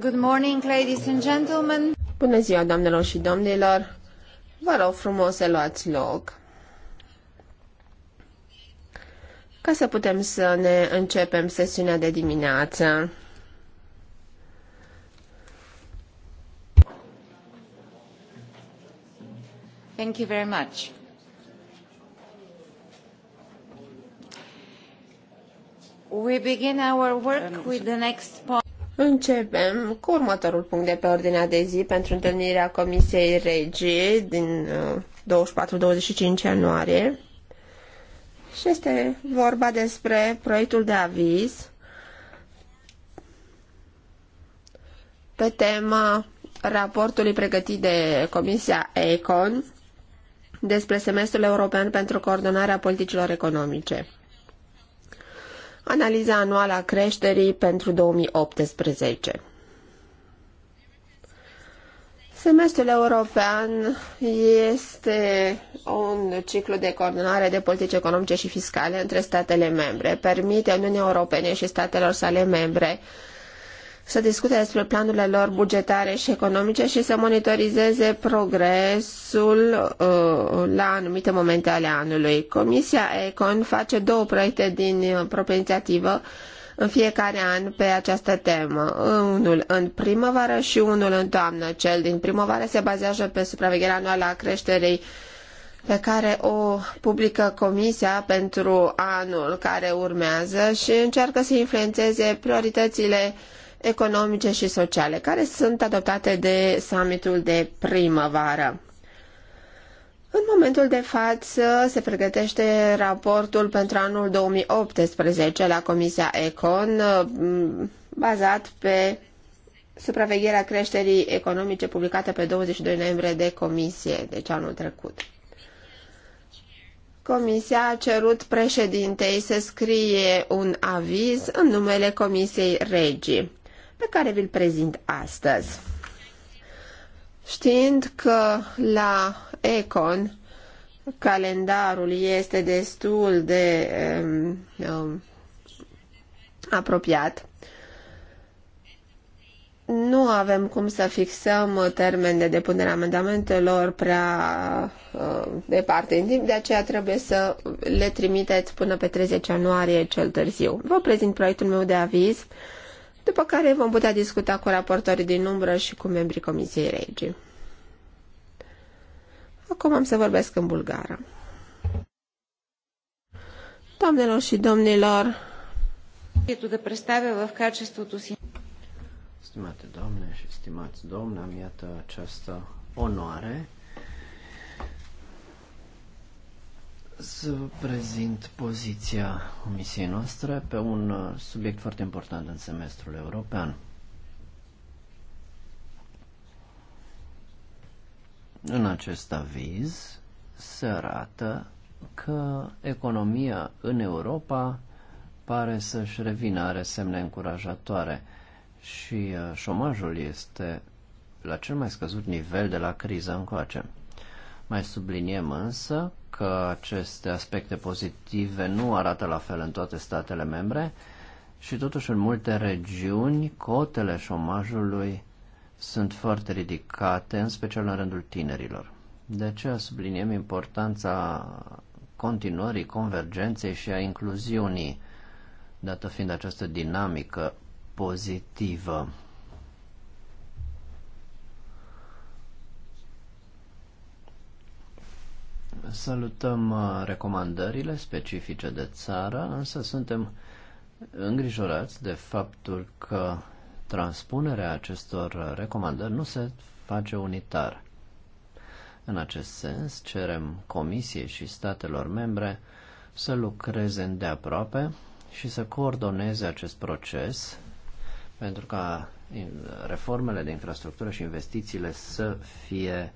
Good morning, ladies and gentlemen. Bună ziua, doamnelor și domnilor. Vă rog frumos să luați loc. Ca să putem să ne începem sesiunea de dimineață. Thank you very much. We begin our work um, with the next point. Începem cu următorul punct de pe ordinea de zi pentru întâlnirea Comisiei Regi din 24-25 uh, ianuarie. Și este vorba despre proiectul de aviz pe tema raportului pregătit de Comisia ECON despre semestrul european pentru coordonarea politicilor economice analiza anuală a creșterii pentru 2018. Semestrul european este un ciclu de coordonare de politici economice și fiscale între statele membre. Permite Uniunii Europene și statelor sale membre să discute despre planurile lor bugetare și economice și să monitorizeze progresul uh, la anumite momente ale anului. Comisia Econ face două proiecte din uh, proprie inițiativă în fiecare an pe această temă. Unul în primăvară și unul în toamnă. Cel din primăvară se bazează pe supravegherea anuală a creșterii pe care o publică Comisia pentru anul care urmează și încearcă să influențeze prioritățile uh, economice și sociale, care sunt adoptate de summitul de primăvară. În momentul de față se pregătește raportul pentru anul 2018 la Comisia Econ, mm, bazat pe supravegherea creșterii economice publicată pe 22 noiembrie de Comisie, deci anul trecut. Comisia a cerut președintei să scrie un aviz în numele Comisiei Regii pe care vi-l prezint astăzi. Știind că la Econ calendarul este destul de um, apropiat, nu avem cum să fixăm termen de depunere a amendamentelor prea uh, departe în timp, de aceea trebuie să le trimiteți până pe 30 ianuarie cel târziu. Vă prezint proiectul meu de aviz după care vom putea discuta cu raportorii din umbră și cu membrii Comisiei Regii. Acum am să vorbesc în bulgară. Doamnelor și domnilor, de представя в качеството си. Stimate doamne și stimați domni, am iată această onoare să vă prezint poziția comisiei noastre pe un uh, subiect foarte important în semestrul european. În acest aviz se arată că economia în Europa pare să-și revină, are semne încurajatoare și uh, șomajul este la cel mai scăzut nivel de la criză încoace. Mai subliniem însă că aceste aspecte pozitive nu arată la fel în toate statele membre și totuși în multe regiuni cotele șomajului sunt foarte ridicate, în special în rândul tinerilor. De aceea subliniem importanța continuării convergenței și a incluziunii, dată fiind această dinamică pozitivă. Salutăm uh, recomandările specifice de țară, însă suntem îngrijorați de faptul că transpunerea acestor uh, recomandări nu se face unitar. În acest sens, cerem Comisiei și statelor membre să lucreze îndeaproape și să coordoneze acest proces pentru ca uh, reformele de infrastructură și investițiile să fie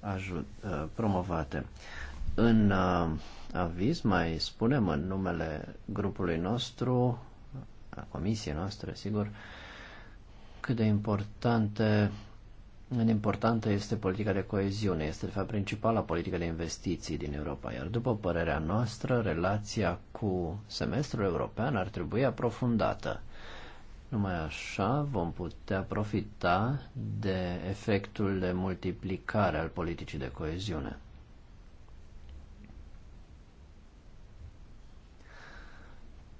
ajut, uh, promovate. În uh, aviz mai spunem în numele grupului nostru, a comisiei noastre, sigur, cât de importante în importantă este politica de coeziune, este de fapt principala politică de investiții din Europa, iar după părerea noastră, relația cu semestrul european ar trebui aprofundată. Numai așa vom putea profita de efectul de multiplicare al politicii de coeziune.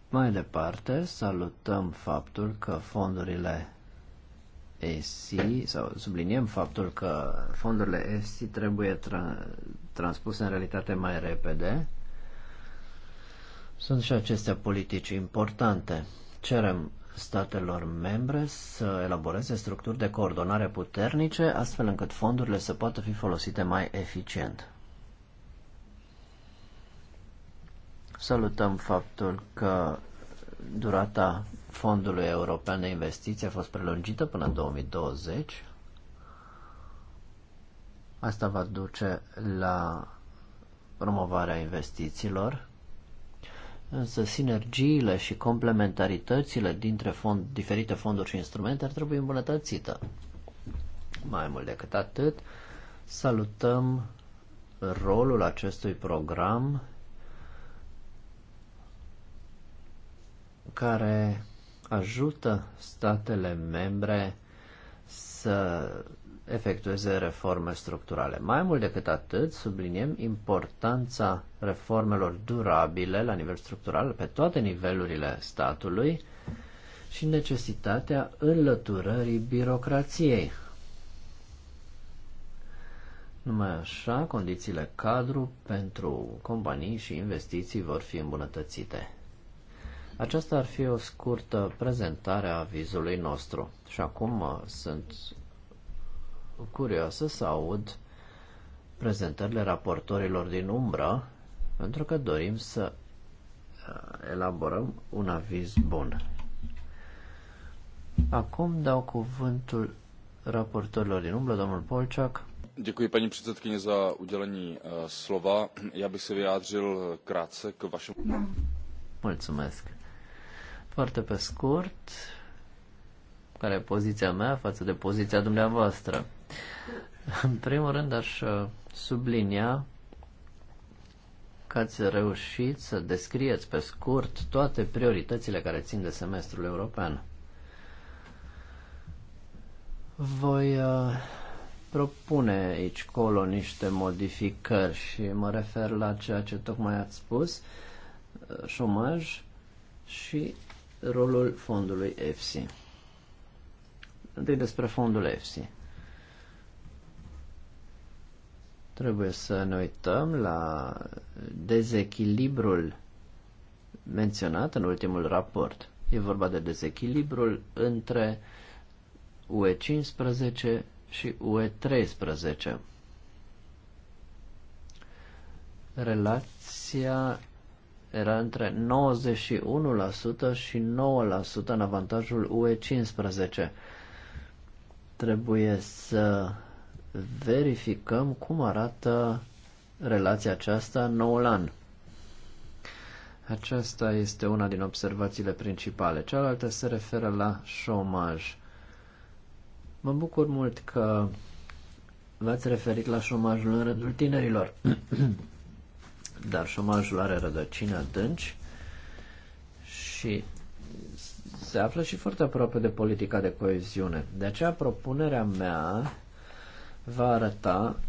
Mai departe, salutăm faptul că fondurile ESI, sau subliniem faptul că fondurile ESI trebuie tra- transpuse în realitate mai repede. Sunt și acestea politici importante. Cerem statelor membre să elaboreze structuri de coordonare puternice, astfel încât fondurile să poată fi folosite mai eficient. Salutăm faptul că durata Fondului European de Investiții a fost prelungită până în 2020. Asta va duce la promovarea investițiilor Însă sinergiile și complementaritățile dintre fond, diferite fonduri și instrumente ar trebui îmbunătățită. Mai mult decât atât, salutăm rolul acestui program care ajută statele membre să efectueze reforme structurale. Mai mult decât atât, subliniem importanța reformelor durabile la nivel structural pe toate nivelurile statului și necesitatea înlăturării birocrației. Numai așa, condițiile cadru pentru companii și investiții vor fi îmbunătățite. Aceasta ar fi o scurtă prezentare a vizului nostru. Și acum uh, sunt curioasă să aud prezentările raportorilor din umbră, pentru că dorim să uh, elaborăm un aviz bun. Acum dau cuvântul raportorilor din umbră, domnul Polciac. Děkuji paní předsedkyně za udělení uh, slova. Já bych se vyjádřil uh, krátce k vašemu... Mulțumesc. Foarte pe scurt, care e poziția mea față de poziția dumneavoastră. În primul rând aș uh, sublinia că ați reușit să descrieți pe scurt toate prioritățile care țin de semestrul european. Voi uh, propune aici colo niște modificări și mă refer la ceea ce tocmai ați spus, uh, șomaj și rolul fondului EFSI. Întâi despre fondul EFSI. Trebuie să ne uităm la dezechilibrul menționat în ultimul raport. E vorba de dezechilibrul între UE 15 și UE 13. Relația era între 91% și 9% în avantajul UE 15. Trebuie să verificăm cum arată relația aceasta noul an. Aceasta este una din observațiile principale. Cealaltă se referă la șomaj. Mă bucur mult că v-ați referit la șomajul în rândul tinerilor. Dar șomajul are rădăcini adânci și se află și foarte aproape de politica de coeziune. De aceea propunerea mea va arăta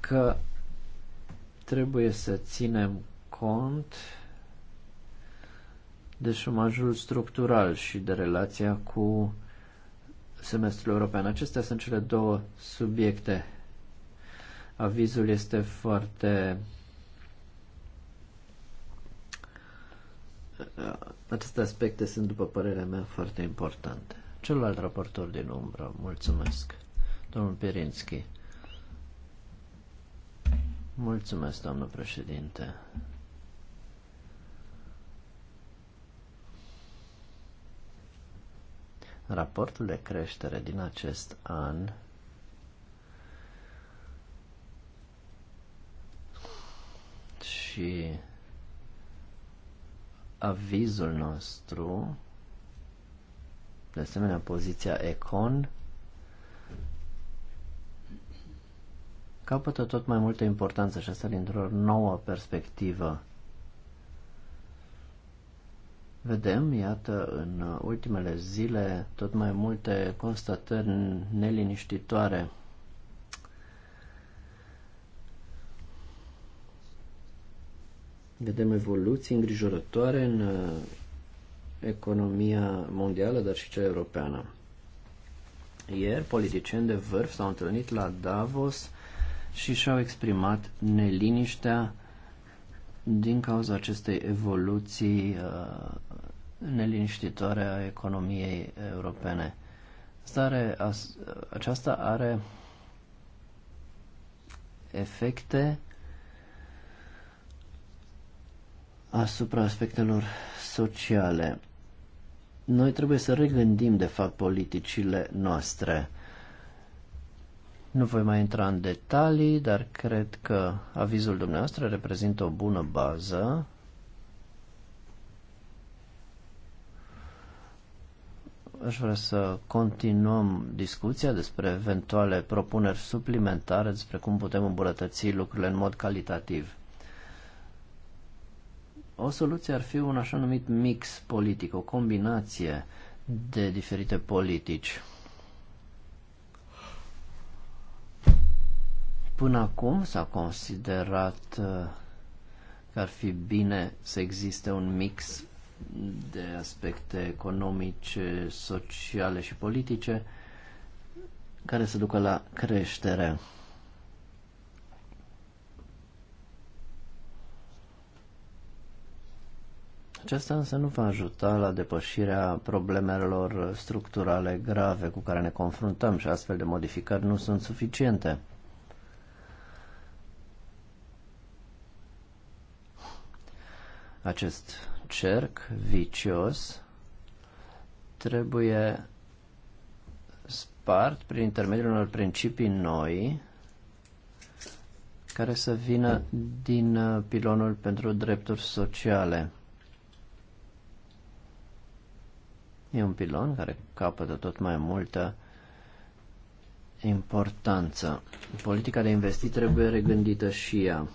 că trebuie să ținem cont de șomajul structural și de relația cu semestrul european. Acestea sunt cele două subiecte. Avizul este foarte aceste aspecte sunt, după părerea mea, foarte importante. Celălalt raportor din umbră, mulțumesc. Domnul Pirinski. Mulțumesc, domnul președinte. Raportul de creștere din acest an și avizul nostru, de asemenea poziția Econ, capătă tot mai multă importanță și asta dintr-o nouă perspectivă. Vedem, iată, în ultimele zile tot mai multe constatări neliniștitoare. Vedem evoluții îngrijorătoare în uh, economia mondială, dar și cea europeană. Ieri, politicieni de vârf s-au întâlnit la Davos și și-au exprimat neliniștea din cauza acestei evoluții uh, neliniștitoare a economiei europene. Asta are, as, aceasta are efecte asupra aspectelor sociale. Noi trebuie să regândim, de fapt, politicile noastre. Nu voi mai intra în detalii, dar cred că avizul dumneavoastră reprezintă o bună bază aș vrea să continuăm discuția despre eventuale propuneri suplimentare despre cum putem îmbunătăți lucrurile în mod calitativ. O soluție ar fi un așa numit mix politic, o combinație de diferite politici. Până acum s-a considerat uh, că ar fi bine să existe un mix de aspecte economice, sociale și politice care să ducă la creștere. Aceasta însă nu va ajuta la depășirea problemelor structurale grave cu care ne confruntăm și astfel de modificări nu sunt suficiente. Acest cerc vicios trebuie spart prin intermediul unor principii noi care să vină din uh, pilonul pentru drepturi sociale. E un pilon care capătă tot mai multă importanță. Politica de investit trebuie regândită și ea.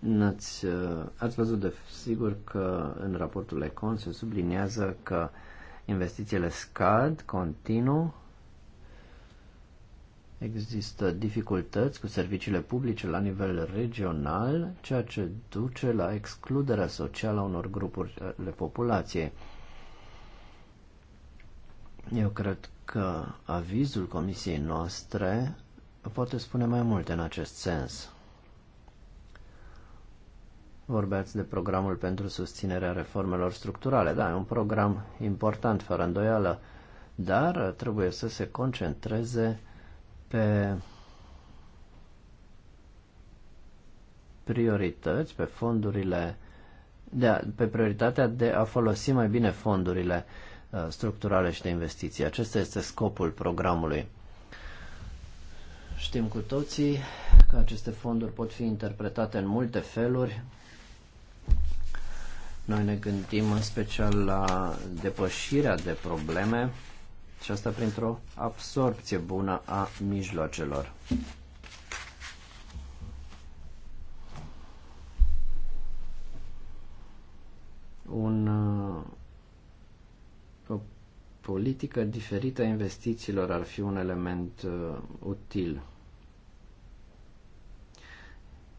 N-ați, uh, ați văzut de sigur că în raportul Econ se subliniază că investițiile scad continuu, există dificultăți cu serviciile publice la nivel regional, ceea ce duce la excluderea socială a unor grupuri de uh, populație. Eu cred că avizul comisiei noastre poate spune mai multe în acest sens. Vorbeați de programul pentru susținerea reformelor structurale. Da, e un program important, fără îndoială, dar trebuie să se concentreze pe priorități, pe fondurile, de a, pe prioritatea de a folosi mai bine fondurile uh, structurale și de investiții. Acesta este scopul programului. Știm cu toții că aceste fonduri pot fi interpretate în multe feluri, noi ne gândim în special la depășirea de probleme și asta printr-o absorpție bună a mijloacelor. Un, uh, o politică diferită a investițiilor ar fi un element uh, util.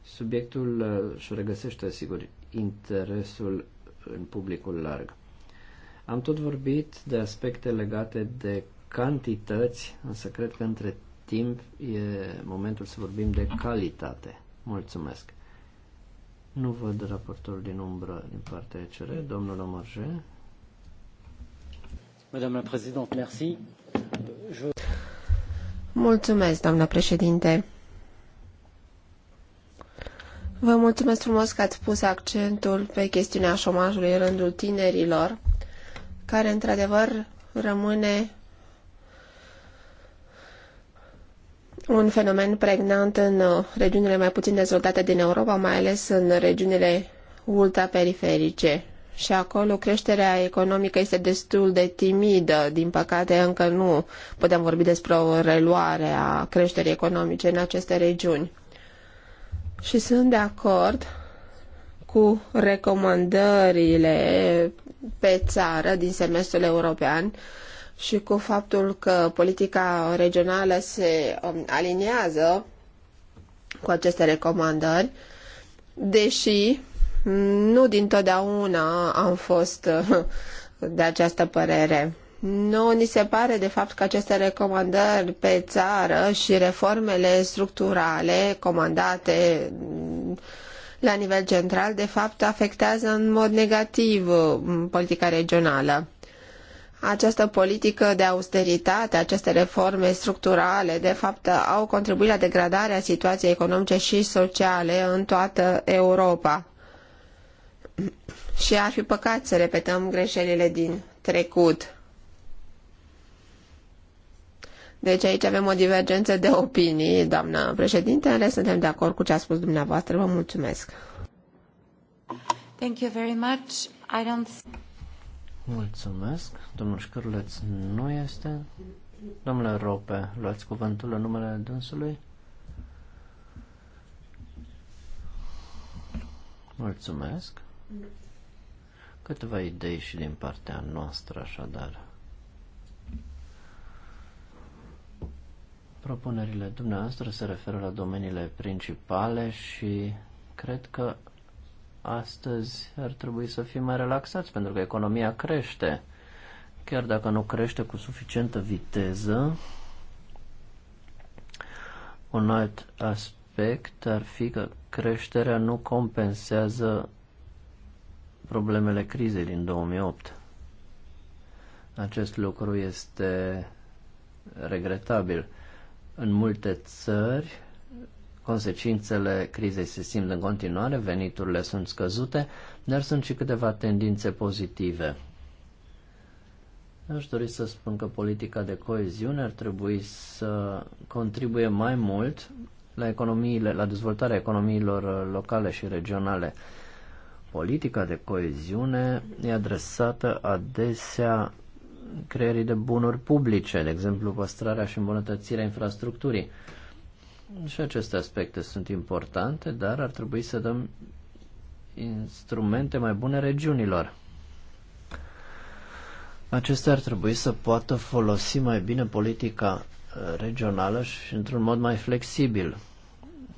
Subiectul uh, și regăsește, sigur, interesul în publicul larg. Am tot vorbit de aspecte legate de cantități, însă cred că între timp e momentul să vorbim de calitate. Mulțumesc. Nu văd raportorul din umbră din partea ECR, domnul Omarje. Madame la merci. Je... Mulțumesc, doamna președinte. Vă mulțumesc frumos că ați pus accentul pe chestiunea șomajului în rândul tinerilor, care într-adevăr rămâne un fenomen pregnant în uh, regiunile mai puțin dezvoltate din Europa, mai ales în regiunile ultraperiferice. Și acolo creșterea economică este destul de timidă, din păcate încă nu putem vorbi despre o reluare a creșterii economice în aceste regiuni. Și sunt de acord cu recomandările pe țară din semestrul european și cu faptul că politica regională se um, aliniază cu aceste recomandări, deși nu din am fost uh, de această părere. Nu ni se pare de fapt că aceste recomandări pe țară și reformele structurale comandate la nivel central de fapt afectează în mod negativ mm, politica regională. Această politică de austeritate, aceste reforme structurale, de fapt, au contribuit la degradarea situației economice și sociale în toată Europa. Și ar fi păcat să repetăm greșelile din trecut. Deci aici avem o divergență de opinii, doamnă președinte, ale suntem de acord cu ce a spus dumneavoastră. Vă mulțumesc. Thank you very much. I don't... Mulțumesc. Domnul Șcărleț nu este. Domnule Rope, luați cuvântul în numele dânsului. Mulțumesc. Câteva idei și din partea noastră, așadar. Propunerile dumneavoastră se referă la domeniile principale și cred că astăzi ar trebui să fim mai relaxați pentru că economia crește. Chiar dacă nu crește cu suficientă viteză, un alt aspect ar fi că creșterea nu compensează problemele crizei din 2008. Acest lucru este regretabil. În multe țări, consecințele crizei se simt în continuare, veniturile sunt scăzute, dar sunt și câteva tendințe pozitive. Aș dori să spun că politica de coeziune ar trebui să contribuie mai mult la, economiile, la dezvoltarea economiilor locale și regionale. Politica de coeziune e adresată adesea creierii de bunuri publice, de exemplu păstrarea și îmbunătățirea infrastructurii. Și aceste aspecte sunt importante, dar ar trebui să dăm instrumente mai bune regiunilor. Acestea ar trebui să poată folosi mai bine politica uh, regională și într-un mod mai flexibil.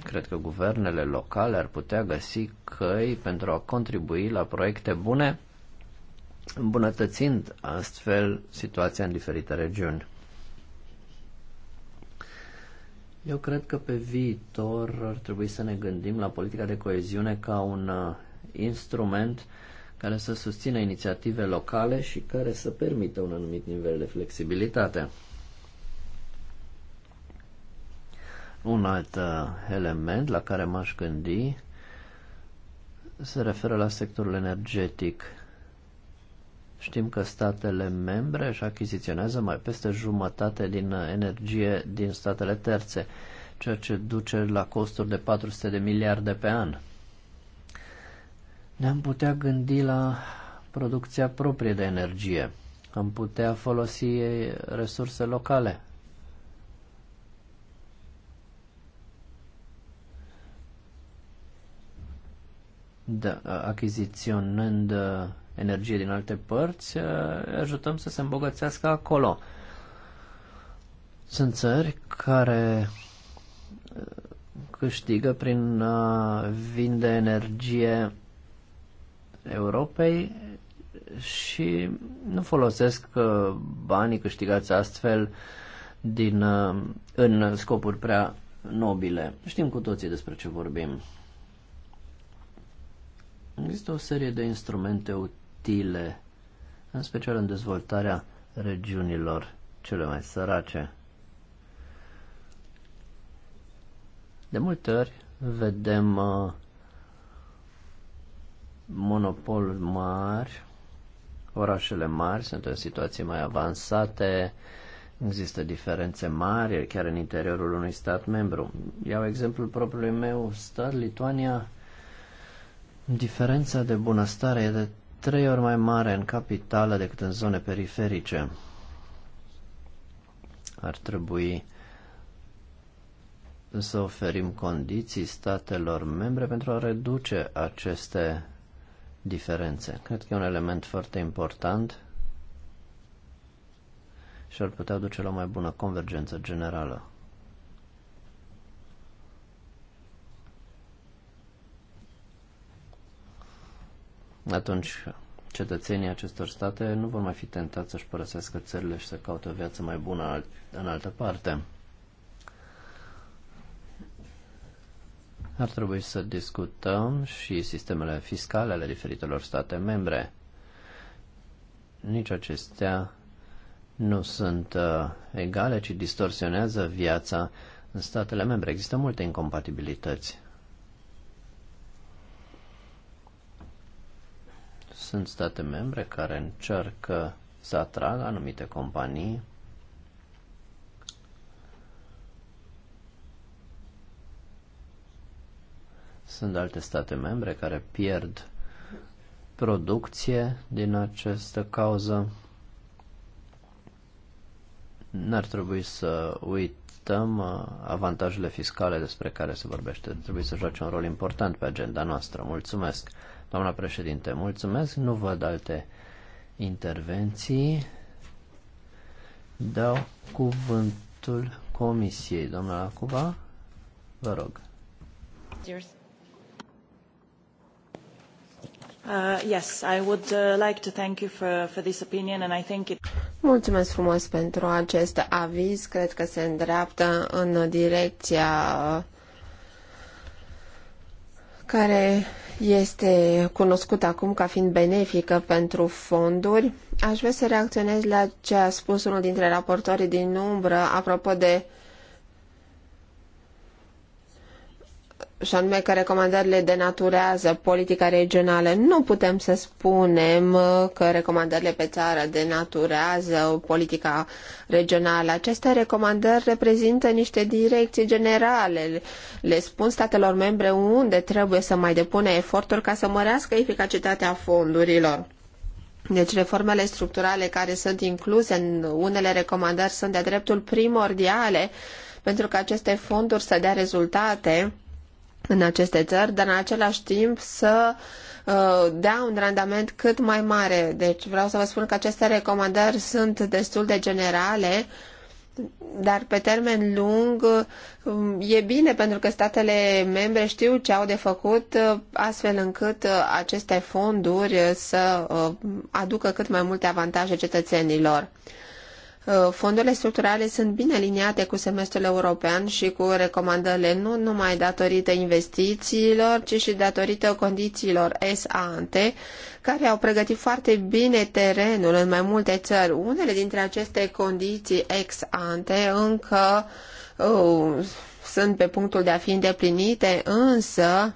Cred că guvernele locale ar putea găsi căi pentru a contribui la proiecte bune îmbunătățind astfel situația în diferite regiuni. Eu cred că pe viitor ar trebui să ne gândim la politica de coeziune ca un uh, instrument care să susțină inițiative locale și care să permită un anumit nivel de flexibilitate. Un alt uh, element la care m-aș gândi se referă la sectorul energetic. Știm că statele membre își achiziționează mai peste jumătate din energie din statele terțe, ceea ce duce la costuri de 400 de miliarde pe an. Ne-am putea gândi la producția proprie de energie. Am putea folosi resurse locale. Da, achiziționând uh, energie din alte părți, uh, ajutăm să se îmbogățească acolo. Sunt țări care uh, câștigă prin a uh, vinde energie Europei și nu folosesc banii câștigați astfel din, în scopuri prea nobile. Știm cu toții despre ce vorbim. Există o serie de instrumente utile utile, în special în dezvoltarea regiunilor cele mai sărace. De multe ori vedem uh, monopoluri mari, orașele mari sunt în situații mai avansate, există diferențe mari chiar în interiorul unui stat membru. Iau exemplul propriului meu stat, Lituania, diferența de bunăstare e de trei ori mai mare în capitală decât în zone periferice. Ar trebui să oferim condiții statelor membre pentru a reduce aceste diferențe. Cred că e un element foarte important și ar putea duce la o mai bună convergență generală. atunci cetățenii acestor state nu vor mai fi tentați să-și părăsească țările și să caute o viață mai bună în altă parte. Ar trebui să discutăm și sistemele fiscale ale diferitelor state membre. Nici acestea nu sunt uh, egale, ci distorsionează viața în statele membre. Există multe incompatibilități. Sunt state membre care încearcă să atragă anumite companii Sunt alte state membre care pierd producție din această cauză. N-ar trebui să uităm uh, avantajele fiscale despre care se vorbește. Trebuie să joace un rol important pe agenda noastră. Mulțumesc! Doamna președinte, mulțumesc. Nu văd alte intervenții. Dau cuvântul comisiei. Doamna Acuba, vă rog. Cheers. Uh, yes, I would uh, like to thank you for, for this opinion and I think it... Mulțumesc frumos pentru acest aviz. Cred că se îndreaptă în direcția uh, care este cunoscută acum ca fiind benefică pentru fonduri, aș vrea să reacționez la ce a spus unul dintre raportorii din umbră apropo de uh, și anume că recomandările denaturează politica regională. Nu putem să spunem uh, că recomandările pe țară denaturează politica regională. Aceste recomandări reprezintă niște direcții generale. Le spun statelor membre unde trebuie să mai depună eforturi ca să mărească eficacitatea fondurilor. Deci reformele structurale care sunt incluse în unele recomandări sunt de dreptul primordiale pentru că aceste fonduri să dea rezultate în aceste țări, dar în același timp să uh, dea un randament cât mai mare. Deci vreau să vă spun că aceste recomandări sunt destul de generale, dar pe termen lung uh, e bine pentru că statele membre știu ce au de făcut uh, astfel încât aceste fonduri să aducă cât mai multe avantaje cetățenilor. Uh, fondurile structurale sunt bine aliniate cu semestrul european și cu recomandările nu numai datorită investițiilor, ci și datorită condițiilor S.A.N.T. care au pregătit foarte bine terenul în mai multe țări. Unele dintre aceste condiții ex-ante încă uh, sunt pe punctul de a fi îndeplinite, însă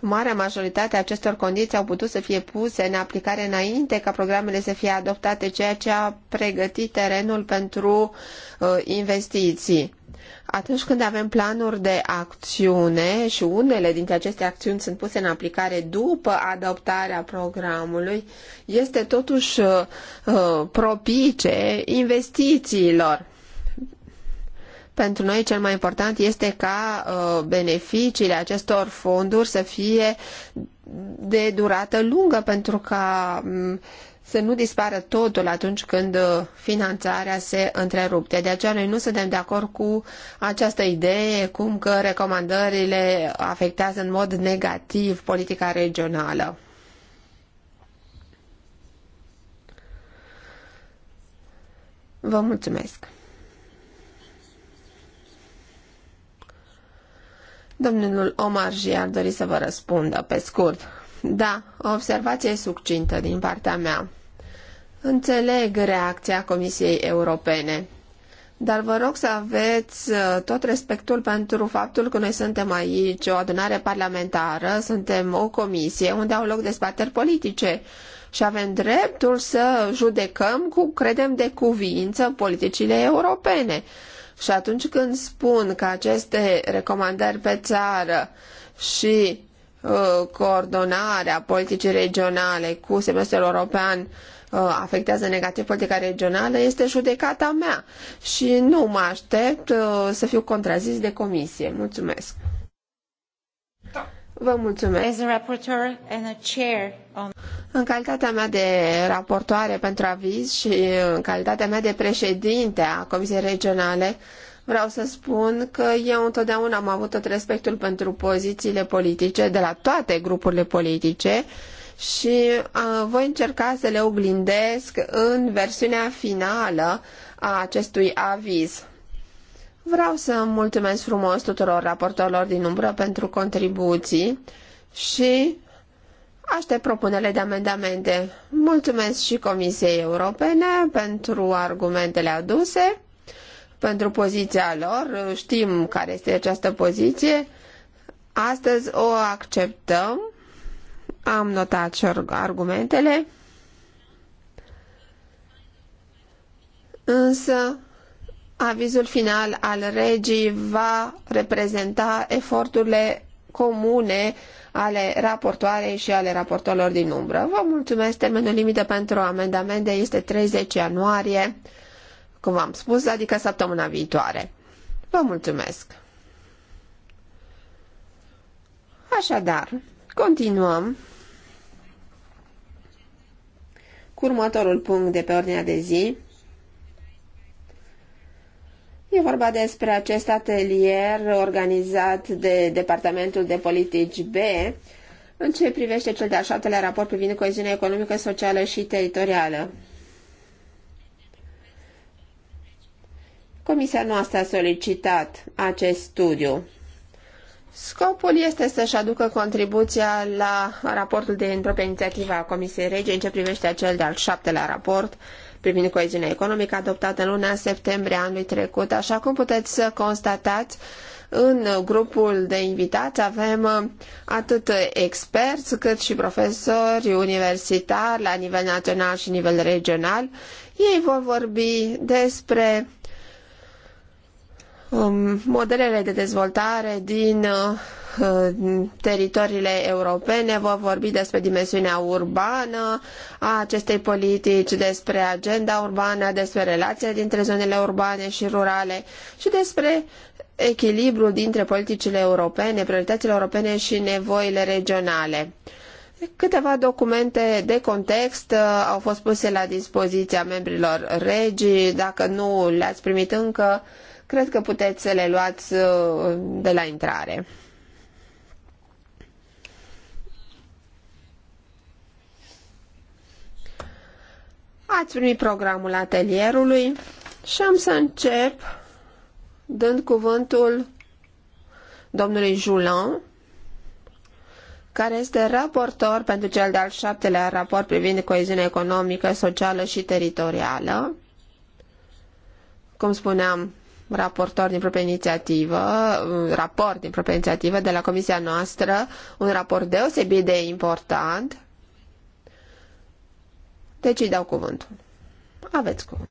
Marea majoritate a acestor condiții au putut să fie puse în aplicare înainte ca programele să fie adoptate, ceea ce a pregătit terenul pentru uh, investiții. Atunci când avem planuri de acțiune și unele dintre aceste acțiuni sunt puse în aplicare după adoptarea programului, este totuși uh, uh propice investițiilor pentru noi cel mai important este ca uh, beneficiile acestor fonduri să fie de durată lungă pentru ca mm, să nu dispară totul atunci când uh, finanțarea se întrerupte. De aceea noi nu suntem de acord cu această idee cum că recomandările afectează în mod negativ politica regională. Vă mulțumesc! Domnul și ar dori să vă răspundă pe scurt. Da, o observație succintă din partea mea. Înțeleg reacția Comisiei Europene, dar vă rog să aveți uh, tot respectul pentru faptul că noi suntem aici o adunare parlamentară, suntem o comisie unde au loc dezbateri politice și avem dreptul să judecăm cu, credem, de cuvință politicile europene. Și atunci când spun că aceste recomandări pe țară și uh, coordonarea politicii regionale cu semestrul european uh, afectează negativ politica regională, este judecata mea și nu mă aștept uh, să fiu contrazis de comisie. Mulțumesc! Vă mulțumesc. În calitatea mea de raportoare pentru aviz și în calitatea mea de președinte a Comisiei Regionale, vreau să spun că eu întotdeauna am avut tot respectul pentru pozițiile politice de la toate grupurile politice și voi încerca să le oglindesc în versiunea finală a acestui aviz. Vreau să mulțumesc frumos tuturor raportorilor din umbră pentru contribuții și aștept propunerile de amendamente. Mulțumesc și Comisiei Europene pentru argumentele aduse, pentru poziția lor. Știm care este această poziție. Astăzi o acceptăm. Am notat și argumentele. Însă, Avizul final al regii va reprezenta eforturile comune ale raportoarei și ale raportorilor din umbră. Vă mulțumesc. Termenul limită pentru amendamente este 30 ianuarie, cum v-am spus, adică săptămâna viitoare. Vă mulțumesc. Așadar, continuăm cu următorul punct de pe ordinea de zi. E vorba despre acest atelier organizat de Departamentul de Politici B în ce privește cel de-al șaptelea raport privind coeziunea economică, socială și teritorială. Comisia noastră a solicitat acest studiu. Scopul este să-și aducă contribuția la raportul de propria inițiativă a Comisiei Rege în ce privește cel de-al șaptelea raport privind coeziunea economică adoptată în luna septembrie anului trecut. Așa cum puteți să constatați, în grupul de invitați avem uh, atât experți cât și profesori universitari la nivel național și nivel regional. Ei vor vorbi despre um, modelele de dezvoltare din uh, Uh, teritoriile europene, vor vorbi despre dimensiunea urbană a acestei politici, despre agenda urbană, despre relația dintre zonele urbane și rurale și despre echilibrul dintre politicile europene, prioritățile europene și nevoile regionale. Câteva documente de context uh, au fost puse la dispoziția membrilor regii. Dacă nu le-ați primit încă, cred că puteți să le luați uh, de la intrare. Ați primit programul atelierului și am să încep dând cuvântul domnului Julan, care este raportor pentru cel de-al șaptelea raport privind coeziunea economică, socială și teritorială. Cum spuneam, raportor din propria inițiativă, raport din propria inițiativă de la comisia noastră, un raport deosebit de important deci îi dau cuvântul. Aveți cuvânt.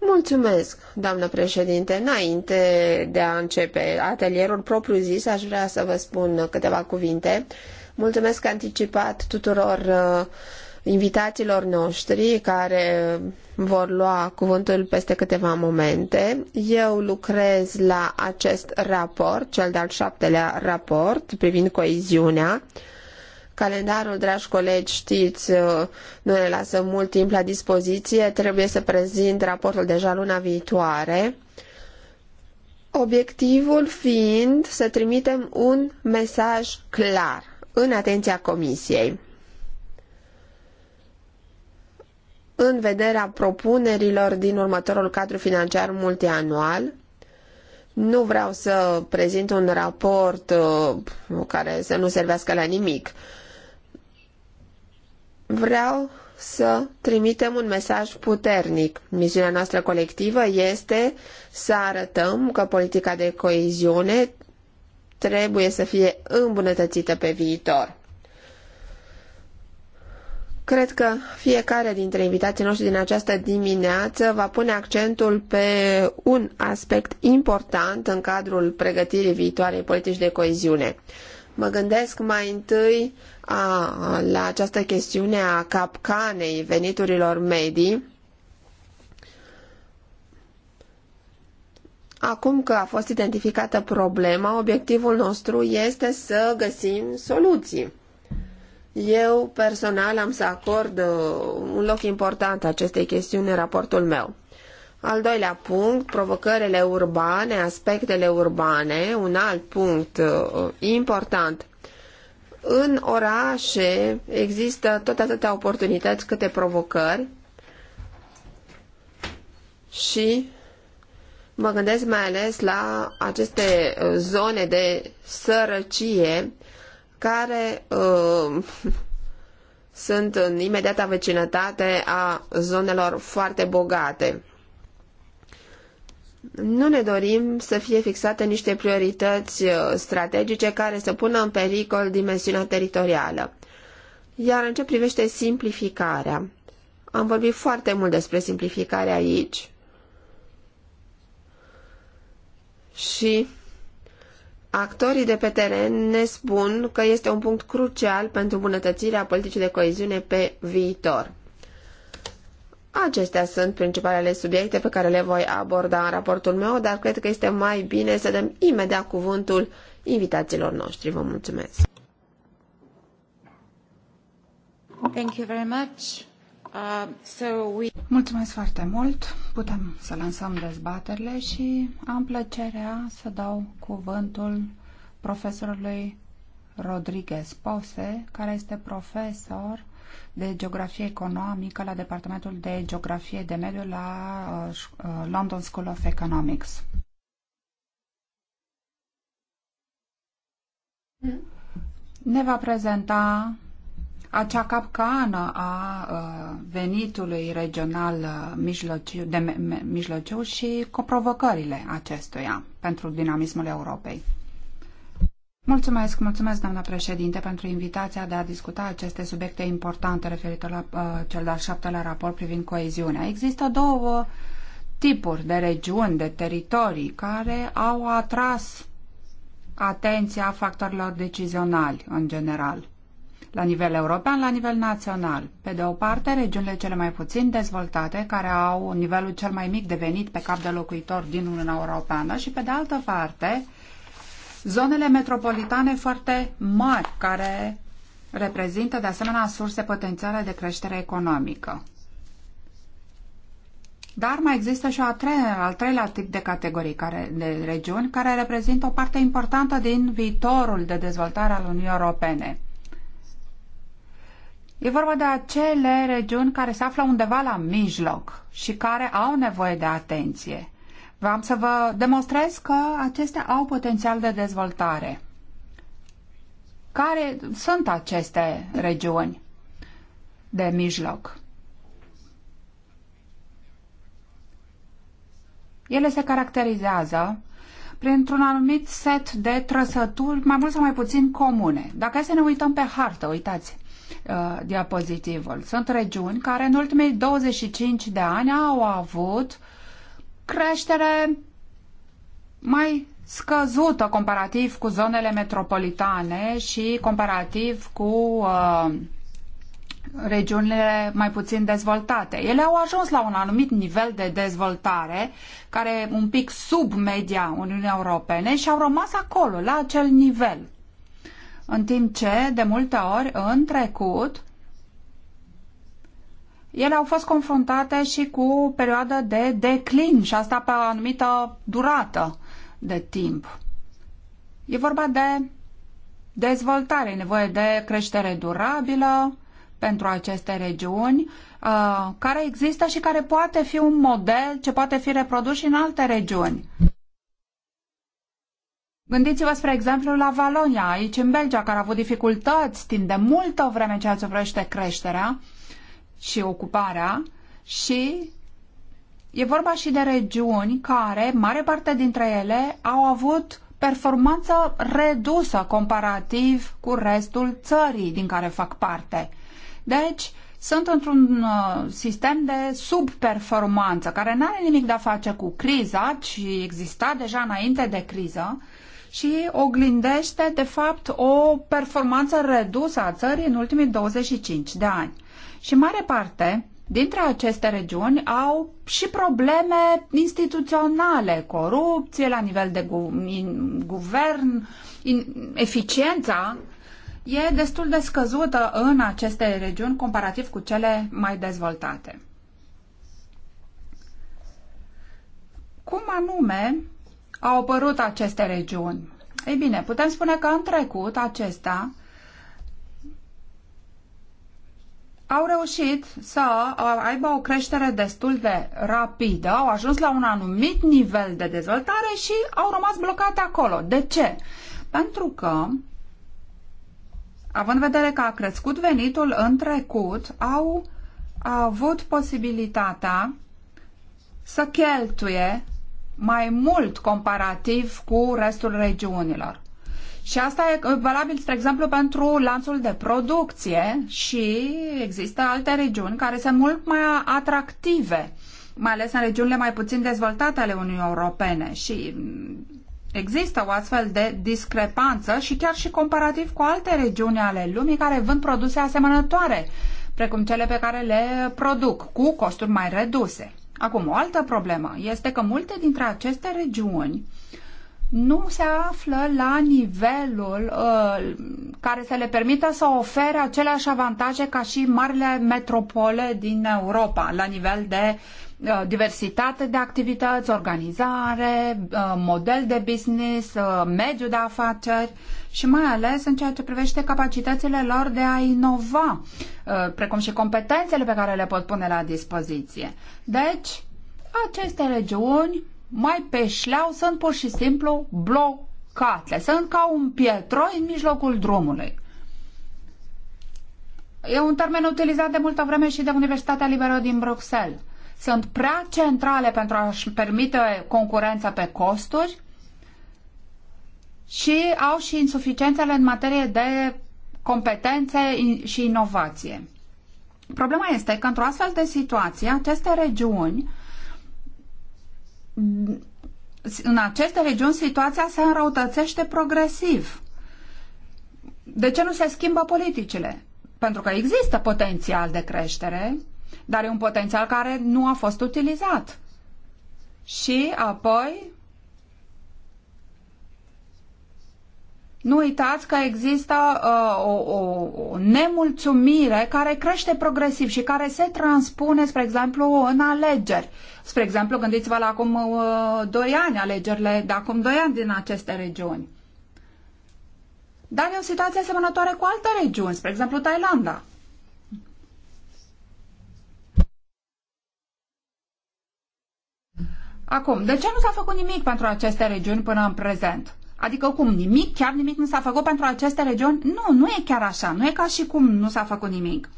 Mulțumesc, doamnă președinte. Înainte de a începe atelierul propriu-zis, aș vrea să vă spun câteva cuvinte. Mulțumesc anticipat tuturor uh, invitațiilor noștri care vor lua cuvântul peste câteva momente. Eu lucrez la acest raport, cel de-al șaptelea raport privind coeziunea. Calendarul, dragi colegi, știți, nu ne lasă mult timp la dispoziție. Trebuie să prezint raportul deja luna viitoare. Obiectivul fiind să trimitem un mesaj clar în atenția Comisiei în vederea propunerilor din următorul cadru financiar multianual. Nu vreau să prezint un raport uh, care să nu servească la nimic. Vreau să trimitem un mesaj puternic. Misiunea noastră colectivă este să arătăm că politica de coeziune trebuie să fie îmbunătățită pe viitor. Cred că fiecare dintre invitații noștri din această dimineață va pune accentul pe un aspect important în cadrul pregătirii viitoarei politici de coeziune. Mă gândesc mai întâi a, la această chestiune a capcanei veniturilor medii. Acum că a fost identificată problema, obiectivul nostru este să găsim soluții. Eu personal am să acord uh, un loc important acestei chestiuni în raportul meu. Al doilea punct, provocările urbane, aspectele urbane, un alt punct uh, important. În orașe există tot atâtea oportunități câte provocări și mă gândesc mai ales la aceste uh, zone de sărăcie care uh, sunt în imediata vecinătate a zonelor foarte bogate. Nu ne dorim să fie fixate niște priorități uh, strategice care să pună în pericol dimensiunea teritorială. Iar în ce privește simplificarea, am vorbit foarte mult despre simplificare aici. Și Actorii de pe teren ne spun că este un punct crucial pentru bunătățirea politicii de coeziune pe viitor. Acestea sunt principalele subiecte pe care le voi aborda în raportul meu, dar cred că este mai bine să dăm imediat cuvântul invitațiilor noștri. Vă mulțumesc! Thank you very much. Uh, Mulțumesc foarte mult. Putem să lansăm dezbaterile și am plăcerea să dau cuvântul profesorului Rodriguez Pose, care este profesor de geografie economică la Departamentul de Geografie de Mediu la uh, uh, London School of Economics. Ne va prezenta acea capcană a uh, venitului regional uh, mijlociu, de mijlociu și cu provocările acestuia pentru dinamismul Europei. Mulțumesc, mulțumesc, doamna președinte, pentru invitația de a discuta aceste subiecte importante referitor la uh, cel de-al șaptelea raport privind coeziunea. Există două tipuri de regiuni, de teritorii care au atras atenția factorilor decizionali în general la nivel european, la nivel național. Pe de o parte, regiunile cele mai puțin dezvoltate, care au nivelul cel mai mic devenit pe cap de locuitor din Uniunea Europeană și pe de altă parte, zonele metropolitane foarte mari, care reprezintă de asemenea surse potențiale de creștere economică. Dar mai există și a treia, al treilea tip de categorii care, de regiuni care reprezintă o parte importantă din viitorul de dezvoltare al Uniunii Europene. E vorba de acele regiuni care se află undeva la mijloc și care au nevoie de atenție. Vreau să vă demonstrez că acestea au potențial de dezvoltare. Care sunt aceste regiuni de mijloc? Ele se caracterizează printr-un anumit set de trăsături mai mult sau mai puțin comune. Dacă să ne uităm pe hartă, uitați, Uh, diapozitivul. Sunt regiuni care în ultimii 25 de ani au avut creștere mai scăzută comparativ cu zonele metropolitane și comparativ cu uh, regiunile mai puțin dezvoltate. Ele au ajuns la un anumit nivel de dezvoltare, care un pic sub media Uniunii Europene și au rămas acolo, la acel nivel în timp ce, de multe ori, în trecut, ele au fost confruntate și cu perioadă de declin și asta pe o anumită durată de timp. E vorba de dezvoltare, nevoie de creștere durabilă pentru aceste regiuni, uh, care există și care poate fi un model ce poate fi reprodus și în alte regiuni. Gândiți-vă, spre exemplu, la Valonia, aici în Belgia, care a avut dificultăți timp de multă vreme ceea ce vrește creșterea și ocuparea și e vorba și de regiuni care, mare parte dintre ele, au avut performanță redusă comparativ cu restul țării din care fac parte. Deci, sunt într-un uh, sistem de subperformanță, care nu are nimic de a face cu criza, ci exista deja înainte de criză, și oglindește, de fapt, o performanță redusă a țării în ultimii 25 de ani. Și mare parte dintre aceste regiuni au și probleme instituționale, corupție la nivel de gu in, guvern, in, eficiența e destul de scăzută în aceste regiuni comparativ cu cele mai dezvoltate. Cum anume au apărut aceste regiuni? Ei bine, putem spune că în trecut acestea au reușit să aibă o creștere destul de rapidă, au ajuns la un anumit nivel de dezvoltare și au rămas blocate acolo. De ce? Pentru că, având în vedere că a crescut venitul în trecut, au avut posibilitatea să cheltuie mai mult comparativ cu restul regiunilor. Și asta e valabil, spre exemplu, pentru lanțul de producție și există alte regiuni care sunt mult mai atractive, mai ales în regiunile mai puțin dezvoltate ale Uniunii Europene. Și există o astfel de discrepanță și chiar și comparativ cu alte regiuni ale lumii care vând produse asemănătoare, precum cele pe care le produc, cu costuri mai reduse. Acum, o altă problemă este că multe dintre aceste regiuni nu se află la nivelul uh, care să le permită să ofere aceleași avantaje ca și marile metropole din Europa, la nivel de Uh, diversitate de activități, organizare, uh, model de business, uh, mediu de afaceri și mai ales în ceea ce privește capacitățile lor de a inova, precum și competențele pe care le pot pune la dispoziție. Deci, aceste regiuni mai pe șleau sunt pur și simplu blocate, sunt ca un pietroi în mijlocul drumului. E un termen utilizat de multă vreme și de Universitatea Liberă din Bruxelles sunt prea centrale pentru a-și permite concurența pe costuri și au și insuficiențele în materie de competențe și inovație. Problema este că într-o astfel de situație, aceste regiuni în aceste regiuni situația se înrăutățește progresiv. De ce nu se schimbă politicile? Pentru că există potențial de creștere, dar e un potențial care nu a fost utilizat. Și apoi, nu uitați că există uh, o, o, o nemulțumire care crește progresiv și care se transpune, spre exemplu, în alegeri. Spre exemplu, gândiți-vă la acum uh, 2 ani, alegerile de acum 2 ani din aceste regiuni. Dar e o situație asemănătoare cu alte regiuni, spre exemplu Thailanda. Acum, de ce nu s-a făcut nimic pentru aceste regiuni până în prezent? Adică cum, nimic, chiar nimic nu s-a făcut pentru aceste regiuni? Nu, nu e chiar așa, nu e ca și cum nu s-a făcut nimic.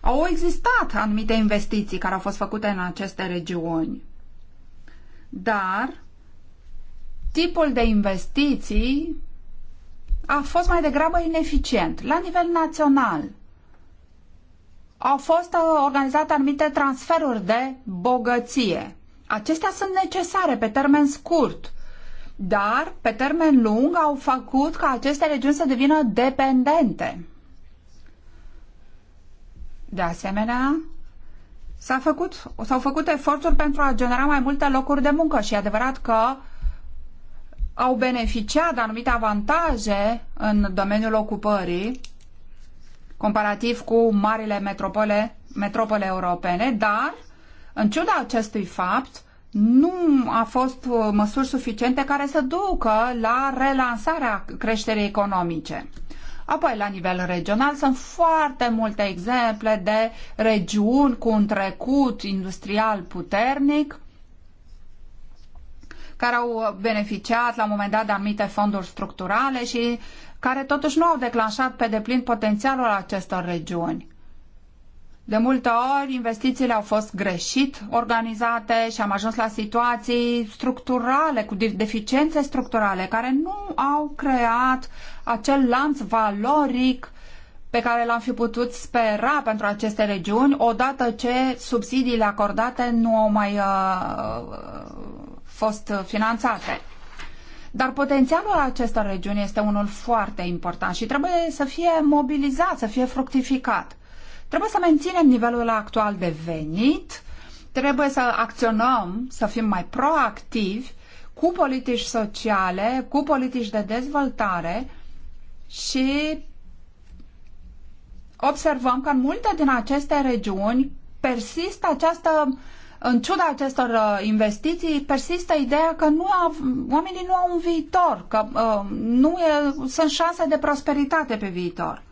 Au existat anumite investiții care au fost făcute în aceste regiuni, dar tipul de investiții a fost mai degrabă ineficient la nivel național. Au fost uh, organizate anumite transferuri de bogăție Acestea sunt necesare pe termen scurt, dar pe termen lung au făcut ca aceste regiuni să devină dependente. De asemenea, s-au făcut, făcut eforturi pentru a genera mai multe locuri de muncă și e adevărat că au beneficiat de anumite avantaje în domeniul ocupării comparativ cu marile metropole, metropole europene, dar în ciuda acestui fapt, nu a fost uh, măsuri suficiente care să ducă la relansarea creșterii economice. Apoi, la nivel regional, sunt foarte multe exemple de regiuni cu un trecut industrial puternic care au beneficiat la un moment dat de anumite fonduri structurale și care totuși nu au declanșat pe deplin potențialul acestor regiuni. De multe ori investițiile au fost greșit organizate și am ajuns la situații structurale, cu deficiențe structurale, care nu au creat acel lanț valoric pe care l-am fi putut spera pentru aceste regiuni, odată ce subsidiile acordate nu au mai uh, fost finanțate. Dar potențialul acestor regiuni este unul foarte important și trebuie să fie mobilizat, să fie fructificat. Trebuie să menținem nivelul actual de venit, trebuie să acționăm, să fim mai proactivi cu politici sociale, cu politici de dezvoltare și observăm că în multe din aceste regiuni persistă această în ciuda acestor uh, investiții, persistă ideea că nu au, oamenii nu au un viitor, că uh, nu e, sunt șanse de prosperitate pe viitor.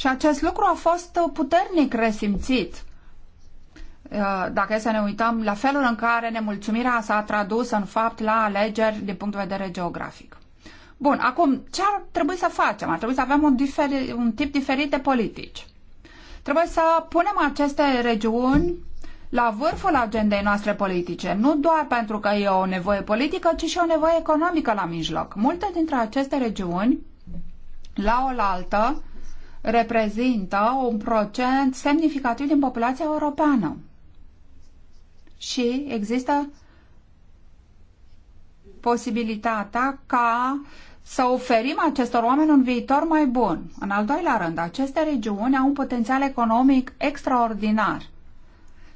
Și acest lucru a fost uh, puternic resimțit uh, dacă e să ne uităm la felul în care nemulțumirea s-a tradus în fapt la alegeri din punct de vedere geografic. Bun, acum, ce ar trebui să facem? Ar trebui să avem un, diferi, un tip diferit de politici. Trebuie să punem aceste regiuni la vârful agendei noastre politice, nu doar pentru că e o nevoie politică, ci și o nevoie economică la mijloc. Multe dintre aceste regiuni, la oaltă, reprezintă un procent semnificativ din populația europeană. Și există posibilitatea ca să oferim acestor oameni un viitor mai bun. În al doilea rând, aceste regiuni au un potențial economic extraordinar.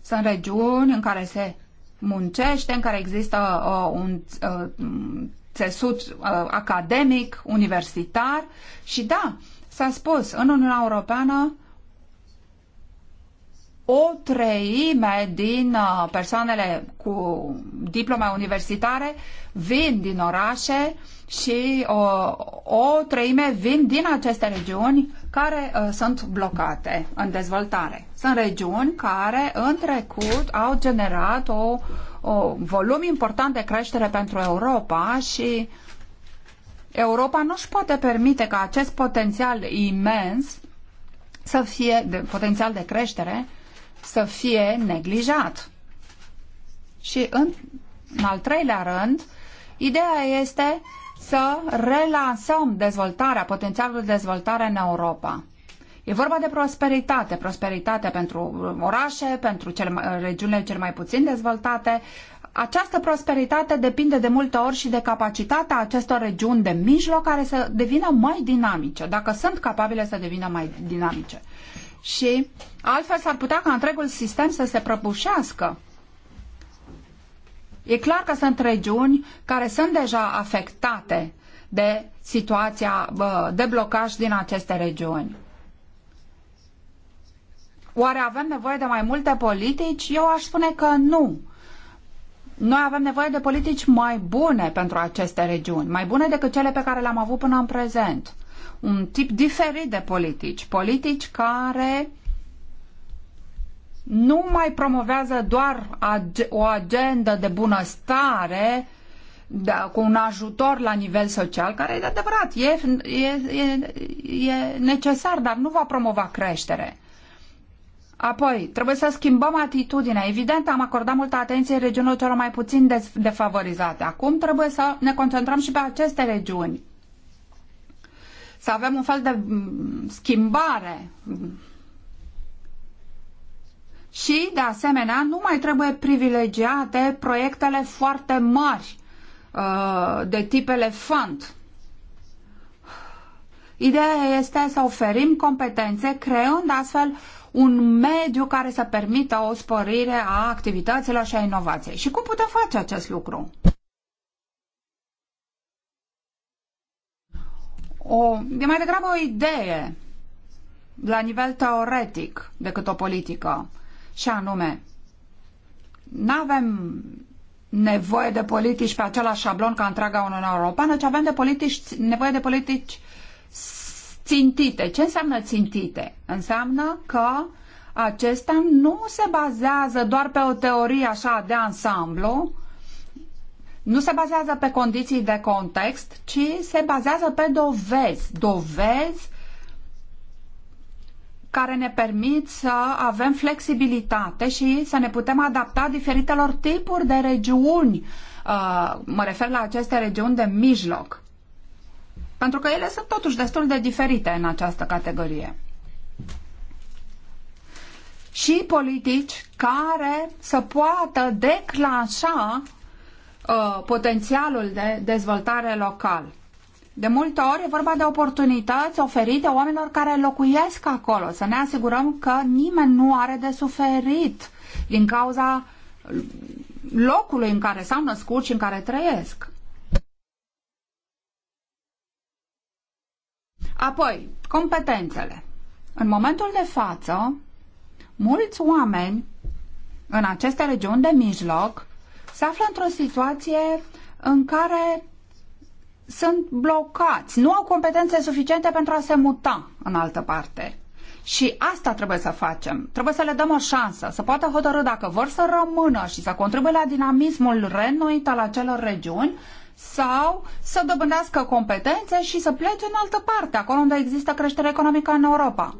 Sunt regiuni în care se muncește, în care există uh, un uh, țesut uh, academic, universitar și da, S-a spus, în Uniunea Europeană o treime din uh, persoanele cu diplome universitare vin din orașe și o, uh, o treime vin din aceste regiuni care uh, sunt blocate în dezvoltare. Sunt regiuni care în trecut au generat o, o volum important de creștere pentru Europa și uh, Europa nu își poate permite ca acest potențial imens să fie, de, potențial de creștere, să fie neglijat. Și în, în al treilea rând, ideea este să relansăm dezvoltarea, potențialul de dezvoltare în Europa. E vorba de prosperitate, prosperitate pentru orașe, pentru cele, regiunile cel mai puțin dezvoltate, această prosperitate depinde de multe ori și de capacitatea acestor regiuni de mijloc care să devină mai dinamice, dacă sunt capabile să devină mai dinamice. Și altfel s-ar putea ca întregul sistem să se prăbușească. E clar că sunt regiuni care sunt deja afectate de situația de blocaj din aceste regiuni. Oare avem nevoie de mai multe politici? Eu aș spune că nu. Noi avem nevoie de politici mai bune pentru aceste regiuni, mai bune decât cele pe care le-am avut până în prezent. Un tip diferit de politici, politici care nu mai promovează doar o agendă de bunăstare da, cu un ajutor la nivel social, care e adevărat, e, e, e, e necesar, dar nu va promova creștere. Apoi, trebuie să schimbăm atitudinea. Evident, am acordat multă atenție regiunilor celor mai puțin defavorizate. Acum trebuie să ne concentrăm și pe aceste regiuni. Să avem un fel de mm, schimbare. Și, de asemenea, nu mai trebuie privilegiate proiectele foarte mari uh, de tip elefant. Ideea este să oferim competențe, creând astfel un mediu care să permită o sporire a activităților și a inovației. Și cum putem face acest lucru? O, e mai degrabă o idee la nivel teoretic decât o politică. Și anume, nu avem nevoie de politici pe același șablon ca întreaga Uniunea Europeană, ci avem de politici, nevoie de politici țintite. Ce înseamnă țintite? Înseamnă că acestea nu se bazează doar pe o teorie așa de ansamblu, nu se bazează pe condiții de context, ci se bazează pe dovezi. Dovezi care ne permit să avem flexibilitate și să ne putem adapta diferitelor tipuri de regiuni. Uh, mă refer la aceste regiuni de mijloc. Pentru că ele sunt totuși destul de diferite în această categorie. Și politici care să poată declanșa uh, potențialul de dezvoltare local. De multe ori e vorba de oportunități oferite oamenilor care locuiesc acolo, să ne asigurăm că nimeni nu are de suferit din cauza locului în care s-au născut și în care trăiesc. Apoi, competențele. În momentul de față, mulți oameni în aceste regiuni de mijloc se află într-o situație în care sunt blocați, nu au competențe suficiente pentru a se muta în altă parte. Și asta trebuie să facem. Trebuie să le dăm o șansă, să poată hotărâ dacă vor să rămână și să contribuie la dinamismul renuit al acelor regiuni sau să dobândească competențe și să plece în altă parte, acolo unde există creștere economică în Europa.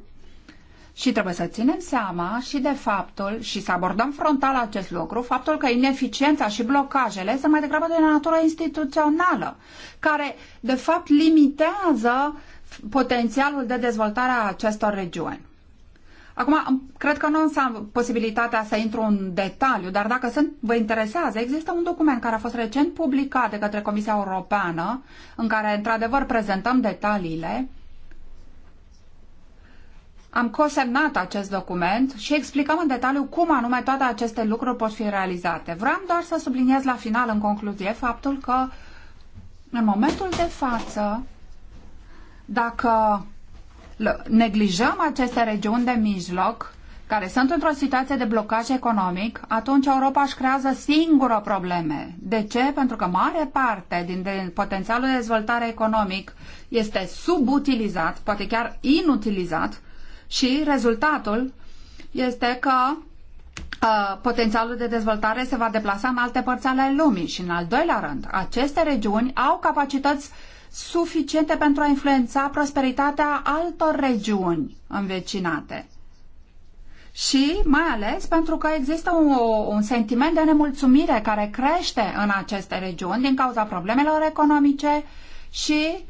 Și trebuie să ținem seama și de faptul, și să abordăm frontal acest lucru, faptul că ineficiența și blocajele sunt mai degrabă de natură instituțională, care de fapt limitează potențialul de dezvoltare a acestor regiuni. Acum, cred că nu am posibilitatea să intru în detaliu, dar dacă sunt, vă interesează, există un document care a fost recent publicat de către Comisia Europeană, în care, într-adevăr, prezentăm detaliile. Am cosemnat acest document și explicăm în detaliu cum anume toate aceste lucruri pot fi realizate. Vreau doar să subliniez la final, în concluzie, faptul că, în momentul de față, dacă neglijăm aceste regiuni de mijloc, care sunt într-o situație de blocaj economic, atunci Europa își creează singură probleme. De ce? Pentru că mare parte din de potențialul de dezvoltare economic este subutilizat, poate chiar inutilizat, și rezultatul este că uh, potențialul de dezvoltare se va deplasa în alte părți ale lumii și în al doilea rând, aceste regiuni au capacități suficiente pentru a influența prosperitatea altor regiuni învecinate. Și mai ales pentru că există un, un sentiment de nemulțumire care crește în aceste regiuni din cauza problemelor economice și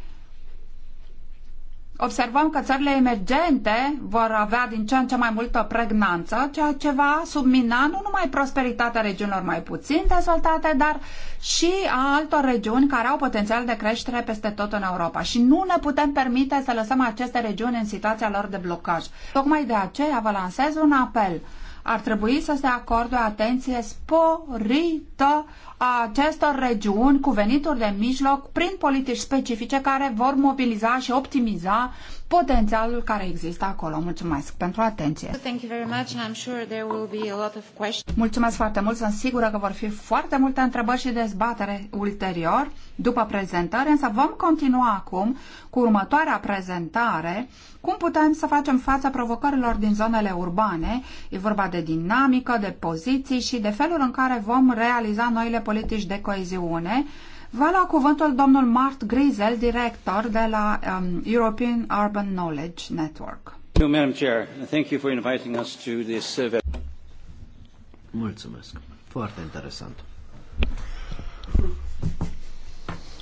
observăm că țările emergente vor avea din ce în ce mai multă pregnanță, ceea ce va submina nu numai prosperitatea regiunilor mai puțin dezvoltate, dar și a altor regiuni care au potențial de creștere peste tot în Europa. Și nu ne putem permite să lăsăm aceste regiuni în situația lor de blocaj. Tocmai de aceea vă lansez un apel ar trebui să se acorde o atenție sporită a acestor regiuni cu venituri de mijloc prin politici specifice care vor mobiliza și optimiza potențialul care există acolo. Mulțumesc pentru atenție. Mulțumesc foarte mult. Sunt sigură că vor fi foarte multe întrebări și dezbatere ulterior după prezentare, însă vom continua acum cu următoarea prezentare. Cum putem să facem fața provocărilor din zonele urbane? E vorba de dinamică, de poziții și de felul în care vom realiza noile politici de coeziune, Vă lua cuvântul domnul Mart Grizel, director de la um, European Urban Knowledge Network. Mulțumesc. Foarte interesant.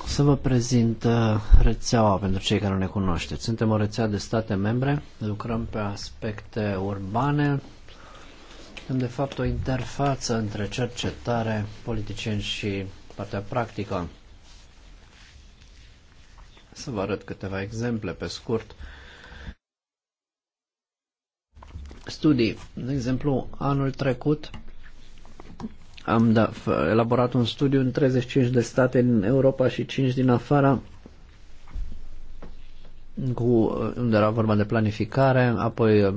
Să vă prezint uh, rețeaua pentru cei care nu ne cunoașteți. Suntem o rețea de state membre, lucrăm pe aspecte urbane, sunt de fapt o interfață între cercetare, politicieni și partea practică. Să vă arăt câteva exemple pe scurt. Studii. De exemplu, anul trecut am da, elaborat un studiu în 35 de state din Europa și 5 din afara cu, unde era vorba de planificare, apoi uh,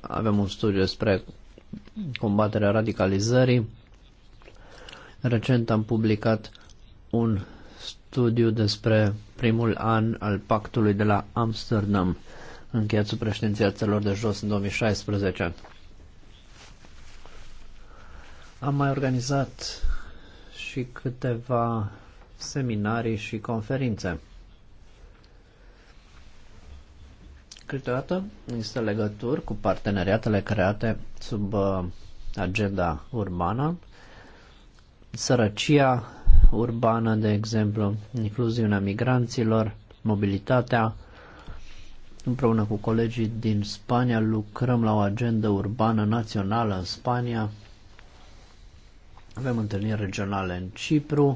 avem un studiu despre combaterea radicalizării. Recent am publicat un studiu despre primul an al pactului de la Amsterdam, încheiat sub președinția țelor de jos în 2016. Am mai organizat și câteva seminarii și conferințe. Câteodată există legături cu parteneriatele create sub uh, agenda urbană, sărăcia urbană, de exemplu, incluziunea migranților, mobilitatea. Împreună cu colegii din Spania lucrăm la o agendă urbană națională în Spania. Avem întâlniri regionale în Cipru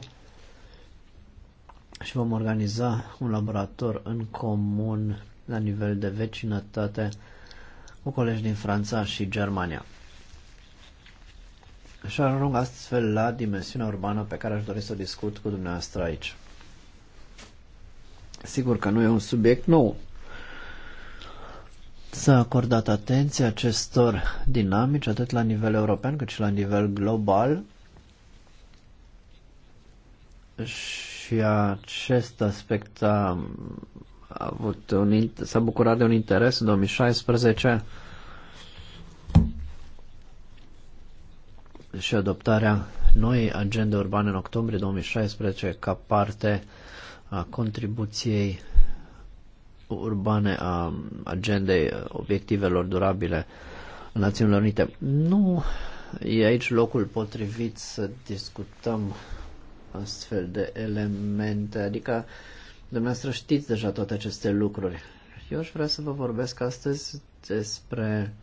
și vom organiza un laborator în comun la nivel de vecinătate cu colegi din Franța și Germania. Și ajung astfel la dimensiunea urbană pe care aș dori să o discut cu dumneavoastră aici. Sigur că nu e un subiect nou. S-a acordat atenție acestor dinamici atât la nivel european cât și la nivel global și acest aspect a a avut un, s-a bucurat de un interes în 2016 și adoptarea noi agende urbane în octombrie 2016 ca parte a contribuției urbane a agendei obiectivelor durabile în Națiunilor Unite. Nu e aici locul potrivit să discutăm astfel de elemente, adică uh, Dumneavoastră știți deja toate aceste lucruri. Eu aș vrea să vă vorbesc astăzi despre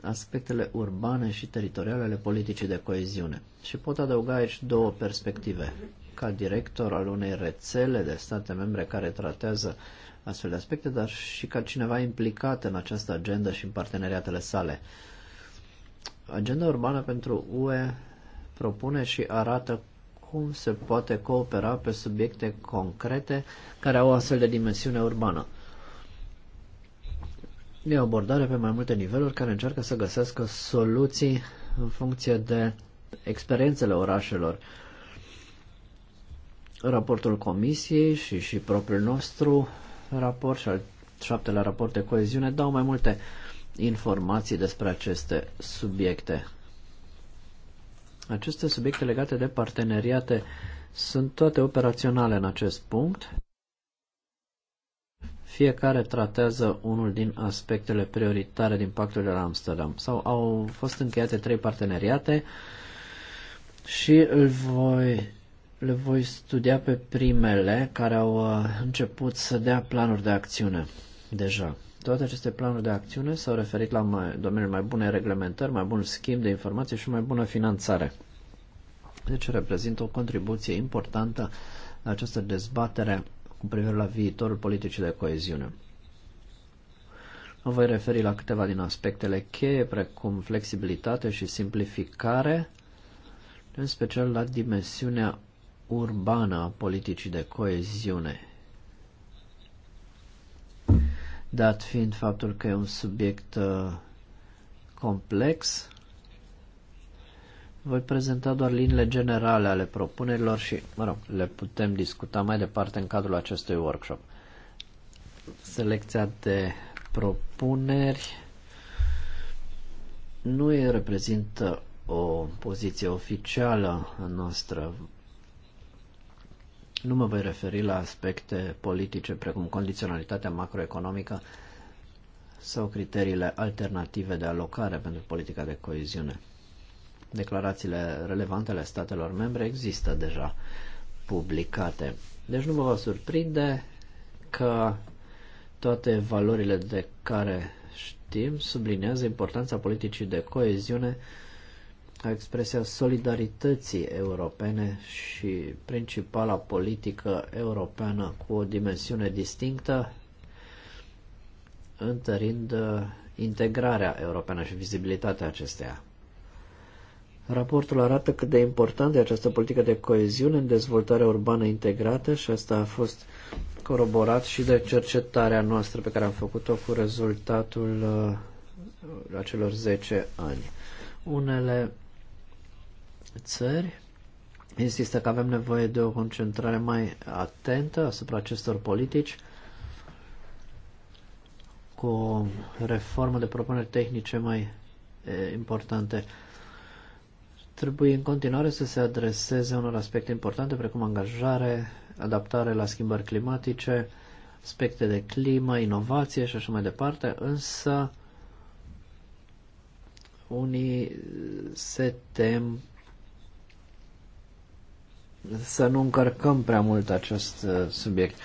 aspectele urbane și teritoriale ale politicii de coeziune. Și pot adăuga aici două perspective. Ca director al unei rețele de state membre care tratează astfel de aspecte, dar și ca cineva implicat în această agendă și în parteneriatele sale. Agenda urbană pentru UE propune și arată cum se poate coopera pe subiecte concrete care au astfel de dimensiune urbană. E o abordare pe mai multe niveluri care încearcă să găsească soluții în funcție de experiențele orașelor. Raportul comisiei și, și propriul nostru raport și al șaptelea raport de coeziune dau mai multe informații despre aceste subiecte. Aceste subiecte legate de parteneriate sunt toate operaționale în acest punct. Fiecare tratează unul din aspectele prioritare din pactul de la Amsterdam. Sau au fost încheiate trei parteneriate și îl voi, le voi studia pe primele care au uh, început să dea planuri de acțiune deja. Toate aceste planuri de acțiune s-au referit la mai, domeniul mai bune reglementări, mai bun schimb de informații și mai bună finanțare. Deci reprezintă o contribuție importantă la această dezbatere cu privire la viitorul politicii de coeziune. Mă voi referi la câteva din aspectele cheie, precum flexibilitate și simplificare, în special la dimensiunea urbană a politicii de coeziune dat fiind faptul că e un subiect uh, complex. Voi prezenta doar liniile generale ale propunerilor și, mă rog, le putem discuta mai departe în cadrul acestui workshop. Selecția de propuneri nu reprezintă o poziție oficială a noastră. Nu mă voi referi la aspecte politice precum condiționalitatea macroeconomică sau criteriile alternative de alocare pentru politica de coeziune. Declarațiile relevante ale statelor membre există deja publicate. Deci nu mă va surprinde că toate valorile de care știm sublinează importanța politicii de coeziune ca expresia solidarității europene și principala politică europeană cu o dimensiune distinctă, întărind uh, integrarea europeană și vizibilitatea acesteia. Raportul arată cât de importantă e această politică de coeziune în dezvoltarea urbană integrată și asta a fost coroborat și de cercetarea noastră pe care am făcut-o cu rezultatul uh, acelor 10 ani. Unele țări, insistă că avem nevoie de o concentrare mai atentă asupra acestor politici, cu o reformă de propuneri tehnice mai e, importante. Trebuie în continuare să se adreseze unor aspecte importante, precum angajare, adaptare la schimbări climatice, aspecte de climă, inovație și așa mai departe, însă unii se tem să nu încărcăm prea mult acest uh, subiect.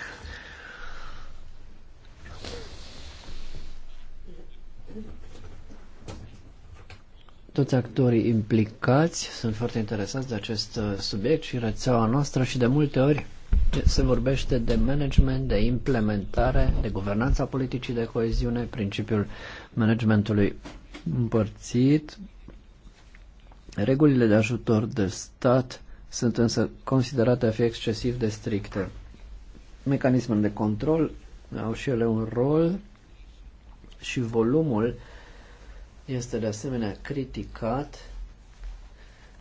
Toți actorii implicați sunt foarte interesați de acest uh, subiect și rețeaua noastră și de multe ori se vorbește de management, de implementare, de guvernanța politicii de coeziune, principiul managementului împărțit, regulile de ajutor de stat, sunt însă considerate a fi excesiv de stricte. Mecanismele de control au și ele un rol și volumul este de asemenea criticat.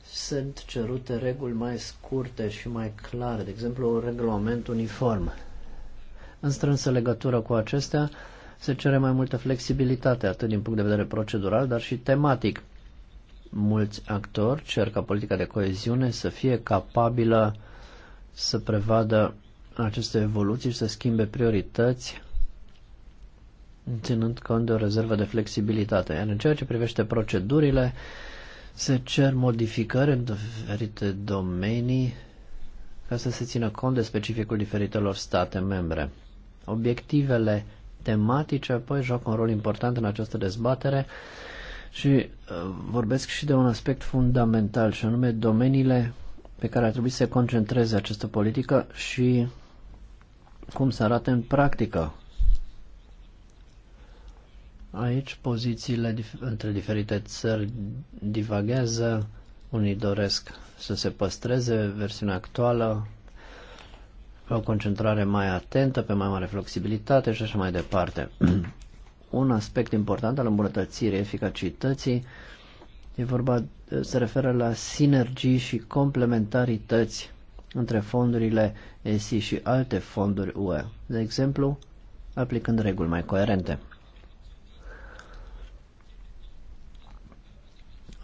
Sunt cerute reguli mai scurte și mai clare, de exemplu un regulament uniform. În strânsă legătură cu acestea, se cere mai multă flexibilitate, atât din punct de vedere procedural, dar și tematic mulți actori cer ca politica de coeziune să fie capabilă să prevadă aceste evoluții și să schimbe priorități ținând cont de o rezervă de flexibilitate. Iar în ceea ce privește procedurile, se cer modificări în diferite domenii ca să se țină cont de specificul diferitelor state membre. Obiectivele tematice apoi joacă un rol important în această dezbatere și uh, vorbesc și de un aspect fundamental, și anume domeniile pe care ar trebui să se concentreze această politică și cum să arate în practică. Aici pozițiile dif- între diferite țări divaghează, unii doresc să se păstreze versiunea actuală, o concentrare mai atentă, pe mai mare flexibilitate și așa mai departe. un aspect important al îmbunătățirii eficacității. E vorba, se referă la sinergii și complementarități între fondurile ESI și alte fonduri UE, de exemplu, aplicând reguli mai coerente.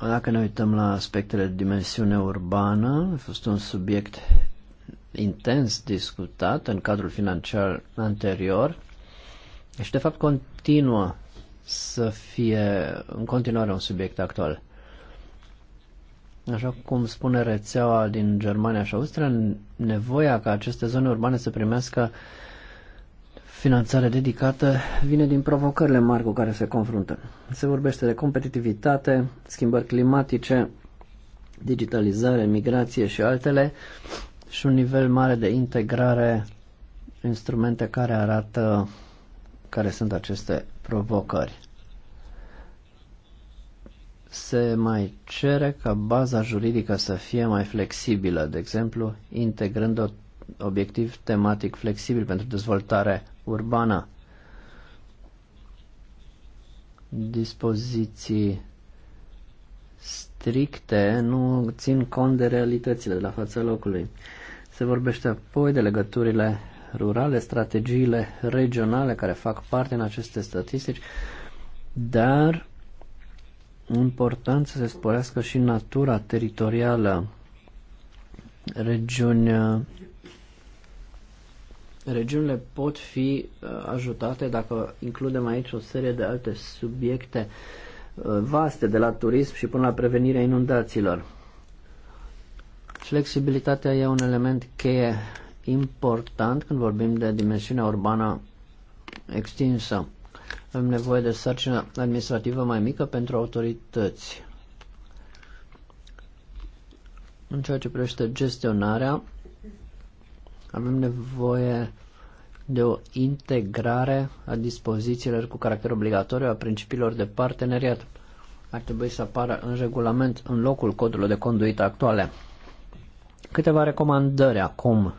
Dacă ne uităm la aspectele de dimensiune urbană, a fost un subiect intens discutat în cadrul financiar anterior și de fapt continuă să fie în continuare un subiect actual. Așa cum spune rețeaua din Germania și Austria, nevoia ca aceste zone urbane să primească finanțare dedicată vine din provocările mari cu care se confruntă. Se vorbește de competitivitate, schimbări climatice, digitalizare, migrație și altele și un nivel mare de integrare, instrumente care arată care sunt aceste provocări. Se mai cere ca baza juridică să fie mai flexibilă, de exemplu, integrând un obiectiv tematic flexibil pentru dezvoltare urbană, dispoziții stricte nu țin cont de realitățile de la fața locului. Se vorbește apoi de legăturile rurale, strategiile regionale care fac parte în aceste statistici, dar important să se sporească și natura teritorială. regiunea regiunile pot fi uh, ajutate dacă includem aici o serie de alte subiecte uh, vaste, de la turism și până la prevenirea inundațiilor. Flexibilitatea e un element cheie important când vorbim de dimensiunea urbană extinsă. Avem nevoie de sarcină administrativă mai mică pentru autorități. În ceea ce privește gestionarea, avem nevoie de o integrare a dispozițiilor cu caracter obligatoriu a principiilor de parteneriat. Ar trebui să apară în regulament în locul codului de conduită actuale. Câteva recomandări acum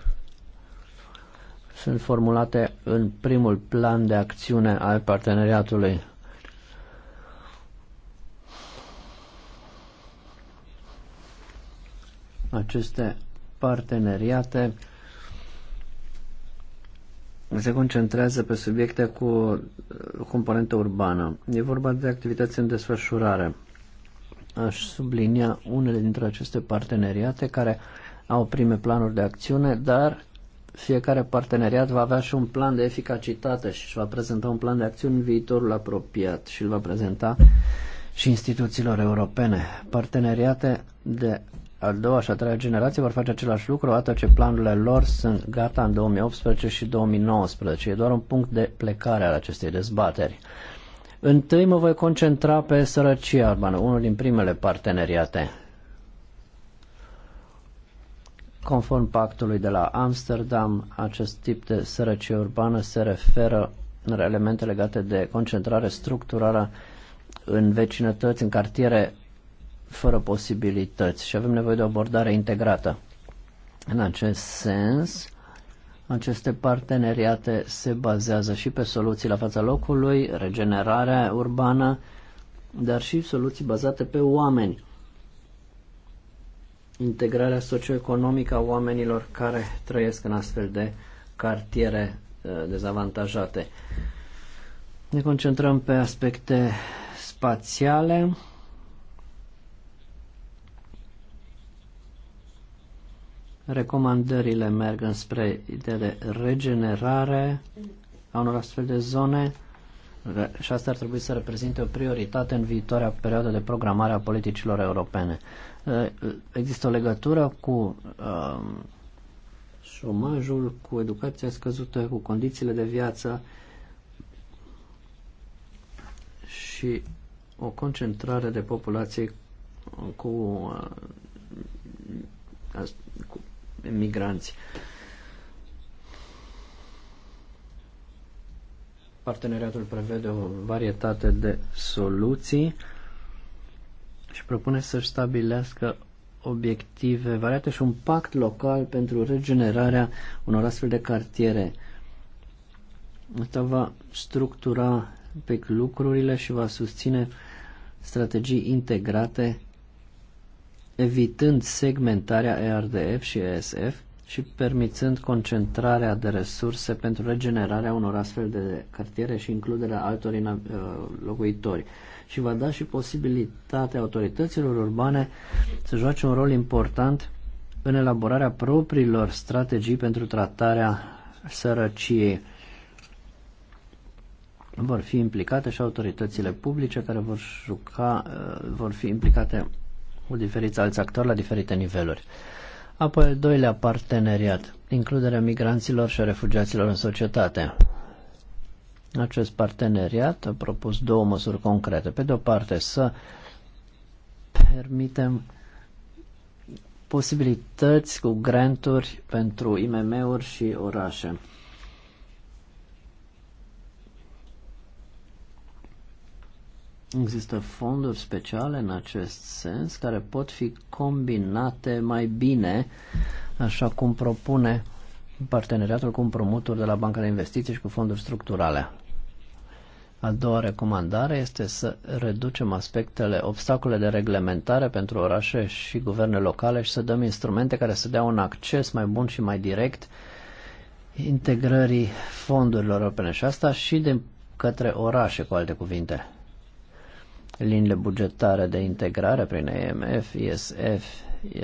sunt formulate în primul plan de acțiune al parteneriatului. Aceste parteneriate se concentrează pe subiecte cu componentă urbană. E vorba de activități în desfășurare. Aș sublinia unele dintre aceste parteneriate care au prime planuri de acțiune, dar fiecare parteneriat va avea și un plan de eficacitate și va prezenta un plan de acțiuni în viitorul apropiat și îl va prezenta și instituțiilor europene. Parteneriate de al doua și a treia generație vor face același lucru atât ce planurile lor sunt gata în 2018 și 2019. E doar un punct de plecare al acestei dezbateri. Întâi mă voi concentra pe sărăcia urbană, unul din primele parteneriate. Conform pactului de la Amsterdam, acest tip de sărăcie urbană se referă în elemente legate de concentrare structurală în vecinătăți, în cartiere fără posibilități și avem nevoie de o abordare integrată. În acest sens, aceste parteneriate se bazează și pe soluții la fața locului, regenerarea urbană, dar și soluții bazate pe oameni integrarea socioeconomică a oamenilor care trăiesc în astfel de cartiere uh, dezavantajate. Ne concentrăm pe aspecte spațiale. Recomandările merg înspre de regenerare a unor astfel de zone și asta ar trebui să reprezinte o prioritate în viitoarea perioadă de programare a politicilor europene. Uh, există o legătură cu um, șomajul, cu educația scăzută, cu condițiile de viață și o concentrare de populație cu, uh, cu migranți. Parteneriatul prevede o varietate de soluții și propune să-și stabilească obiective variate și un pact local pentru regenerarea unor astfel de cartiere. Asta va structura pe lucrurile și va susține strategii integrate evitând segmentarea ERDF și ESF și permițând concentrarea de resurse pentru regenerarea unor astfel de cartiere și includerea altor uh, locuitori și va da și posibilitatea autorităților urbane să joace un rol important în elaborarea propriilor strategii pentru tratarea sărăciei. Vor fi implicate și autoritățile publice care vor juca, uh, vor fi implicate cu diferiți alți actori la diferite niveluri. Apoi, al doilea parteneriat, includerea migranților și refugiaților în societate. Acest parteneriat a propus două măsuri concrete. Pe de o parte, să permitem posibilități cu granturi pentru IMM-uri și orașe. Există fonduri speciale în acest sens care pot fi combinate mai bine, așa cum propune parteneriatul cu promotor de la Banca de Investiții și cu fonduri structurale. A doua recomandare este să reducem aspectele, obstacole de reglementare pentru orașe și guverne locale și să dăm instrumente care să dea un acces mai bun și mai direct integrării fondurilor europene și asta și de către orașe, cu alte cuvinte. Liniile bugetare de integrare prin EMF, ISF,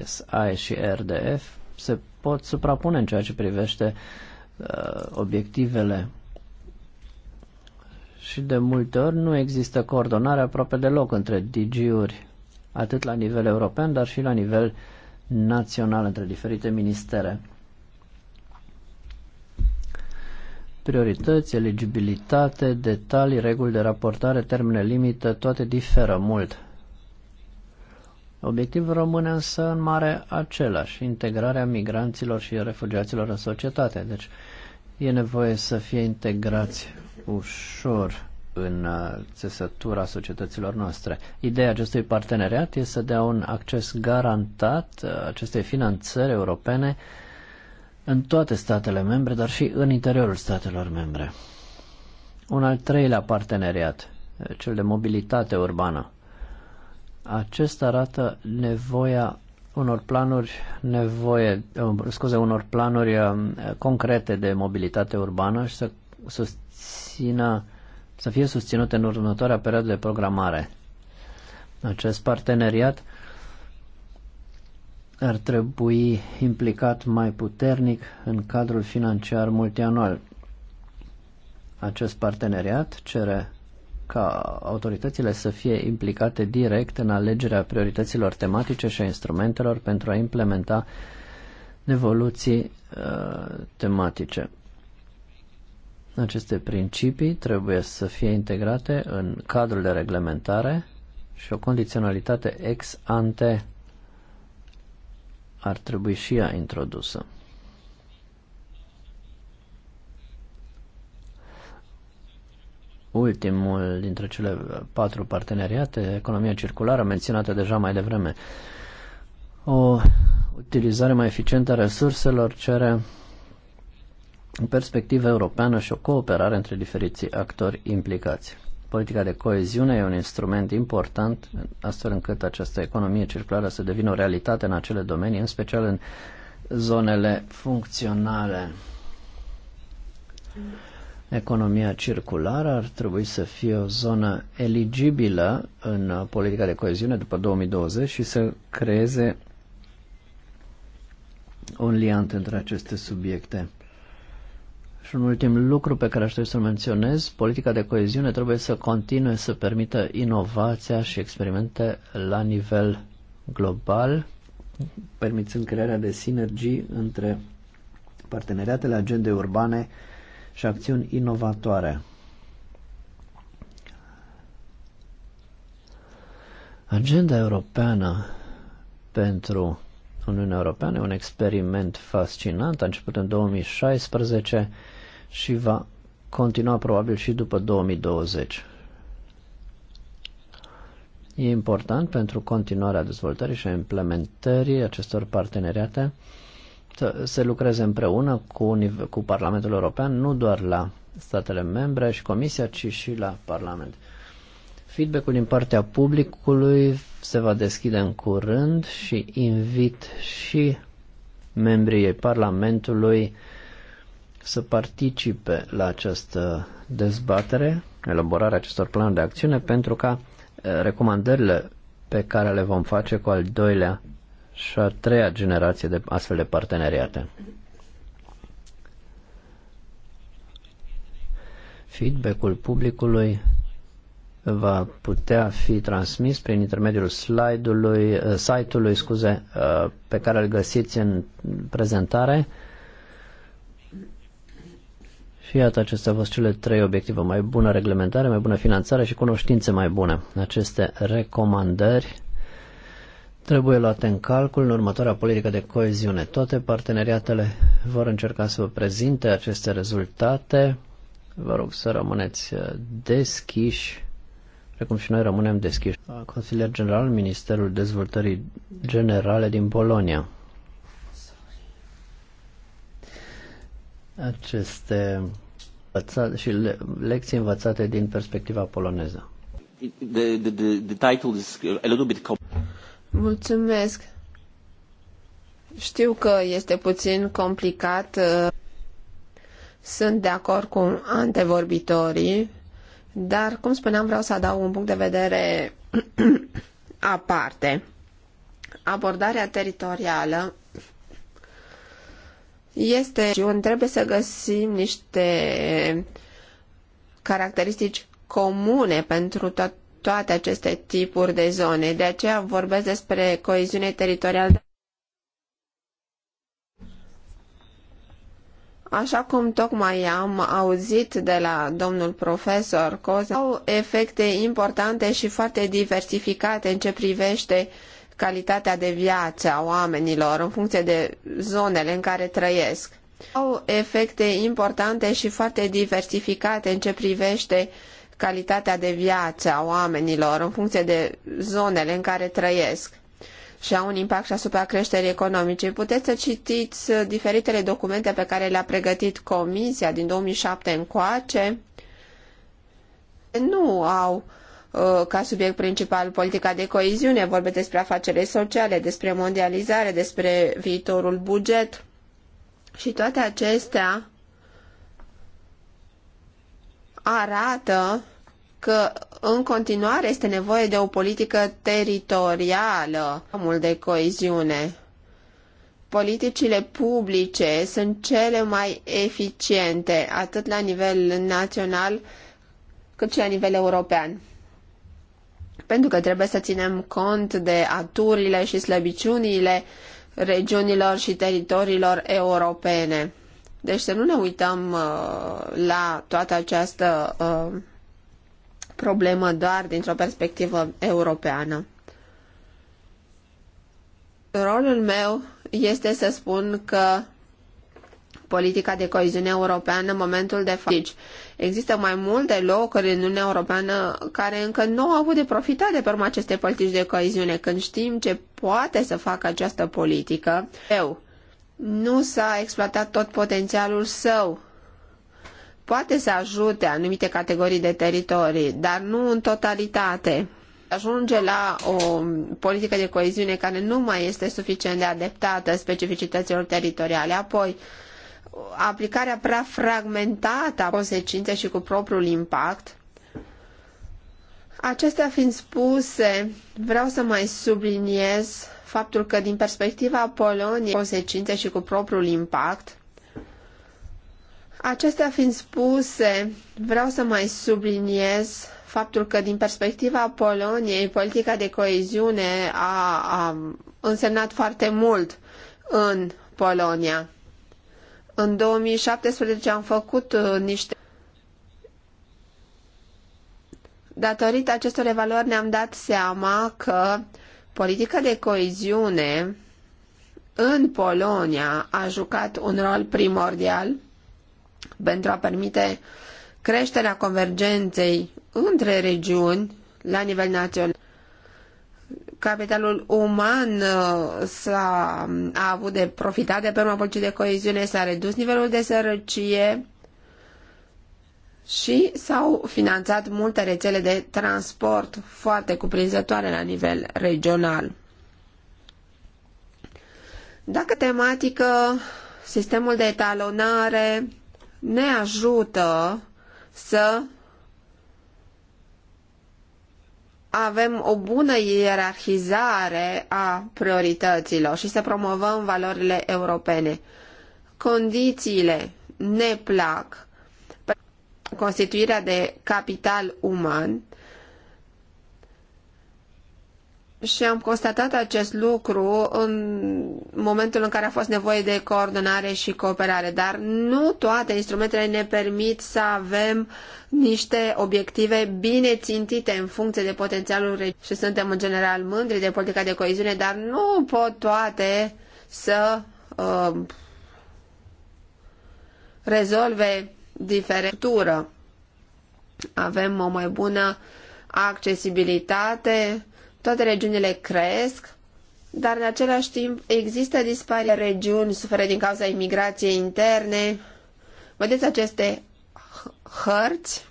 ISI și RDF se pot suprapune în ceea ce privește uh, obiectivele. Și de multe ori nu există coordonare aproape deloc între DG-uri, atât la nivel european, dar și la nivel național, între diferite ministere. Priorități, eligibilitate, detalii, reguli de raportare, termene limită, toate diferă mult. Obiectivul rămâne însă în mare același, integrarea migranților și refugiaților în societate. Deci e nevoie să fie integrați ușor în uh, țesătura societăților noastre. Ideea acestui parteneriat este să dea un acces garantat uh, acestei finanțări europene în toate statele membre, dar și în interiorul statelor membre. Un al treilea parteneriat, uh, cel de mobilitate urbană acest arată nevoia unor planuri nevoie, um, scuze, unor planuri um, concrete de mobilitate urbană și să susțină, să fie susținute în următoarea perioadă de programare. Acest parteneriat ar trebui implicat mai puternic în cadrul financiar multianual. Acest parteneriat cere ca autoritățile să fie implicate direct în alegerea priorităților tematice și a instrumentelor pentru a implementa evoluții uh, tematice. Aceste principii trebuie să fie integrate în cadrul de reglementare și o condiționalitate ex ante ar trebui și ea introdusă. ultimul dintre cele patru parteneriate, economia circulară, menționată deja mai devreme. O utilizare mai eficientă a resurselor cere o perspectivă europeană și o cooperare între diferiții actori implicați. Politica de coeziune e un instrument important, astfel încât această economie circulară să devină o realitate în acele domenii, în special în zonele funcționale. Economia circulară ar trebui să fie o zonă eligibilă în politica de coeziune după 2020 și să creeze un liant între aceste subiecte. Și un ultim lucru pe care aș trebui să-l menționez, politica de coeziune trebuie să continue să permită inovația și experimente la nivel global, permițând crearea de sinergii între parteneriatele agende urbane și acțiuni inovatoare. Agenda europeană pentru Uniunea Europeană e un experiment fascinant, a început în 2016 și va continua probabil și după 2020. E important pentru continuarea dezvoltării și a implementării acestor parteneriate se lucreze împreună cu, cu Parlamentul European, nu doar la statele membre și Comisia, ci și la Parlament. Feedback-ul din partea publicului se va deschide în curând și invit și membrii Parlamentului să participe la această dezbatere, elaborarea acestor planuri de acțiune, pentru ca eh, recomandările pe care le vom face cu al doilea și a treia generație de astfel de parteneriate. Feedback-ul publicului va putea fi transmis prin intermediul slide-ului, uh, site-ului, scuze, uh, pe care îl găsiți în prezentare. Și iată, acestea au fost cele trei obiective. Mai bună reglementare, mai bună finanțare și cunoștințe mai bune. Aceste recomandări trebuie luate în calcul în următoarea politică de coeziune. Toate parteneriatele vor încerca să vă prezinte aceste rezultate. Vă rog să rămâneți uh, deschiși, precum și noi rămânem deschiși. Uh, Consilier General, Ministerul Dezvoltării Generale din Polonia. Aceste și le, lecții învățate din perspectiva poloneză. The, the, the, the title is a little bit Mulțumesc. Știu că este puțin complicat. Uh, sunt de acord cu antevorbitorii, dar, cum spuneam, vreau să adaug un punct de vedere aparte. Abordarea teritorială este și trebuie să găsim niște caracteristici comune pentru tot, toate aceste tipuri de zone. De aceea vorbesc despre coeziune teritorială. Așa cum tocmai am auzit de la domnul profesor Coz, au efecte importante și foarte diversificate în ce privește calitatea de viață a oamenilor în funcție de zonele în care trăiesc. Au efecte importante și foarte diversificate în ce privește calitatea de viață a oamenilor în funcție de zonele în care trăiesc și au un impact și asupra creșterii economice. Puteți să citiți uh, diferitele documente pe care le-a pregătit Comisia din 2007 încoace. Nu au uh, ca subiect principal politica de coeziune, vorbesc despre afaceri sociale, despre mondializare, despre viitorul buget și toate acestea arată că în continuare este nevoie de o politică teritorială, mult de coeziune. Politicile publice sunt cele mai eficiente, atât la nivel național, cât și la nivel european. Pentru că trebuie să ținem cont de aturile și slăbiciunile regiunilor și teritoriilor europene. Deci să nu ne uităm uh, la toată această uh, problemă doar dintr-o perspectivă europeană. Rolul meu este să spun că politica de coeziune europeană în momentul de față. Deci, există mai multe locuri în Uniunea Europeană care încă nu au avut de profitat de pe urma acestei politici de coeziune. Când știm ce poate să facă această politică, eu, nu s-a exploatat tot potențialul său. Poate să ajute anumite categorii de teritorii, dar nu în totalitate. Ajunge la o politică de coeziune care nu mai este suficient de adaptată specificităților teritoriale. Apoi, aplicarea prea fragmentată a consecințe și cu propriul impact. Acestea fiind spuse, vreau să mai subliniez faptul că din perspectiva Poloniei, consecințe și cu propriul impact, Acestea fiind spuse, vreau să mai subliniez faptul că din perspectiva Poloniei, politica de coeziune a, a însemnat foarte mult în Polonia. În 2017 am făcut uh, niște... Datorită acestor evaluări ne-am dat seama că Politica de coeziune în Polonia a jucat un rol primordial pentru a permite creșterea convergenței între regiuni la nivel național. Capitalul uman uh, s-a, a avut de profitat de pe urma politicii de coeziune, s-a redus nivelul de sărăcie, și s-au finanțat multe rețele de transport foarte cuprinzătoare la nivel regional. Dacă tematică, sistemul de etalonare ne ajută să avem o bună ierarhizare a priorităților și să promovăm valorile europene. Condițiile ne plac, constituirea de capital uman și am constatat acest lucru în momentul în care a fost nevoie de coordonare și cooperare, dar nu toate instrumentele ne permit să avem niște obiective bine țintite în funcție de potențialul și suntem în general mândri de politica de coeziune, dar nu pot toate să uh, rezolve diferentură. Avem o mai bună accesibilitate, toate regiunile cresc, dar în același timp există dispari regiuni suferă din cauza imigrației interne. Vedeți aceste hărți,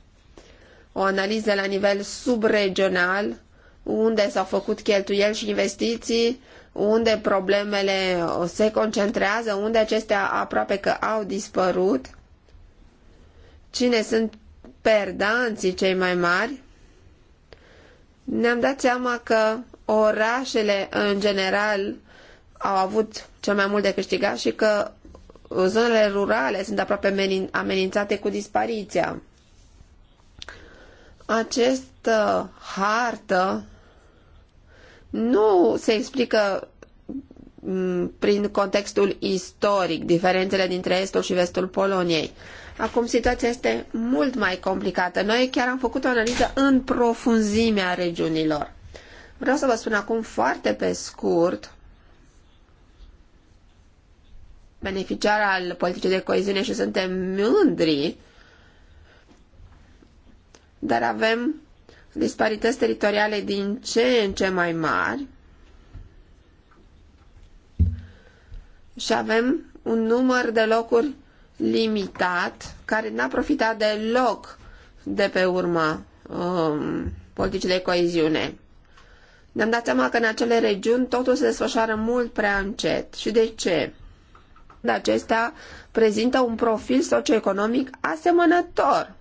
o analiză la nivel subregional, unde s-au făcut cheltuieli și investiții, unde problemele se concentrează, unde acestea aproape că au dispărut cine sunt perdanții cei mai mari, ne-am dat seama că orașele în general au avut cel mai mult de câștigat și că zonele rurale sunt aproape amenințate cu dispariția. Această hartă nu se explică prin contextul istoric, diferențele dintre estul și vestul Poloniei. Acum situația este mult mai complicată. Noi chiar am făcut o analiză în profunzimea regiunilor. Vreau să vă spun acum foarte pe scurt beneficiar al politicii de coeziune și suntem mândri, dar avem disparități teritoriale din ce în ce mai mari și avem un număr de locuri limitat, care n-a profitat deloc de pe urma um, politicii de coeziune. Ne-am dat seama că în acele regiuni totul se desfășoară mult prea încet. Și de ce? Acestea prezintă un profil socioeconomic asemănător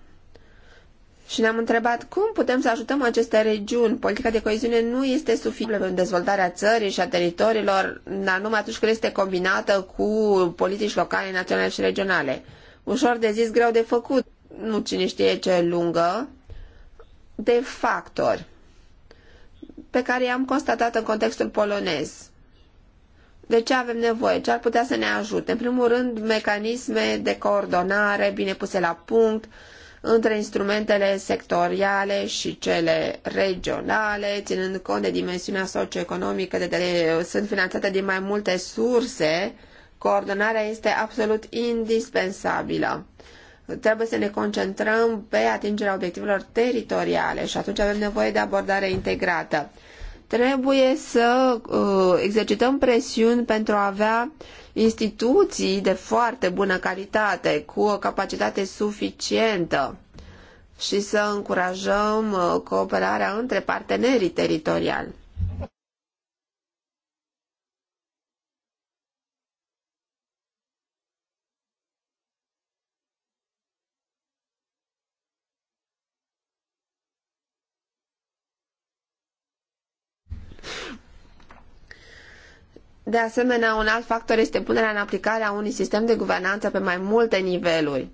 și ne-am întrebat cum putem să ajutăm aceste regiuni. Politica de coeziune nu este suficientă pentru dezvoltarea țării și a teritoriilor, dar numai atunci când este combinată cu politici locale, naționale și regionale. Ușor de zis, greu de făcut. Nu cine știe ce lungă. De factori pe care i-am constatat în contextul polonez. De ce avem nevoie? Ce ar putea să ne ajute? În primul rând, mecanisme de coordonare bine puse la punct, între instrumentele sectoriale și cele regionale, ținând cont de dimensiunea socioeconomică, de, de, sunt finanțate din mai multe surse, coordonarea este absolut indispensabilă. Trebuie să ne concentrăm pe atingerea obiectivelor teritoriale și atunci avem nevoie de abordare integrată. Trebuie să uh, exercităm presiuni pentru a avea uh, instituții de foarte bună calitate, cu o capacitate suficientă și să încurajăm uh, cooperarea între partenerii teritoriali. De asemenea, un alt factor este punerea în aplicare a unui sistem de guvernanță pe mai multe niveluri.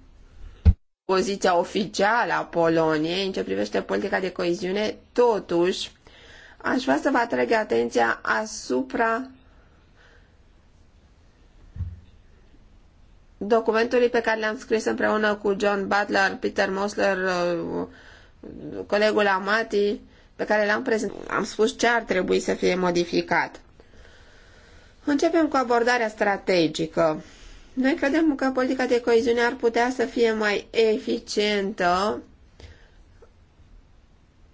Poziția oficială a Poloniei în ce privește politica de coeziune, totuși, aș vrea să vă atrag atenția asupra documentului pe care l-am scris împreună cu John Butler, Peter Mosler, uh, colegul Amati, pe care l-am prezentat. Am spus ce ar trebui să fie modificat. Începem cu abordarea strategică. Noi credem că politica de coeziune ar putea să fie mai eficientă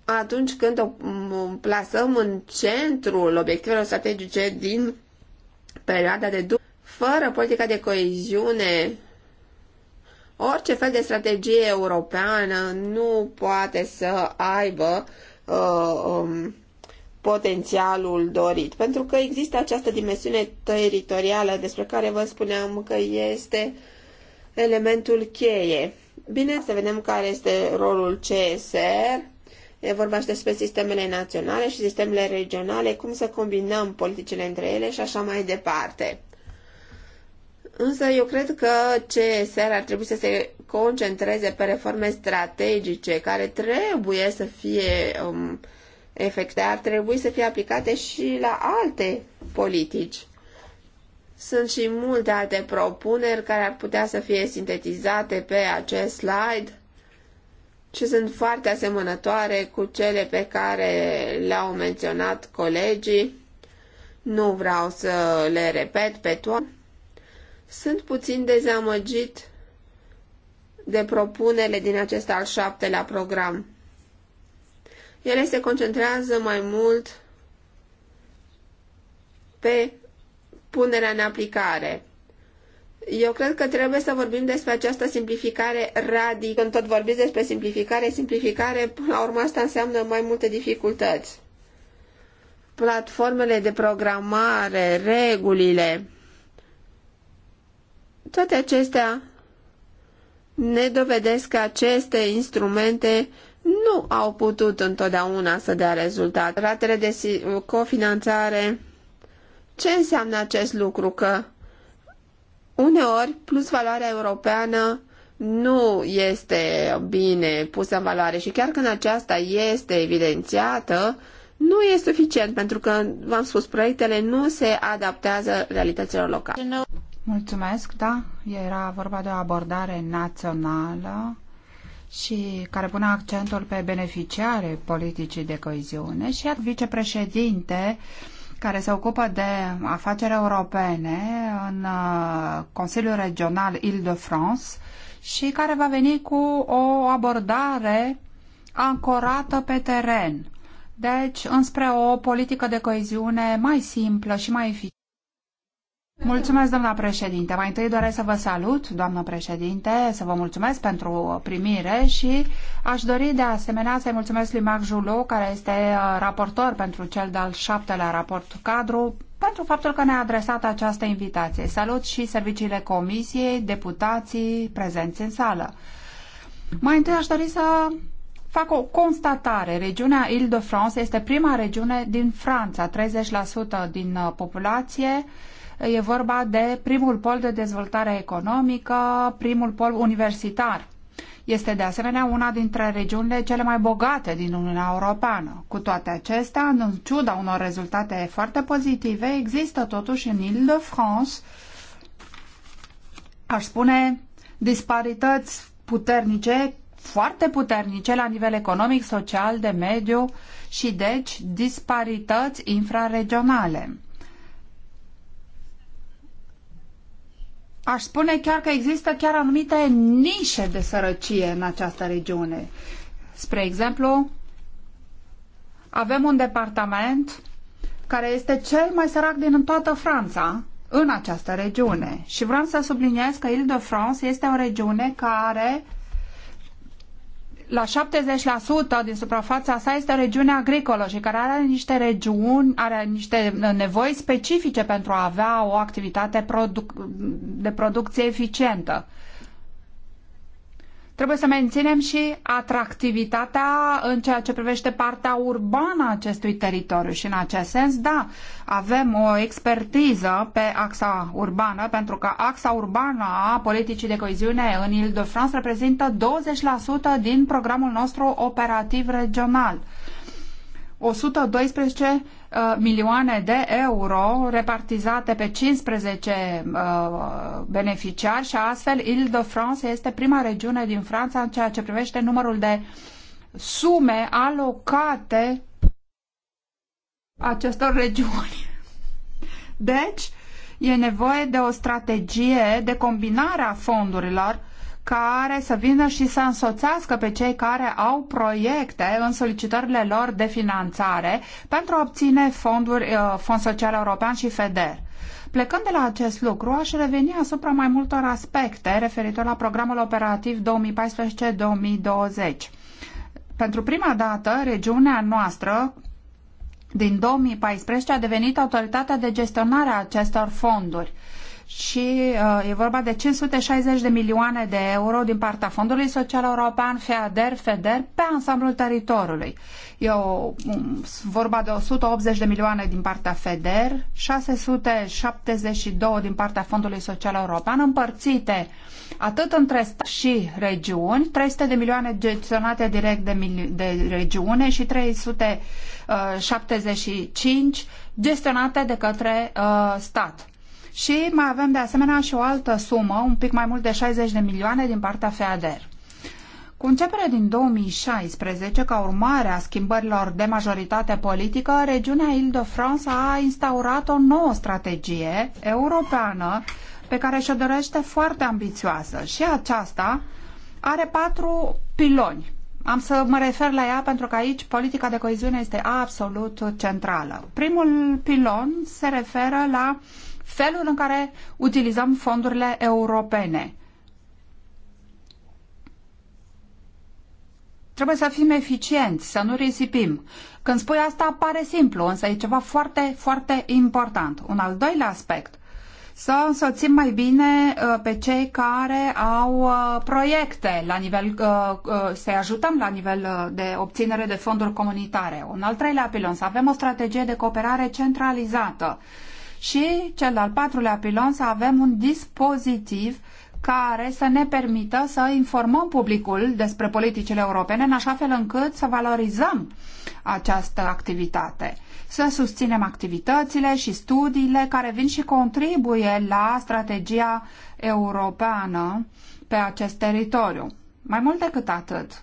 atunci când o plasăm în centrul obiectivelor strategice din perioada de după. Fără politica de coeziune, orice fel de strategie europeană nu poate să aibă uh, um, potențialul dorit. Pentru că există această dimensiune teritorială despre care vă spuneam că este elementul cheie. Bine să vedem care este rolul CSR. E vorba și despre sistemele naționale și sistemele regionale, cum să combinăm politicile între ele și așa mai departe. Însă eu cred că CSR ar trebui să se concentreze pe reforme strategice care trebuie să fie um, uh, efecte ar trebui să fie aplicate și la alte politici. Sunt și multe alte propuneri care ar putea să fie sintetizate pe acest slide și sunt foarte asemănătoare cu cele pe care le-au menționat colegii. Nu vreau să le repet pe toate. Sunt puțin dezamăgit de propunele din acest al șaptelea program. Ele se concentrează mai mult pe punerea în aplicare. Eu cred că trebuie să vorbim despre această simplificare radic. Când tot vorbiți despre simplificare, simplificare, până la urmă asta înseamnă mai multe dificultăți. Platformele de programare, regulile, toate acestea ne dovedesc că aceste instrumente nu au putut întotdeauna să dea rezultat. Ratele de cofinanțare, ce înseamnă acest lucru? Că uneori plus valoarea europeană nu este bine pusă în valoare și chiar când aceasta este evidențiată, nu e suficient pentru că, v-am spus, proiectele nu se adaptează realităților locale. Mulțumesc, da, era vorba de o abordare națională și care pune accentul pe beneficiare politicii de coeziune și iar vicepreședinte care se ocupă de afaceri europene în uh, Consiliul Regional Île-de-France și care va veni cu o abordare ancorată pe teren. Deci, înspre o politică de coeziune mai simplă și mai eficientă. Mulțumesc, doamna președinte. Mai întâi doresc să vă salut, doamnă președinte, să vă mulțumesc pentru primire și aș dori de asemenea să-i mulțumesc lui Marc Julo, care este uh, raportor pentru cel de-al șaptelea raport cadru, pentru faptul că ne-a adresat această invitație. Salut și serviciile comisiei, deputații prezenți în sală. Mai întâi aș dori să fac o constatare. Regiunea Île-de-France este prima regiune din Franța, 30% din uh, populație, E vorba de primul pol de dezvoltare economică, primul pol universitar. Este de asemenea una dintre regiunile cele mai bogate din Uniunea Europeană. Cu toate acestea, în ciuda unor rezultate foarte pozitive, există totuși în Ile-de-France, aș spune, disparități puternice, foarte puternice la nivel economic, social, de mediu și deci disparități infraregionale. Aș spune chiar că există chiar anumite nișe de sărăcie în această regiune. Spre exemplu, avem un departament care este cel mai sărac din toată Franța în această regiune. Și vreau să subliniez că Île-de-France este o regiune care la 70% din suprafața sa este o regiune agricolă și care are niște regiuni, are niște uh, nevoi specifice pentru a avea o activitate produc- de producție eficientă. Trebuie să menținem și atractivitatea în ceea ce privește partea urbană a acestui teritoriu și în acest sens, da, avem o expertiză pe axa urbană, pentru că axa urbană a politicii de coeziune în Ile-de-France reprezintă 20% din programul nostru operativ regional. 112 Uh, milioane de euro repartizate pe 15 uh, beneficiari și astfel Île-de-France este prima regiune din Franța în ceea ce privește numărul de sume alocate acestor regiuni. Deci, e nevoie de o strategie de combinare a fondurilor care să vină și să însoțească pe cei care au proiecte în solicitările lor de finanțare pentru a obține fonduri, uh, Fond Social European și FEDER. Plecând de la acest lucru, aș reveni asupra mai multor aspecte referitor la programul operativ 2014-2020. Pentru prima dată, regiunea noastră din 2014 a devenit autoritatea de gestionare a acestor fonduri și uh, e vorba de 560 de milioane de euro din partea Fondului Social European, FEADER, FEDER, pe ansamblul teritoriului. E o, um, vorba de 180 de milioane din partea FEDER, 672 din partea Fondului Social European, împărțite atât între stat și regiuni, 300 de milioane gestionate direct de, de regiune și 375 uh, gestionate de către uh, stat și mai avem de asemenea și o altă sumă, un pic mai mult de 60 de milioane din partea FEADER. Cu începerea din 2016, ca urmare a schimbărilor de majoritate politică, regiunea Île-de-France a instaurat o nouă strategie europeană pe care și-o dorește foarte ambițioasă și aceasta are patru piloni. Am să mă refer la ea pentru că aici politica de coeziune este absolut centrală. Primul pilon se referă la uh, felul în care utilizăm fondurile europene. Trebuie să fim eficienți, să nu risipim. Când spui asta, pare simplu, însă e ceva foarte, foarte important. Un al doilea aspect să însoțim mai bine uh, pe cei care au uh, proiecte la nivel, uh, să-i ajutăm la nivel de obținere de fonduri comunitare. Un al treilea pilon, să avem o strategie de cooperare centralizată și cel al patrulea pilon să avem un dispozitiv care să ne permită să informăm publicul despre politicile europene în așa fel încât să valorizăm această activitate, să susținem activitățile și studiile care vin și contribuie la strategia europeană pe acest teritoriu. Mai mult decât atât,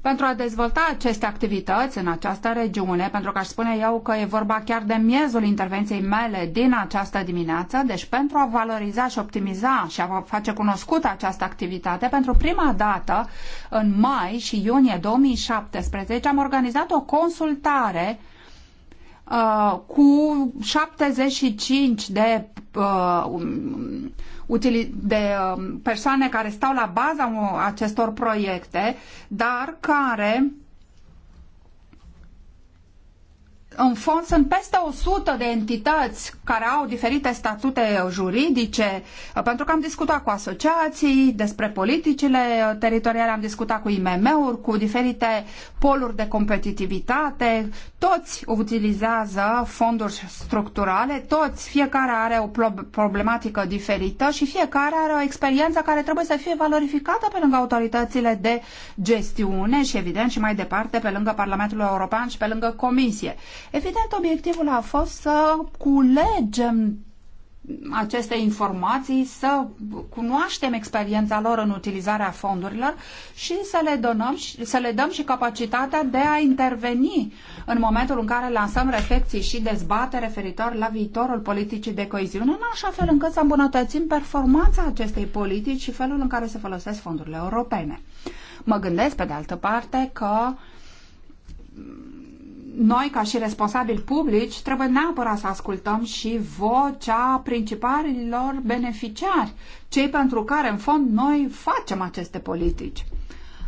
pentru a dezvolta aceste activități în această regiune, pentru că aș spune eu că e vorba chiar de miezul intervenției mele din această dimineață, deci pentru a valoriza și optimiza și a face cunoscută această activitate, pentru prima dată, în mai și iunie 2017, am organizat o consultare uh, cu 75 de uh, um, de um, persoane care stau la baza acestor proiecte, dar care în fond sunt peste 100 de entități care au diferite statute juridice, uh, pentru că am discutat cu asociații despre politicile uh, teritoriale, am discutat cu IMM-uri, cu diferite poluri de competitivitate, toți utilizează fonduri structurale, toți, fiecare are o problematică diferită și fiecare are o experiență care trebuie să fie valorificată pe lângă autoritățile de gestiune și evident și mai departe pe lângă Parlamentul European și pe lângă Comisie. Evident, obiectivul a fost să culegem aceste informații, să cunoaștem experiența lor în utilizarea fondurilor și să le, donăm, să le dăm și capacitatea de a interveni în momentul în care lansăm reflexii și dezbatere referitor la viitorul politicii de coeziune, în așa fel încât să îmbunătățim performanța acestei politici și felul în care se folosesc fondurile europene. Mă gândesc, pe de altă parte, că noi, ca și responsabili publici, trebuie neapărat să ascultăm și vocea principalilor beneficiari, cei pentru care, în fond, noi facem aceste politici.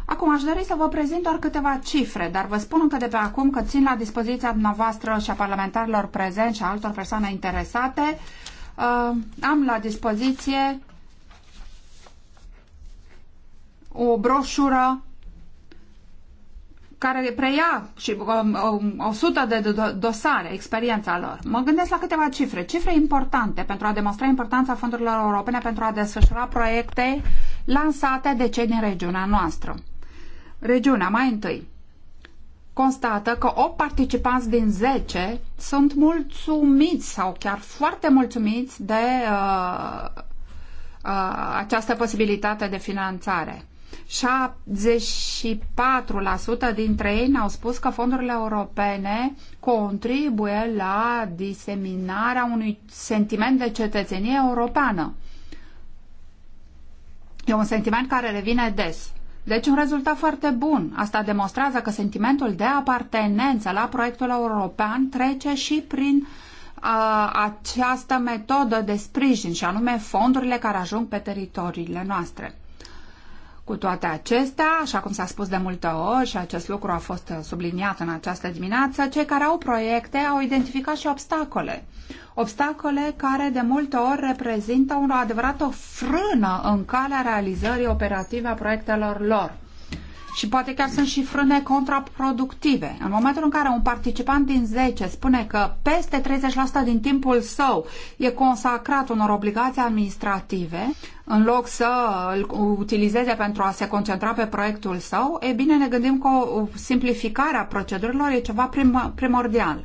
Acum aș dori să vă prezint doar câteva cifre, dar vă spun încă de pe acum că țin la dispoziția dumneavoastră și a parlamentarilor prezenți și a altor persoane interesate. Uh, am la dispoziție o broșură care preia și um, 100 um, de dosare experiența lor. Mă gândesc la câteva cifre, cifre importante pentru a demonstra importanța fondurilor europene pentru a desfășura proiecte lansate de cei din regiunea noastră. Regiunea, mai întâi, constată că 8 participanți din 10 sunt mulțumiți sau chiar foarte mulțumiți de uh, uh, această posibilitate de finanțare. 74% dintre ei ne-au spus că fondurile europene contribuie la diseminarea unui sentiment de cetățenie europeană. E un sentiment care revine des. Deci un rezultat foarte bun. Asta demonstrează că sentimentul de apartenență la proiectul european trece și prin a, această metodă de sprijin, și anume fondurile care ajung pe teritoriile noastre. Cu toate acestea, așa cum s-a spus de multe ori și acest lucru a fost subliniat în această dimineață, cei care au proiecte au identificat și obstacole. Obstacole care de multe ori reprezintă o adevărată frână în calea realizării operative a proiectelor lor și poate chiar sunt și frâne contraproductive. În momentul în care un participant din 10 spune că peste 30% din timpul său e consacrat unor obligații administrative, în loc să îl utilizeze pentru a se concentra pe proiectul său, e bine ne gândim că o simplificare a procedurilor e ceva prim- primordial.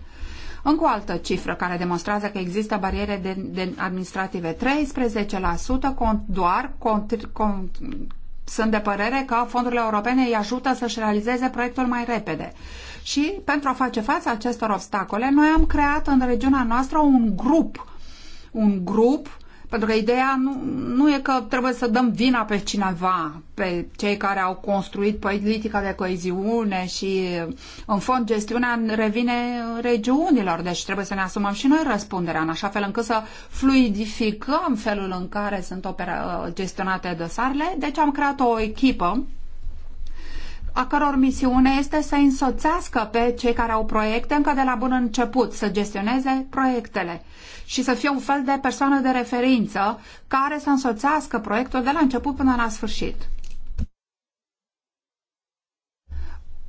Încă o altă cifră care demonstrează că există bariere de, de administrative. 13% con, doar con, con, sunt de părere că fondurile europene îi ajută să-și realizeze proiectul mai repede. Și pentru a face față acestor obstacole, noi am creat în regiunea noastră un grup, un grup pentru că ideea nu, nu e că trebuie să dăm vina pe cineva, pe cei care au construit politica de coeziune și, în fond, gestiunea revine regiunilor. Deci trebuie să ne asumăm și noi răspunderea, în așa fel încât să fluidificăm felul în care sunt opera, gestionate dosarele. Deci am creat o echipă a căror misiune este să însoțească pe cei care au proiecte încă de la bun început, să gestioneze proiectele și să fie un fel de persoană de referință care să însoțească proiectul de la început până la sfârșit.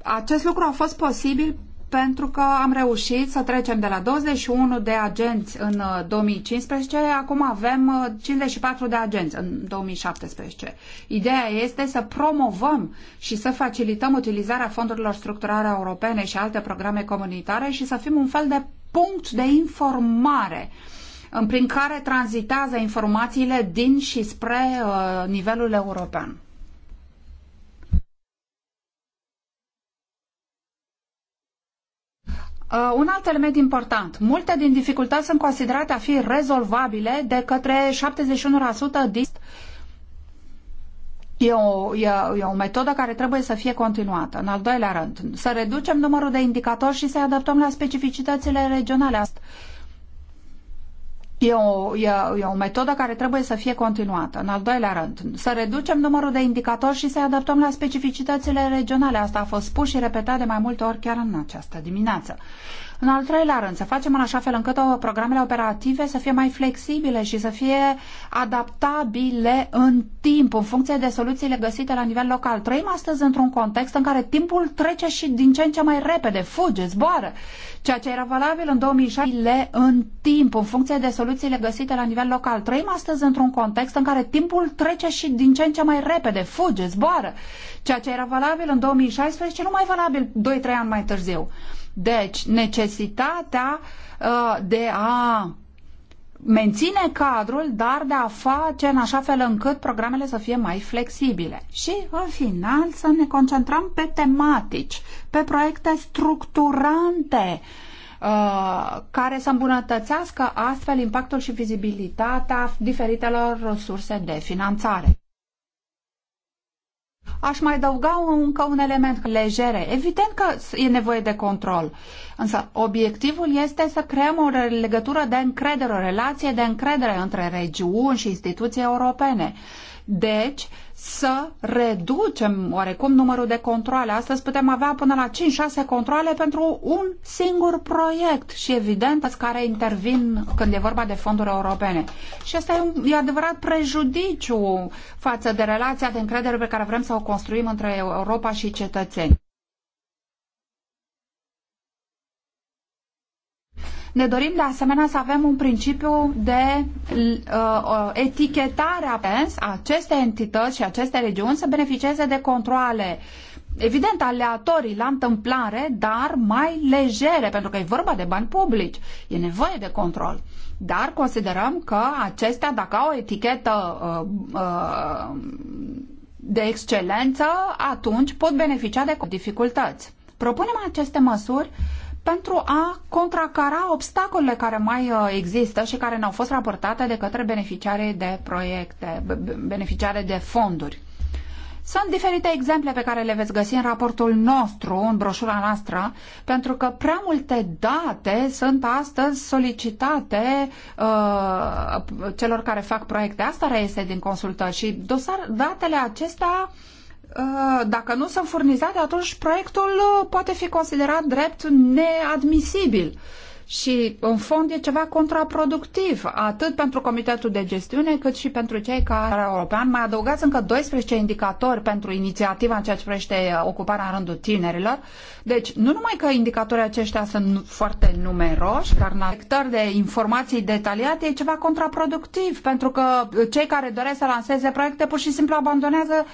Acest lucru a fost posibil pentru că am reușit să trecem de la 21 de agenți în 2015, uh, acum avem 54 uh, de agenți în 2017. Ideea este să promovăm și să facilităm utilizarea fondurilor structurale europene și alte programe comunitare și să fim un fel de punct de informare prin care tranzitează informațiile din și spre uh, nivelul european. Uh, un alt element important. Multe din dificultăți sunt considerate a fi rezolvabile de către 71% din E o, e, e o metodă care trebuie să fie continuată. În al doilea rând, să reducem numărul de indicatori și să-i adaptăm la specificitățile regionale. Asta E o, e, e o metodă care trebuie să fie continuată. În al doilea rând, să reducem numărul de indicatori și să-i adaptăm la specificitățile regionale. Asta a fost spus și repetat de mai multe ori chiar în această dimineață. În al treilea rând, să facem în așa fel încât programele operative să fie mai flexibile și să fie adaptabile în timp, în funcție de soluțiile găsite la nivel local. Trăim astăzi într-un context în care timpul trece și din ce în ce mai repede, fuge, zboară. Ceea ce era valabil în 2006, în timp, în funcție de soluțiile găsite la nivel local. Trăim astăzi într-un context în care timpul trece și din ce în ce mai repede, fuge, zboară. Ceea ce era valabil în 2016 nu mai valabil 2-3 ani mai târziu. Deci, necesitatea uh, de a menține cadrul, dar de a face în așa fel încât programele să fie mai flexibile. Și, în final, să ne concentrăm pe tematici, pe proiecte structurante uh, care să îmbunătățească astfel impactul și vizibilitatea diferitelor resurse de finanțare. Aș mai adăuga încă un element legere. Evident că e nevoie de control, însă obiectivul este să creăm o legătură de încredere, o relație de încredere între regiuni și instituții europene. Deci, să reducem oarecum numărul de controle. Astăzi putem avea până la 5-6 controle pentru un singur proiect și evident care intervin când e vorba de fonduri europene. Și asta e, un, e adevărat prejudiciu față de relația de încredere pe care vrem să o construim între Europa și cetățeni. Ne dorim de asemenea să avem un principiu de uh, uh, etichetare a pens, aceste entități și aceste regiuni să beneficieze de controle evident aleatorii la întâmplare, dar mai legere, pentru că e vorba de bani publici. E nevoie de control. Dar considerăm că acestea, dacă au o etichetă uh, uh, de excelență, atunci pot beneficia de dificultăți. Propunem aceste măsuri uh, pentru a contracara obstacolele care mai uh, există și care ne-au fost raportate de către beneficiarii de proiecte, beneficiare de fonduri. Sunt diferite exemple pe care le veți găsi în raportul nostru, în broșura noastră, pentru că prea multe date sunt astăzi solicitate uh, celor care fac proiecte. Asta reiese din consultări și dosar, datele acestea uh, Uh, dacă nu sunt furnizate, atunci proiectul uh, poate fi considerat drept neadmisibil. Și, în fond, e ceva contraproductiv, atât pentru Comitetul de Gestiune, cât și pentru cei care european. Mai adăugați încă 12 indicatori pentru inițiativa în ceea ce privește uh, ocuparea în rândul tinerilor. Deci, nu numai că indicatorii aceștia sunt foarte numeroși, dar în sector de informații detaliate e ceva contraproductiv, pentru că cei care doresc să lanseze proiecte pur și simplu abandonează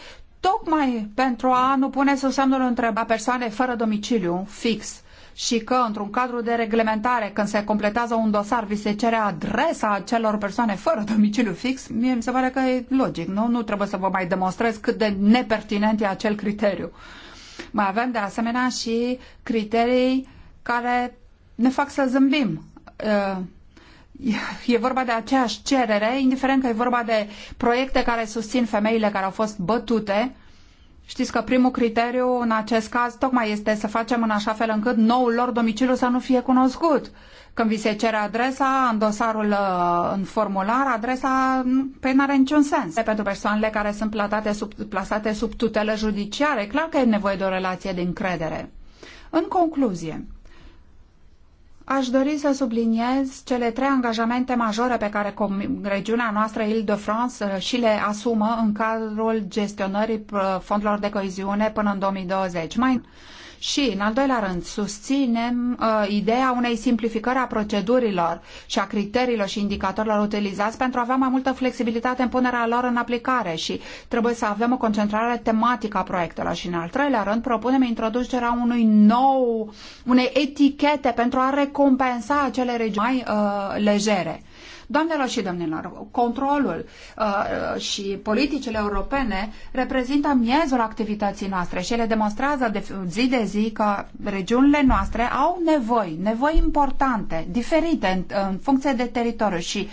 tocmai pentru a nu pune sub semnul întreba persoane fără domiciliu fix și că într-un cadru de reglementare, când se completează un dosar, vi se cere adresa celor persoane fără domiciliu fix, mie mi se pare că e logic, nu? Nu trebuie să vă mai demonstrez cât de nepertinent e acel criteriu. Mai avem de asemenea și criterii care ne fac să zâmbim. Uh, e vorba de aceeași cerere, indiferent că e vorba de proiecte care susțin femeile care au fost bătute. Știți că primul criteriu în acest caz tocmai este să facem în așa fel încât noul lor domiciliu să nu fie cunoscut. Când vi se cere adresa în dosarul, uh, în formular, adresa pe n-are niciun sens. Pentru persoanele care sunt platate sub, plasate sub tutele judiciare, clar că e nevoie de o relație de încredere. În concluzie, Aș dori să subliniez cele trei angajamente majore pe care regiunea noastră, Île-de-France, uh, și le asumă în cadrul gestionării uh, fondurilor de coeziune până în 2020. Mai și, în al doilea rând, susținem uh, ideea unei simplificări a procedurilor și a criteriilor și indicatorilor utilizați pentru a avea mai multă flexibilitate în punerea lor în aplicare și trebuie să avem o concentrare tematică a proiectelor. Și, în al treilea rând, propunem introducerea unui nou, unei etichete pentru a recompensa acele regiuni mai uh, legere. Doamnelor și domnilor, controlul uh, uh, și politicile europene reprezintă miezul activității noastre și ele demonstrează de zi de zi că regiunile noastre au nevoi, nevoi importante, diferite în, în funcție de teritoriu și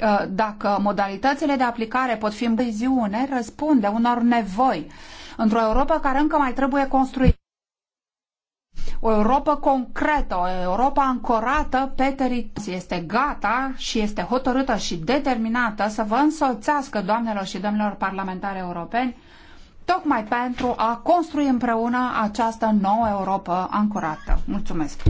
uh, dacă modalitățile de aplicare pot fi în viziune, răspunde unor nevoi într-o Europa care încă mai trebuie construită o Europa concretă, o Europa ancorată pe teritoriu. Este gata și este hotărâtă și determinată să vă însoțească, doamnelor și domnilor parlamentari europeni, tocmai pentru a construi împreună această nouă Europa ancorată. Mulțumesc!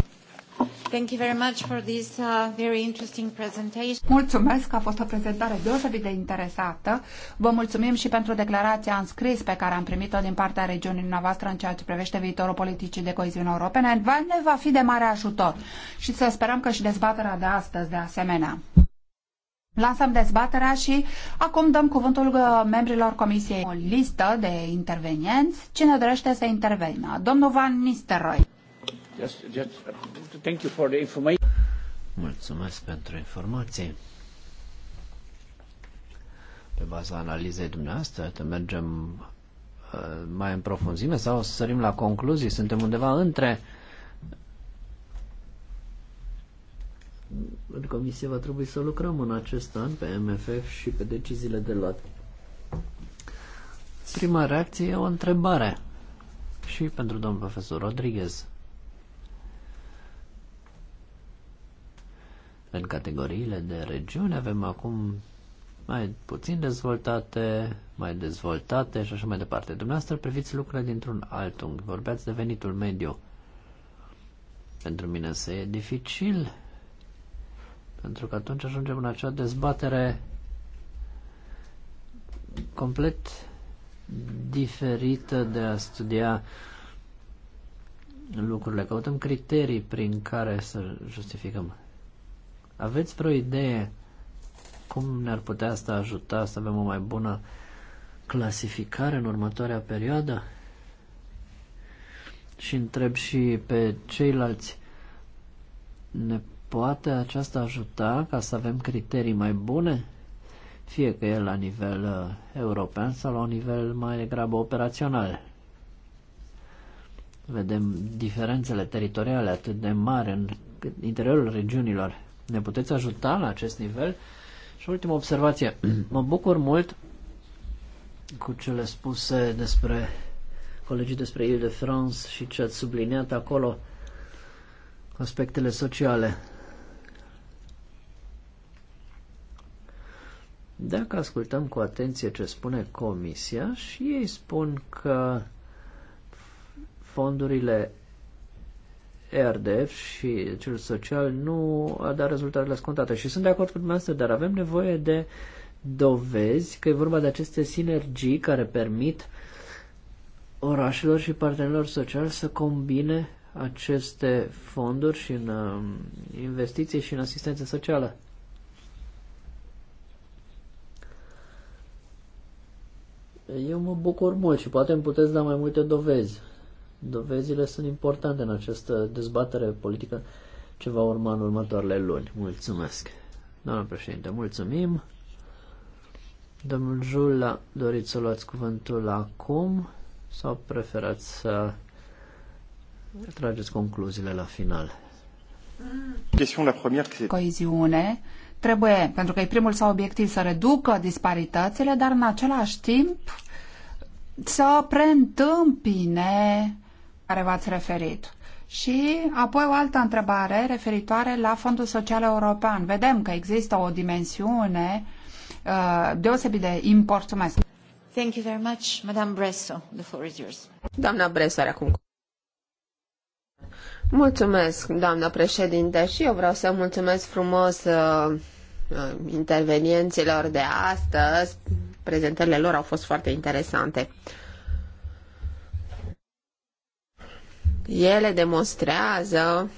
Thank you very much for this uh, very interesting presentation. Mulțumesc, a fost o prezentare deosebit de interesată. Vă mulțumim și pentru declarația în scris pe care am primit-o din partea regiunii noastre în ceea ce privește viitorul politicii de coeziune europene. Ne va fi de mare ajutor și să sperăm că și dezbaterea de astăzi de asemenea. Lansăm dezbaterea și acum dăm cuvântul uh, membrilor comisiei. O listă de intervenienți. Cine dorește să intervenă? Domnul Van Nistelrooy. Just, just, thank you for the information. Mulțumesc pentru informații. Pe baza analizei dumneavoastră, te mergem uh, mai în profunzime sau o să sărim la concluzii? Suntem undeva între în comisie va trebui să lucrăm în acest an pe MFF și pe deciziile de luat. Prima reacție e o întrebare și pentru domnul profesor Rodriguez. În categoriile de regiuni, avem acum mai puțin dezvoltate, mai dezvoltate și așa mai departe. Dumneavoastră priviți lucrurile dintr-un alt unghi. Vorbeați de venitul mediu. Pentru mine să e dificil, pentru că atunci ajungem în acea dezbatere complet diferită de a studia lucrurile. Căutăm criterii prin care să justificăm aveți vreo idee cum ne-ar putea asta ajuta să avem o mai bună clasificare în următoarea perioadă? Și întreb și pe ceilalți, ne poate aceasta ajuta ca să avem criterii mai bune? Fie că e la nivel uh, european sau la un nivel mai degrabă operațional. Vedem diferențele teritoriale atât de mari în interiorul regiunilor ne puteți ajuta la acest nivel? Și ultima observație. Mă bucur mult cu cele spuse despre colegii despre Ile-de-France și ce ați subliniat acolo, aspectele sociale. Dacă ascultăm cu atenție ce spune Comisia și ei spun că fondurile RDF și cel social nu a dat rezultatele scontate. Și sunt de acord cu dumneavoastră, dar avem nevoie de dovezi că e vorba de aceste sinergii care permit orașelor și partenerilor sociali să combine aceste fonduri și în um, investiții și în asistență socială. Eu mă bucur mult și poate îmi puteți da mai multe dovezi. Dovezile sunt importante în această dezbatere politică ce va urma în următoarele luni. Mulțumesc. Doamna președinte, mulțumim. Domnul Jula, doriți să luați cuvântul acum sau preferați să trageți concluziile la final? Coeziune trebuie, pentru că e primul sau obiectiv să reducă disparitățile, dar în același timp să preîntâmpine care v-ați referit. Și apoi o altă întrebare referitoare la Fondul Social European. Vedem că există o dimensiune uh, deosebit de importantă. Thank you very much, Madame Bresso. The floor is yours. Doamna Bresso are acum Mulțumesc, doamna președinte, și eu vreau să mulțumesc frumos uh, uh intervenienților de astăzi. Prezentările lor au fost foarte interesante. Uh, Ele demonstrează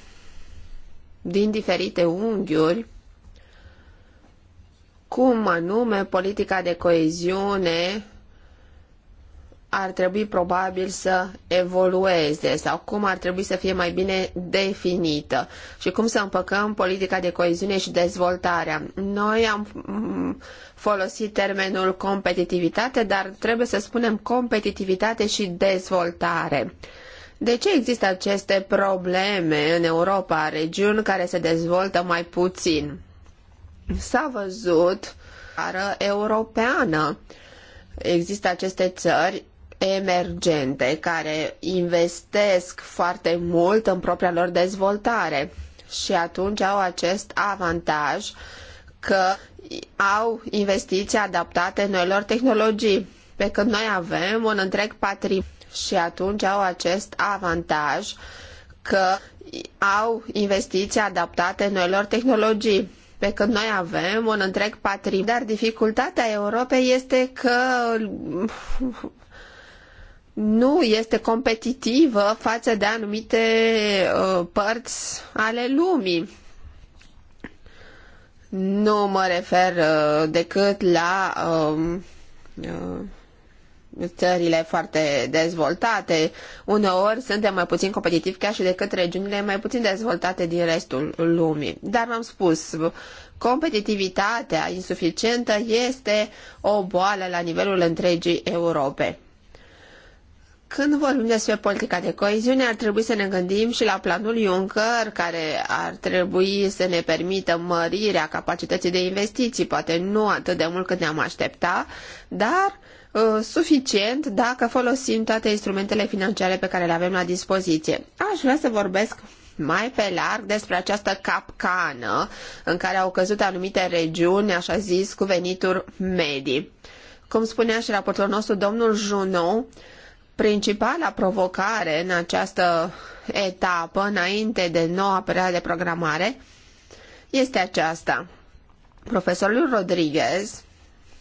din diferite unghiuri cum anume politica de coeziune ar trebui probabil să evolueze sau cum ar trebui să fie mai bine definită și cum să împăcăm politica de coeziune și dezvoltarea. Noi am mm, folosit termenul competitivitate, dar trebuie să spunem competitivitate și dezvoltare. Uh, de ce există aceste probleme în Europa, regiuni care se dezvoltă mai puțin? S-a văzut țară europeană. Există aceste țări emergente care investesc foarte mult în propria lor dezvoltare și atunci au acest avantaj că au investiții adaptate noilor tehnologii, pe când noi avem un întreg patrimoniu și atunci au acest avantaj că au investiții adaptate noilor tehnologii. Pe când noi avem un întreg patrimoniu. Dar dificultatea Europei este că nu este competitivă față de anumite ă, părți ale lumii. Nu mă refer ă, decât la ă, țările foarte dezvoltate. Uneori suntem mai puțin competitivi chiar și decât regiunile mai puțin dezvoltate din restul lumii. Dar am spus, competitivitatea insuficientă este o boală la nivelul întregii Europe. Când vorbim despre politica de coeziune, ar trebui să ne gândim și la planul Juncker, care ar trebui să ne permită mărirea capacității de investiții, poate nu atât de mult cât ne-am aștepta, dar Uh, suficient dacă folosim toate instrumentele financiare pe care le avem la dispoziție. Aș vrea să vorbesc mai pe larg despre această capcană în care au căzut anumite regiuni, așa zis, cu venituri medii. Cum spunea și raportorul nostru, domnul Junot, principala provocare în această etapă, înainte de noua perioadă de programare, este aceasta. Profesorul Rodriguez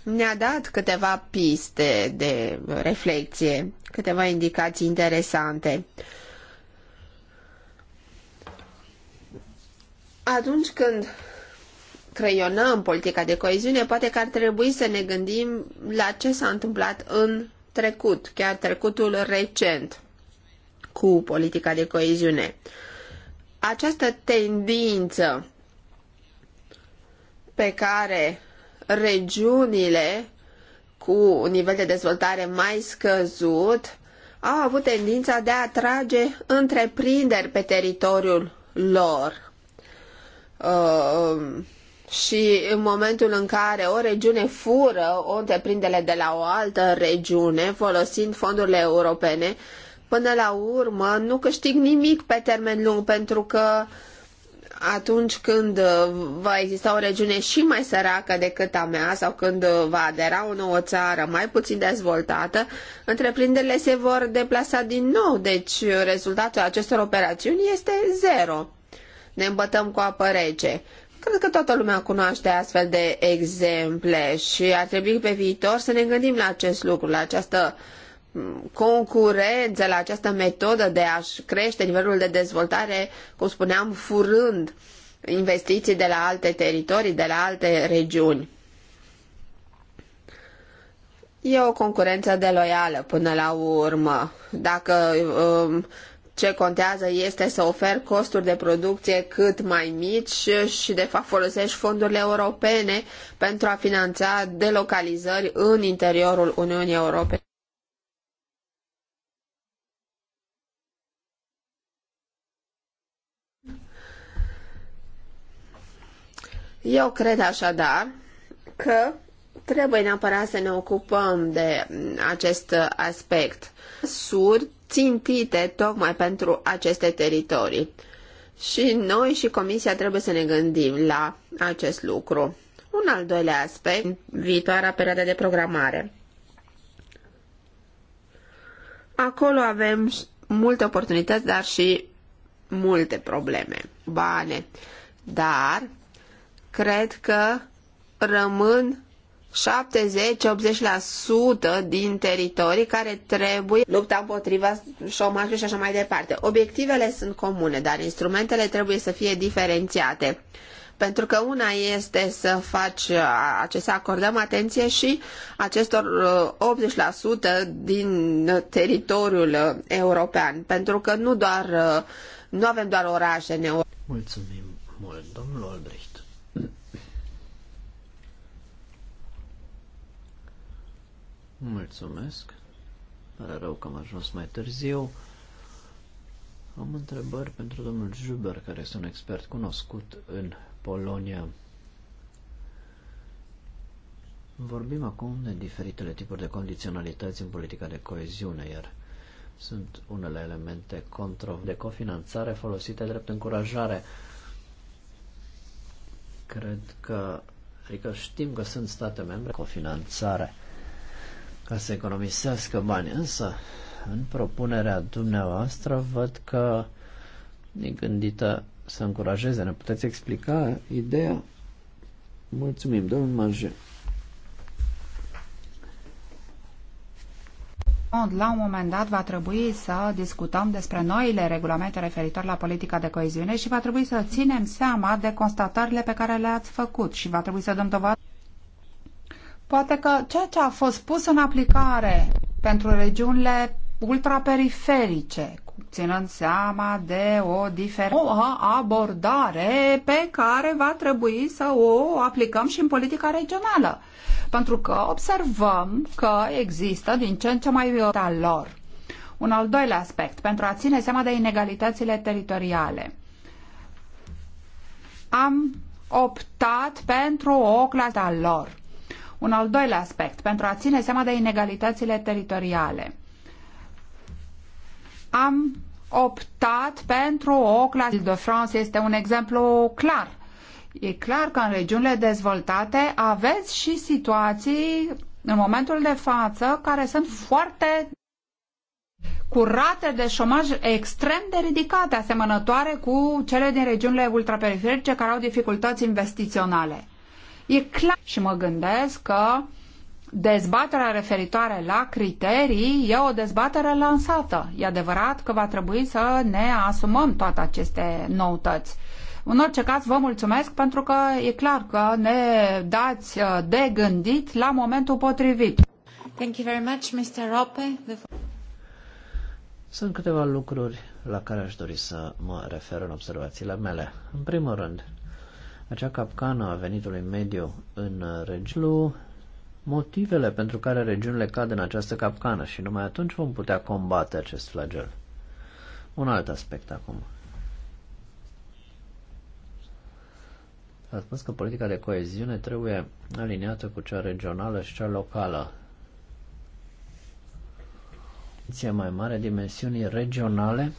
ne-a dat câteva piste de reflexie, câteva indicații interesante. Atunci când creionăm politica de coeziune, poate că ar trebui să ne gândim la ce s-a întâmplat în trecut, chiar trecutul recent cu politica de coeziune. Această tendință pe care regiunile cu un nivel de dezvoltare mai scăzut au avut tendința de a atrage întreprinderi pe teritoriul lor. Uh, și în momentul în care o regiune fură o întreprindere de la o altă regiune, folosind fondurile europene, până la urmă nu câștig nimic pe termen lung, pentru că uh, atunci când uh, va exista o regiune și mai săracă decât a mea sau când uh, va adera o nouă țară mai puțin dezvoltată, întreprinderile se vor deplasa din nou, deci uh, rezultatul acestor operațiuni este zero. Ne îmbătăm cu apă rece. Cred că toată lumea cunoaște astfel de exemple și ar trebui pe viitor să ne gândim la acest lucru, la această concurență, la această metodă de a-și crește nivelul de dezvoltare, cum spuneam, furând investiții de la alte teritorii, de la alte regiuni. E o concurență deloială până la urmă. Dacă um, ce contează este să oferi costuri de producție cât mai mici și de fapt folosești fondurile europene pentru a finanța delocalizări în interiorul Uniunii Europene. Eu cred așadar că trebuie neapărat să ne ocupăm de acest aspect. Suri țintite tocmai pentru aceste teritorii. Și noi și Comisia trebuie să ne gândim la acest lucru. Un al doilea aspect, viitoarea perioadă de programare. Acolo avem multe oportunități, dar și multe probleme, bane. Dar cred că rămân 70-80% din teritorii care trebuie lupta împotriva șomajului și așa mai departe. Obiectivele sunt comune, dar instrumentele trebuie să fie diferențiate. Pentru că una este să faci să acordăm atenție și acestor 80% din teritoriul european, pentru că nu doar nu avem doar orașe în Mulțumim mult, domnul Olbrich. Mulțumesc. Pare rău că am ajuns mai târziu. Am întrebări pentru domnul Juber, care este un expert cunoscut în Polonia. Vorbim acum de diferitele tipuri de condiționalități în politica de coeziune, iar sunt unele elemente contra de cofinanțare folosite drept încurajare. Cred că, adică știm că sunt state membre cofinanțare ca să economisească bani. Însă, în propunerea dumneavoastră, văd că e gândită să încurajeze. Ne puteți explica ideea? Mulțumim, domnul Marge. La un moment dat va trebui să discutăm despre noile regulamente referitor la politica de coeziune și va trebui să ținem seama de constatările pe care le-ați făcut și va trebui să dăm dovadă Poate că ceea ce a fost pus în aplicare pentru regiunile ultraperiferice, ținând seama de o diferență, abordare pe care va trebui să o aplicăm și în politica regională. Pentru că observăm că există din ce în ce mai viața lor. Un al doilea aspect, pentru a ține seama de inegalitățile teritoriale. Am optat pentru o clasă lor un al doilea aspect, pentru a ține seama de inegalitățile teritoriale. Am optat pentru o clasă de France este un exemplu clar. E clar că în regiunile dezvoltate aveți și situații în momentul de față care sunt foarte cu rate de șomaj extrem de ridicate, asemănătoare cu cele din regiunile ultraperiferice care au dificultăți investiționale. E clar și mă gândesc că dezbaterea referitoare la criterii e o dezbatere lansată. E adevărat că va trebui să ne asumăm toate aceste noutăți. În orice caz, vă mulțumesc pentru că e clar că ne dați uh, de gândit la momentul potrivit. Thank you very much, Mr. Rope. The... Sunt câteva lucruri la care aș dori să mă refer în observațiile mele. În primul rând, acea capcană a venitului mediu în regiunul, motivele pentru care regiunile cad în această capcană și numai atunci vom putea combate acest flagel. Un alt aspect acum. A spus că politica de coeziune trebuie aliniată cu cea regională și cea locală. Ție mai mare dimensiunii regionale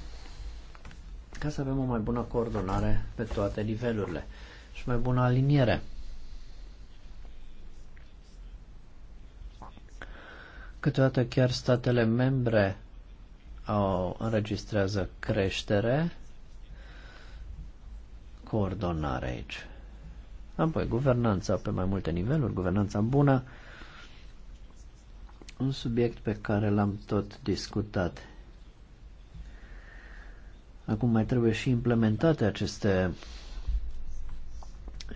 ca să avem o mai bună coordonare pe toate nivelurile și mai bună aliniere. Câteodată chiar statele membre au, înregistrează creștere, coordonare aici. Apoi, guvernanța pe mai multe niveluri, guvernanța bună, un subiect pe care l-am tot discutat. Acum mai trebuie și implementate aceste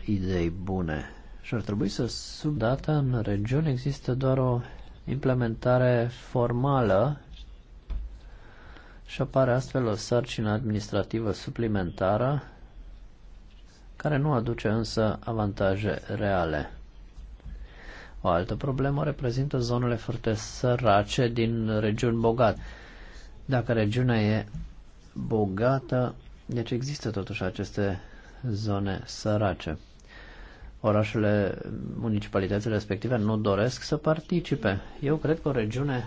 idei bune. Și ar trebui să data în regiune există doar o implementare formală și apare astfel o sarcină administrativă suplimentară care nu aduce însă avantaje reale. O altă problemă reprezintă zonele foarte sărace din regiuni bogate. Dacă regiunea e bogată, deci există totuși aceste zone sărace. Orașele, municipalitățile respective nu doresc să participe. Eu cred că o regiune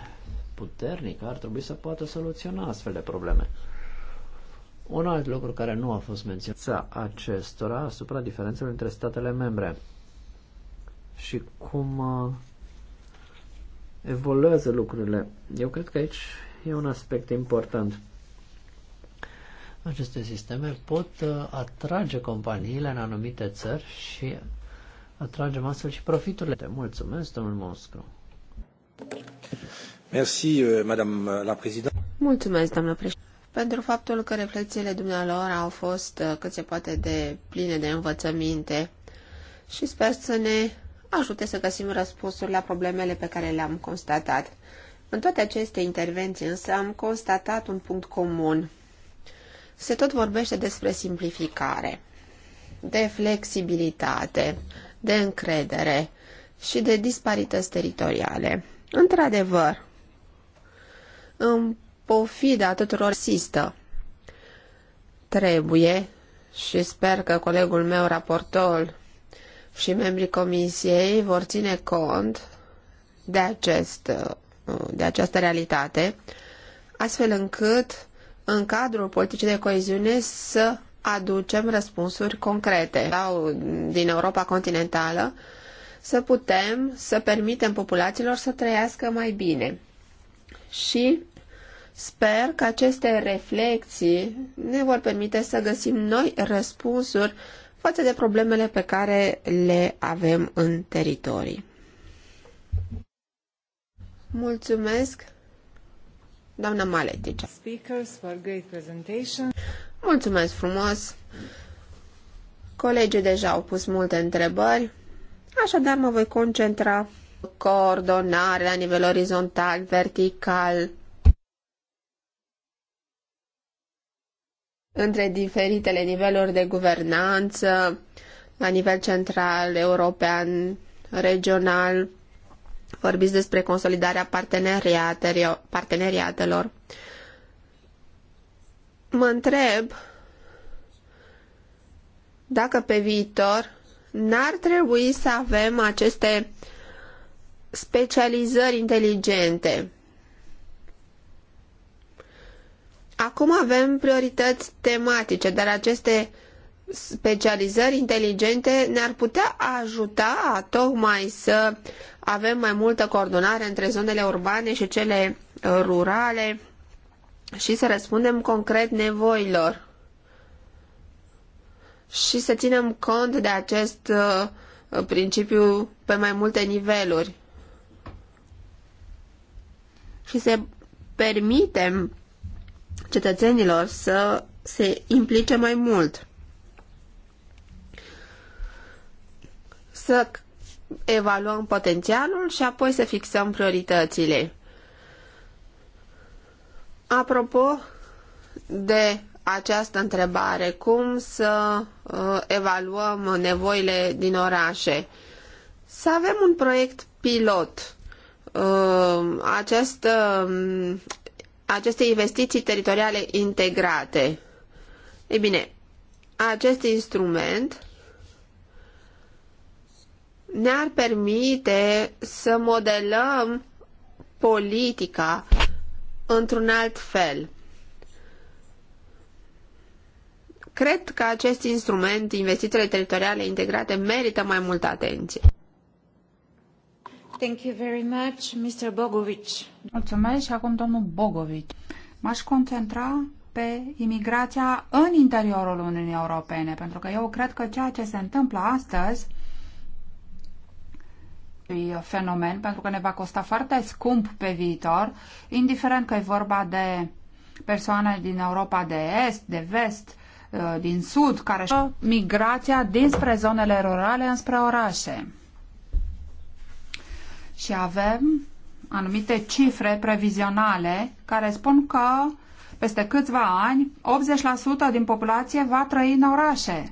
puternică ar trebui să poată soluționa astfel de probleme. Un alt lucru care nu a fost menționat acestora asupra diferențelor între statele membre și cum uh, evoluează lucrurile. Eu cred că aici e un aspect important. Aceste sisteme pot uh, atrage companiile în anumite țări și atragem astfel și profiturile. Te mulțumesc, domnul Moscu. Merci, euh, madame la președinte. Mulțumesc, doamnă președinte. Pentru faptul că reflexiile dumnealor au fost uh, cât se poate de pline de învățăminte și sper să ne ajute să găsim răspunsuri la problemele pe care le-am constatat. În toate aceste intervenții însă am constatat un punct comun. Se tot vorbește despre simplificare, de flexibilitate, de încredere și de disparități teritoriale. Într-adevăr, în pofida tuturor există. Trebuie, și sper că colegul meu raportor și membrii comisiei vor ține cont de, acest, de această realitate, astfel încât în cadrul politicii de coeziune să aducem răspunsuri concrete sau din Europa continentală să putem să permitem populațiilor să trăiască mai bine. Și sper că aceste reflexii ne vor permite să găsim noi răspunsuri față de problemele pe care le avem în teritorii. Mulțumesc! Doamna presentation. Mulțumesc frumos! Colegii deja au pus multe întrebări, așadar mă voi concentra coordonare la nivel orizontal, vertical, între diferitele niveluri de guvernanță, la nivel central, european, regional, Vorbiți despre consolidarea parteneriatelor. Mă întreb dacă pe viitor n-ar trebui să avem aceste specializări inteligente. Acum avem priorități tematice, dar aceste specializări inteligente ne-ar putea ajuta tocmai să avem mai multă coordonare între zonele urbane și cele uh, rurale și să răspundem concret nevoilor și să ținem cont de acest uh, principiu pe mai multe niveluri și să permitem cetățenilor să se implice mai mult. să evaluăm potențialul și apoi să fixăm prioritățile. Apropo de această întrebare, cum să uh, evaluăm nevoile din orașe? Să avem un proiect pilot. Uh, acest, um, aceste investiții teritoriale integrate. Ei bine, acest instrument ne-ar permite să modelăm politica într-un alt fel. Cred că acest instrument, investițiile teritoriale integrate, merită mai multă atenție. Thank you very much, Mr. Bogovic. Mulțumesc și acum domnul Bogovic. M-aș concentra pe imigrația în interiorul Uniunii Europene, pentru că eu cred că ceea ce se întâmplă astăzi acestui fenomen, pentru că ne va costa foarte scump pe viitor, indiferent că e vorba de persoane din Europa de Est, de Vest, uh, din Sud, care migrația dinspre zonele rurale înspre orașe. Și avem anumite cifre previzionale care spun că peste câțiva ani 80% din populație va trăi în orașe.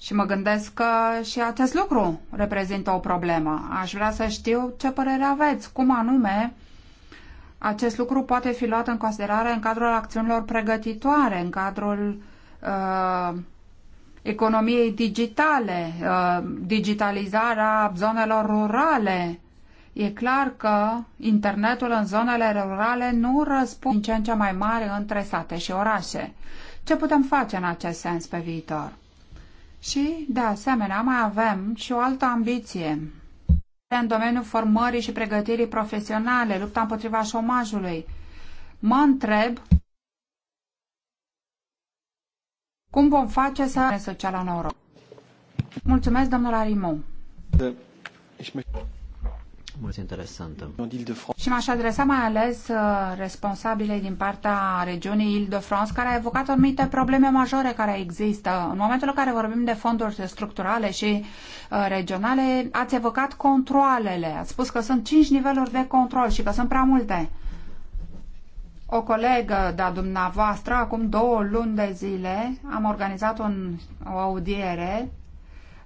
Și mă gândesc că și acest lucru reprezintă o problemă. Aș vrea să știu ce părere aveți, cum anume acest lucru poate fi luat în considerare în cadrul acțiunilor pregătitoare, în cadrul uh, economiei digitale, uh, digitalizarea zonelor rurale. E clar că internetul în zonele rurale nu răspunde din ce în ce mai mare între sate și orașe. Ce putem face în acest sens pe viitor? Și, de asemenea, mai avem și o altă ambiție în domeniul formării și pregătirii profesionale, lupta împotriva șomajului. Mă întreb cum vom face să ne socială în Europa. Mulțumesc, domnul Arimu interesantă. Și m-aș adresa mai ales uh, responsabilei din partea regiunii Île-de-France, care a evocat anumite probleme majore care există. În momentul în care vorbim de fonduri structurale și uh, regionale, ați evocat controlele. Ați spus că sunt cinci niveluri de control și că sunt prea multe. O colegă de-a dumneavoastră, acum două luni de zile, am organizat un, o audiere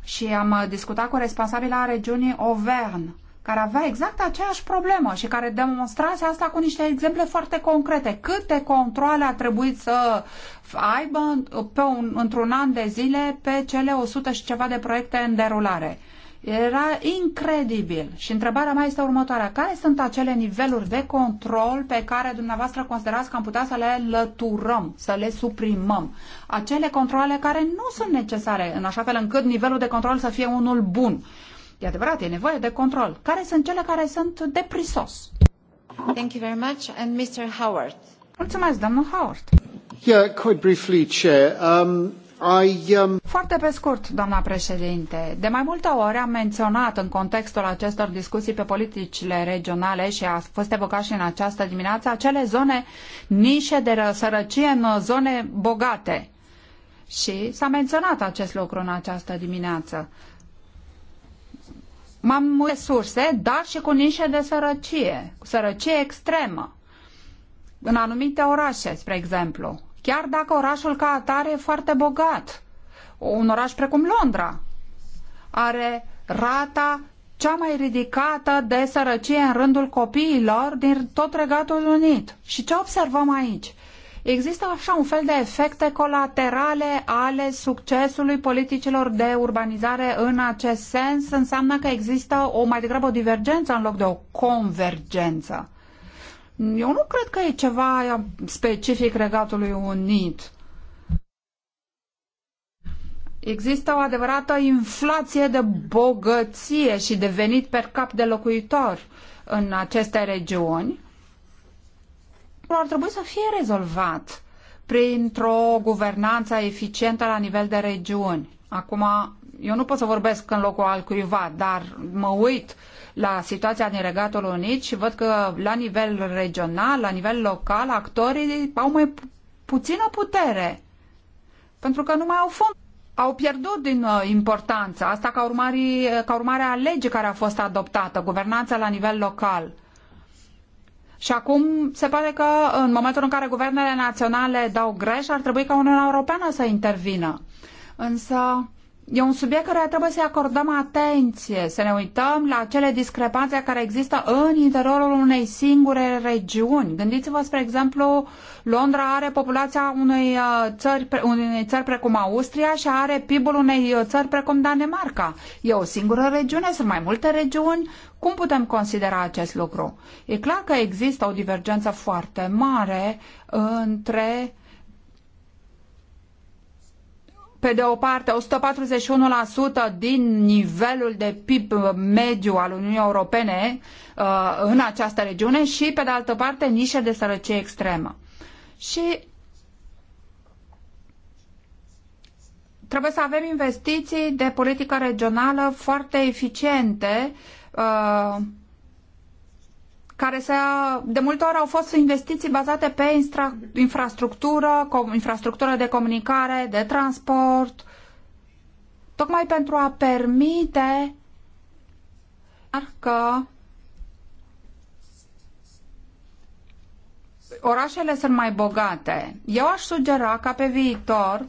și am uh, discutat cu responsabila regiunii Auvergne care avea exact aceeași problemă și care demonstrase asta cu niște exemple foarte concrete. Câte controle a trebuit să aibă pe un, într-un an de zile pe cele 100 și ceva de proiecte în derulare. Era incredibil. Și întrebarea mea este următoarea. Care sunt acele niveluri de control pe care dumneavoastră considerați că am putea să le lăturăm, să le suprimăm? Acele controle care nu sunt necesare, în așa fel încât nivelul de control să fie unul bun. E adevărat, e nevoie de control. Care sunt cele care sunt deprisos? Thank you very much. And Mr. Howard. Mulțumesc, domnul Howard. Yeah, quite briefly, Chair. Um, I, um... Foarte pe scurt, doamna președinte. De mai multe ori am menționat în contextul acestor discuții pe politicile regionale și a fost evocat și în această dimineață acele zone nișe de sărăcie în zone bogate. Și s-a menționat acest lucru în această dimineață multe resurse, dar și cu nișe de sărăcie, cu sărăcie extremă. În anumite orașe, spre exemplu. Chiar dacă orașul ca atare e foarte bogat, un oraș precum Londra are rata cea mai ridicată de sărăcie în rândul copiilor din tot Regatul Unit. Și ce observăm aici? Există așa un fel de efecte colaterale ale succesului politicilor de urbanizare în acest sens. Înseamnă că există o mai degrabă o divergență în loc de o convergență. Eu nu cred că e ceva specific Regatului Unit. Există o adevărată inflație de bogăție și de venit per cap de locuitor în aceste regiuni exemplu, ar trebui să fie rezolvat printr-o guvernanță eficientă la nivel de regiuni. Acum, eu nu pot să vorbesc în locul altcuiva, dar mă uit la situația din Regatul Unit și văd că la nivel regional, la nivel local, actorii au mai puțină putere. Pentru că nu mai au fond. Au pierdut din uh, importanță asta ca, urmari, ca urmare a legii care a fost adoptată, guvernanța la nivel local. Și acum se pare că în momentul în care guvernele naționale dau greș, ar trebui ca Uniunea Europeană să intervină. Însă e un subiect care trebuie să-i acordăm atenție, să ne uităm la cele discrepanțe care există în interiorul unei singure regiuni. Gândiți-vă, spre exemplu, Londra are populația unei uh, țări, unei țări precum Austria și are PIB-ul unei uh, țări precum Danemarca. E o singură regiune, sunt mai multe regiuni. Cum putem considera acest lucru? E clar că există o divergență foarte mare între pe de o parte, 141% din nivelul de PIB mediu al Uniunii Europene uh, în această regiune și, pe de altă parte, nișe de sărăcie extremă. Și trebuie să avem investiții de politică regională foarte eficiente uh, care se, de multe ori au fost investiții bazate pe instra, infrastructură, com, infrastructură de comunicare, de transport, tocmai pentru a permite că orașele sunt mai bogate. Eu aș sugera ca pe viitor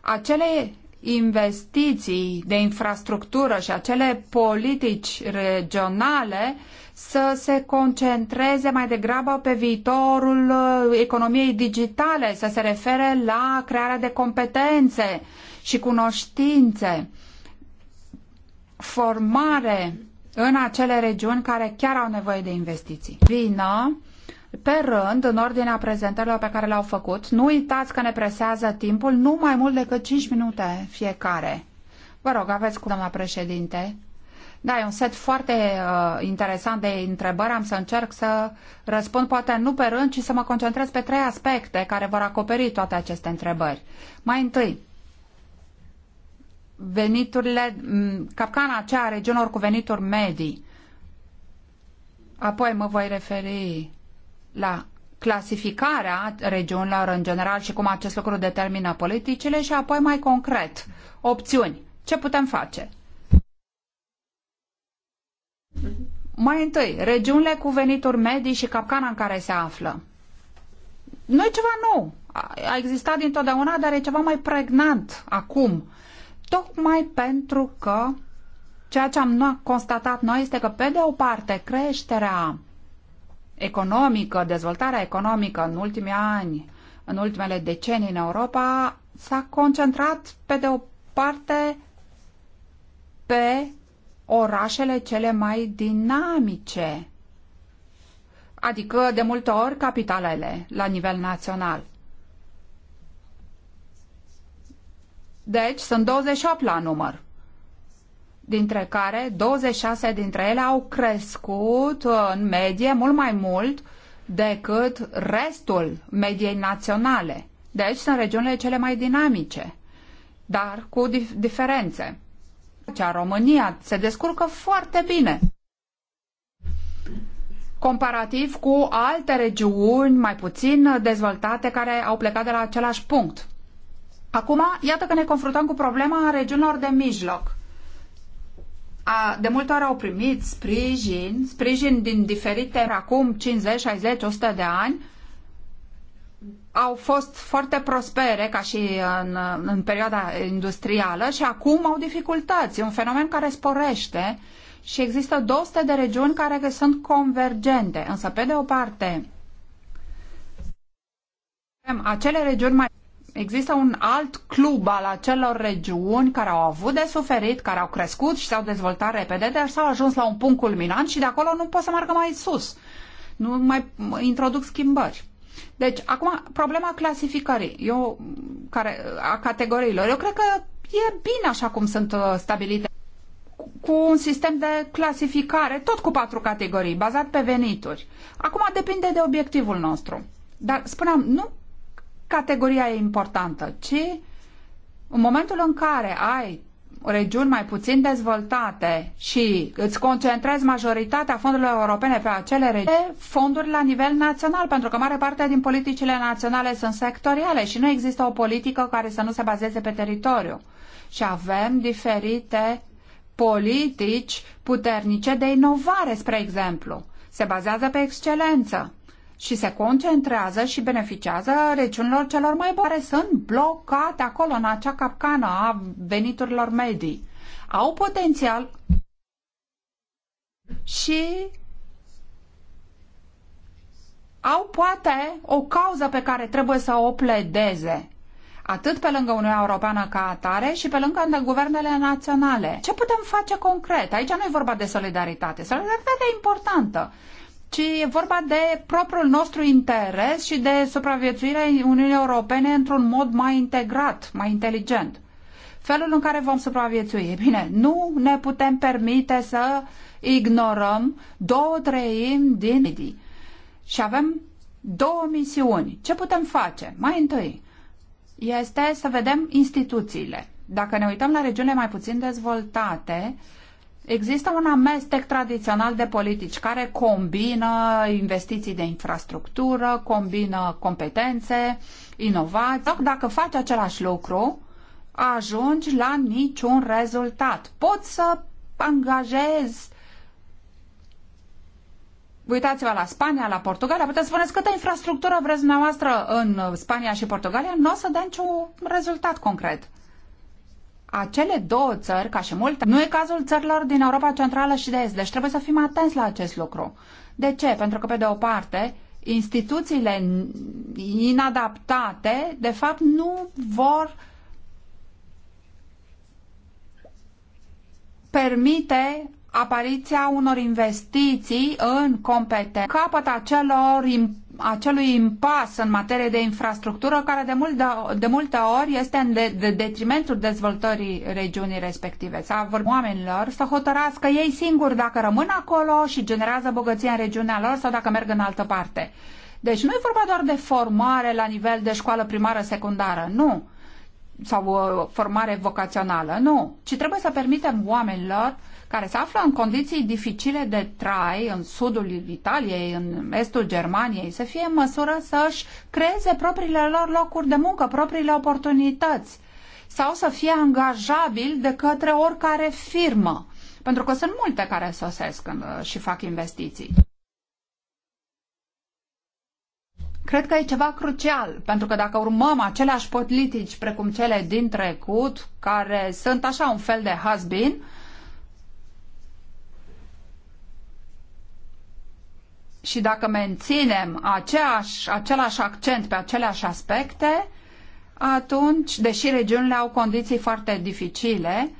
acele investiții de infrastructură și acele politici regionale să se concentreze mai degrabă pe viitorul uh, economiei digitale, să se refere la crearea de competențe și cunoștințe, formare în acele regiuni care chiar au nevoie de investiții. Vină pe rând în ordinea prezentărilor pe care le-au făcut. Nu uitați că ne presează timpul nu mai mult decât 5 minute fiecare. Vă rog, aveți cu doamna președinte. Da, e un set foarte uh, interesant de întrebări. Am să încerc să răspund poate nu pe rând, ci să mă concentrez pe trei aspecte care vor acoperi toate aceste întrebări. Mai întâi, veniturile, capcana aceea a regiunilor cu venituri medii. Apoi mă voi referi la clasificarea regiunilor în general și cum acest lucru determină politicile și apoi mai concret opțiuni. Ce putem face? Mai întâi, regiunile cu venituri medii și capcana în care se află. Nu e ceva nou. A existat dintotdeauna, dar e ceva mai pregnant acum. Tocmai pentru că ceea ce am constatat noi este că, pe de o parte, creșterea economică, dezvoltarea economică în ultimii ani, în ultimele decenii în Europa, s-a concentrat pe de o parte pe orașele cele mai dinamice, adică de multe ori capitalele la nivel național. Deci sunt 28 la număr dintre care 26 dintre ele au crescut uh, în medie mult mai mult decât restul mediei naționale. Deci sunt regiunile cele mai dinamice, dar cu dif- diferențe. Cea România se descurcă foarte bine comparativ cu alte regiuni mai puțin dezvoltate care au plecat de la același punct. Acum, iată că ne confruntăm cu problema regiunilor de mijloc a, de multe ori au primit sprijin, sprijin din diferite, acum 50, 60, 100 de ani, au fost foarte prospere ca și în, în perioada industrială și acum au dificultăți. E un fenomen care sporește și există 200 de regiuni care sunt convergente. Însă, pe de o parte, acele regiuni mai există un alt club al acelor regiuni care au avut de suferit, care au crescut și s-au dezvoltat repede, dar s-au ajuns la un punct culminant și de acolo nu pot să meargă mai sus. Nu mai introduc schimbări. Deci, acum, problema clasificării, eu, care, a categoriilor, eu cred că e bine așa cum sunt uh, stabilite cu un sistem de clasificare, tot cu patru categorii, bazat pe venituri. Acum depinde de obiectivul nostru. Dar spuneam, nu categoria e importantă, ci în momentul în care ai regiuni mai puțin dezvoltate și îți concentrezi majoritatea fondurilor europene pe acele regiuni, fonduri la nivel național, pentru că mare parte din politicile naționale sunt sectoriale și nu există o politică care să nu se bazeze pe teritoriu. Și avem diferite politici puternice de inovare, spre exemplu. Se bazează pe excelență și se concentrează și beneficiază regiunilor celor mai bune. Sunt blocate acolo în acea capcană a veniturilor medii. Au potențial și au poate o cauză pe care trebuie să o pledeze atât pe lângă Uniunea Europeană ca atare și pe lângă guvernele naționale. Ce putem face concret? Aici nu e vorba de solidaritate. Solidaritatea e importantă ci e vorba de propriul nostru interes și de supraviețuirea Uniunii Europene într-un mod mai integrat, mai inteligent. Felul în care vom supraviețui. E bine, nu ne putem permite să ignorăm două treimi din medii. Și avem două misiuni. Ce putem face? Mai întâi este să vedem instituțiile. Dacă ne uităm la regiunile mai puțin dezvoltate, Există un amestec tradițional de politici care combină investiții de infrastructură, combină competențe, inovații. Dacă faci același lucru, ajungi la niciun rezultat. Poți să angajezi Uitați-vă la Spania, la Portugalia, puteți spuneți câtă infrastructură vreți dumneavoastră în Spania și Portugalia, nu o să dea niciun rezultat concret acele două țări, ca și multe, nu e cazul țărilor din Europa Centrală și de Est. Deci trebuie să fim atenți la acest lucru. De ce? Pentru că, pe de o parte, instituțiile inadaptate, de fapt, nu vor permite apariția unor investiții în competențe, capăt acelor imp- acelui impas în materie de infrastructură care de, mult, de multe ori este în de, de detrimentul dezvoltării regiunii respective. Să vorbim oamenilor să hotărască ei singuri dacă rămân acolo și generează bogăția în regiunea lor sau dacă merg în altă parte. Deci nu e vorba doar de formare la nivel de școală primară, secundară, nu, sau uh, formare vocațională, nu, ci trebuie să permitem oamenilor uh, care se află în condiții dificile de trai în sudul Italiei, în estul Germaniei, să fie în măsură să își creeze propriile lor locuri de muncă, propriile oportunități sau să fie angajabil de către oricare firmă. Pentru că sunt multe care sosesc și fac investiții. Cred că e ceva crucial, pentru că dacă urmăm aceleași politici precum cele din trecut, care sunt așa un fel de has-been, și dacă menținem aceeași, același accent pe aceleași aspecte, atunci, deși regiunile au condiții foarte dificile,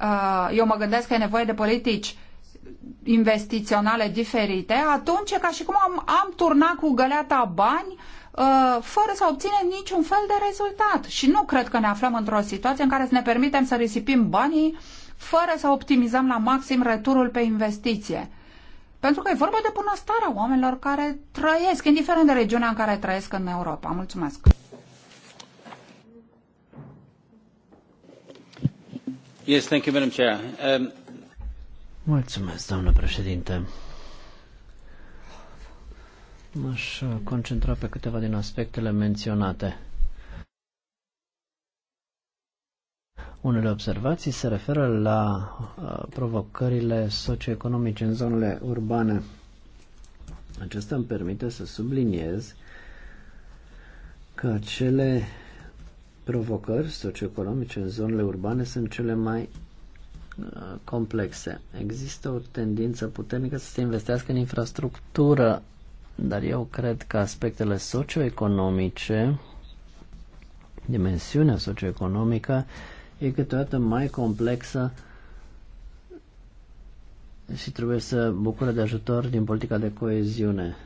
uh, eu mă gândesc că e nevoie de politici investiționale diferite, atunci e ca și cum am, am turnat cu găleata bani uh, fără să obținem niciun fel de rezultat. Și nu cred că ne aflăm într-o situație în care să ne permitem să risipim banii fără să optimizăm la maxim returul pe investiție. Pentru că e vorba de bunăstarea oamenilor care trăiesc, indiferent de regiunea în care trăiesc în Europa. Mulțumesc! Yes, thank you, Madam Chair. Um... Mulțumesc, doamnă președinte. M-aș concentra pe câteva din aspectele menționate. Unele observații se referă la uh, provocările socioeconomice în zonele urbane. Acesta îmi permite să subliniez că acele provocări socioeconomice în zonele urbane sunt cele mai uh, complexe. Există o tendință puternică să se investească în infrastructură, dar eu cred că aspectele socioeconomice, dimensiunea socioeconomică, e câteodată mai complexă și trebuie să bucură de ajutor din politica de coeziune.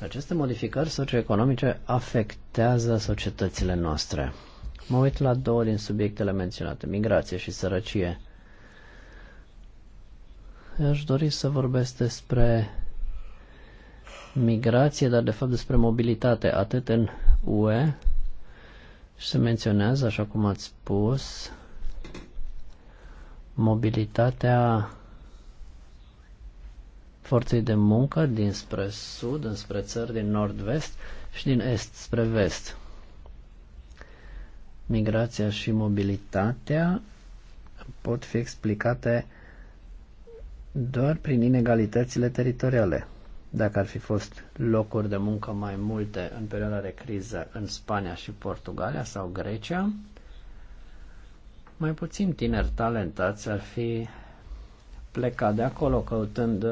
Aceste modificări socioeconomice afectează societățile noastre. Mă uit la două din subiectele menționate, migrație și sărăcie aș dori să vorbesc despre migrație, dar de fapt despre mobilitate, atât în UE, și se menționează, așa cum ați spus, mobilitatea forței de muncă dinspre sud, înspre țări din nord-vest și din est spre vest. Migrația și mobilitatea pot fi explicate doar prin inegalitățile teritoriale. Dacă ar fi fost locuri de muncă mai multe în perioada de criză în Spania și Portugalia sau Grecia, mai puțin tineri talentați ar fi plecat de acolo căutând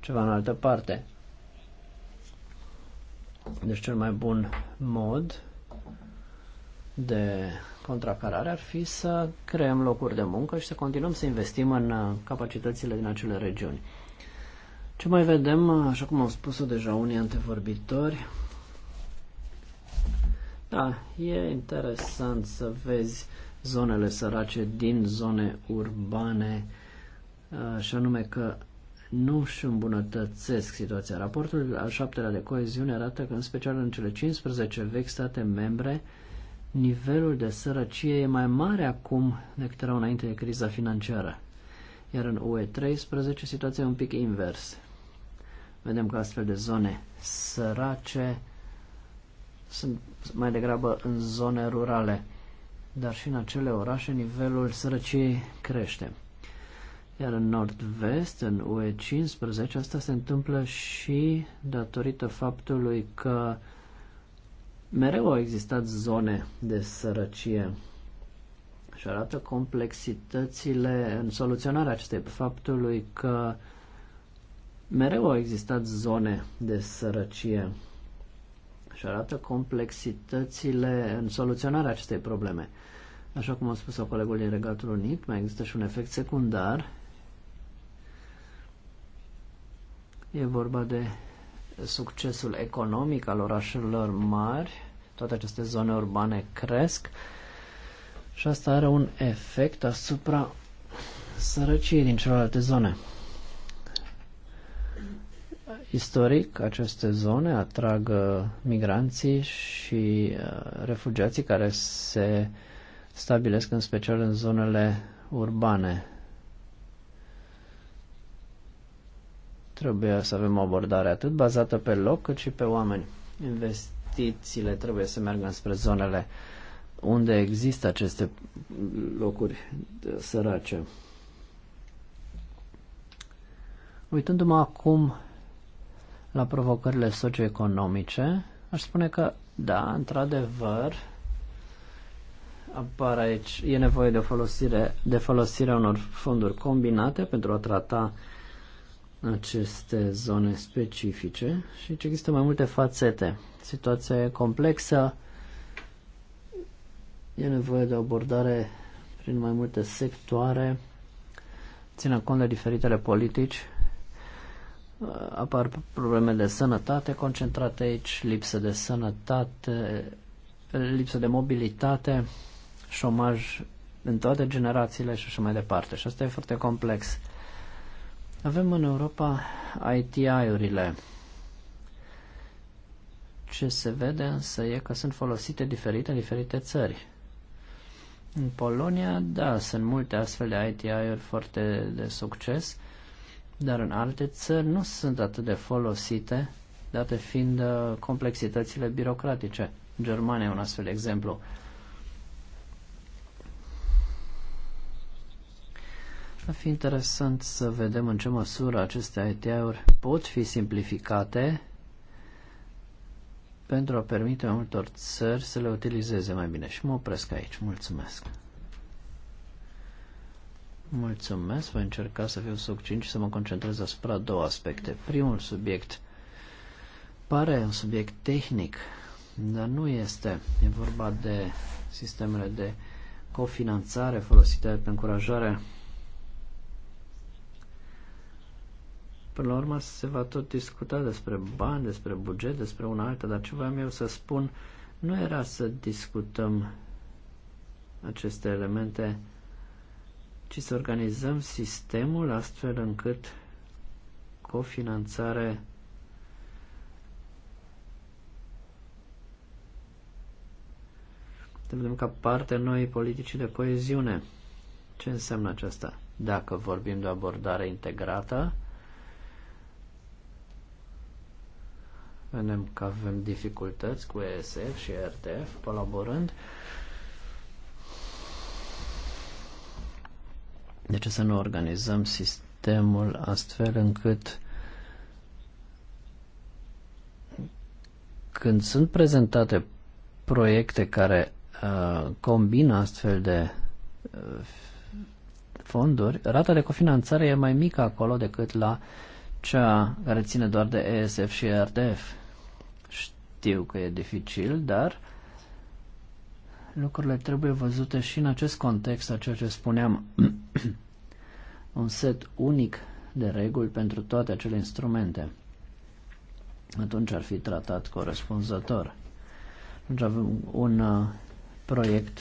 ceva în altă parte. Deci cel mai bun mod de contracarare ar fi să creăm locuri de muncă și să continuăm să investim în uh, capacitățile din acele regiuni. Ce mai vedem, uh, așa cum au spus-o deja unii antevorbitori, da, e interesant să vezi zonele sărace din zone urbane, uh, și anume că nu își îmbunătățesc situația. Raportul al șaptelea de coeziune arată că, în special în cele 15 vechi state membre, nivelul de sărăcie e mai mare acum decât era înainte de criza financiară. Iar în UE13 situația e un pic invers. Vedem că astfel de zone sărace sunt mai degrabă în zone rurale, dar și în acele orașe nivelul sărăciei crește. Iar în nord-vest, în UE15, asta se întâmplă și datorită faptului că Mereu au existat zone de sărăcie și arată complexitățile în soluționarea acestei faptului că mereu au existat zone de sărăcie și arată complexitățile în soluționarea acestei probleme. Așa cum a spus-o colegul din Regatul Unit, mai există și un efect secundar. E vorba de succesul economic al orașelor mari, toate aceste zone urbane cresc și asta are un efect asupra sărăciei din celelalte zone. Istoric, aceste zone atrag uh, migranții și uh, refugiații care se stabilesc în special în zonele urbane. Trebuie să avem o abordare atât bazată pe loc cât și pe oameni. Investițiile trebuie să meargă spre zonele unde există aceste locuri sărace. Uitându-mă acum la provocările socioeconomice, aș spune că, da, într-adevăr, apar aici, e nevoie de, folosire, de folosire unor fonduri combinate pentru a trata aceste zone specifice și ce există mai multe fațete. Situația e complexă, e nevoie de abordare prin mai multe sectoare, țină cont de diferitele politici, apar probleme de sănătate concentrate aici, lipsă de sănătate, lipsă de mobilitate, șomaj în toate generațiile și așa mai departe. Și asta e foarte complex. Avem în Europa ITI-urile. Ce se vede însă e că sunt folosite diferite în diferite țări. În Polonia, da, sunt multe astfel de ITI-uri foarte de succes, dar în alte țări nu sunt atât de folosite, date fiind uh, complexitățile birocratice. Germania e un astfel de exemplu. Ar fi interesant să vedem în ce măsură aceste ITA-uri pot fi simplificate pentru a permite mai multor țări să le utilizeze mai bine. Și mă opresc aici. Mulțumesc! Mulțumesc, voi încerca să fiu succint și să mă concentrez asupra două aspecte. Primul subiect pare un subiect tehnic, dar nu este. E vorba de sistemele de cofinanțare folosite pentru încurajare Până la urmă se va tot discuta despre bani, despre buget, despre una alta, dar ce voiam eu să spun nu era să discutăm aceste elemente, ci să organizăm sistemul astfel încât cofinanțare să vedem ca parte noi politicii de coeziune. Ce înseamnă aceasta? Dacă vorbim de o abordare integrată, Vedem că avem dificultăți cu ESF și RTF colaborând. De ce să nu organizăm sistemul astfel încât când sunt prezentate proiecte care uh, combină astfel de uh, fonduri, rata de cofinanțare e mai mică acolo decât la cea care ține doar de ESF și RDF. Știu că e dificil, dar lucrurile trebuie văzute și în acest context a ceea ce spuneam. un set unic de reguli pentru toate acele instrumente. Atunci ar fi tratat corespunzător. Atunci avem un uh, proiect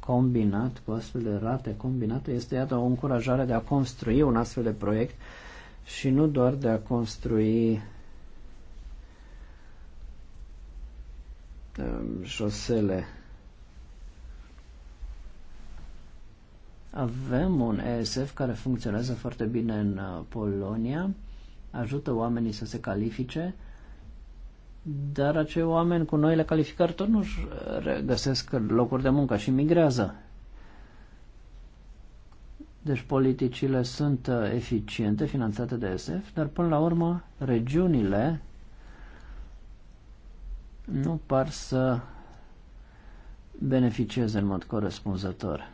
combinat, cu astfel de rate combinate, este iată o încurajare de a construi un astfel de proiect și nu doar de a construi șosele. Avem un ESF care funcționează foarte bine în uh, Polonia, ajută oamenii să se califice, dar acei oameni cu noile calificări tot nu-și găsesc locuri de muncă și migrează. Deci politicile sunt uh, eficiente, finanțate de SF, dar până la urmă regiunile nu par să beneficieze în mod corespunzător.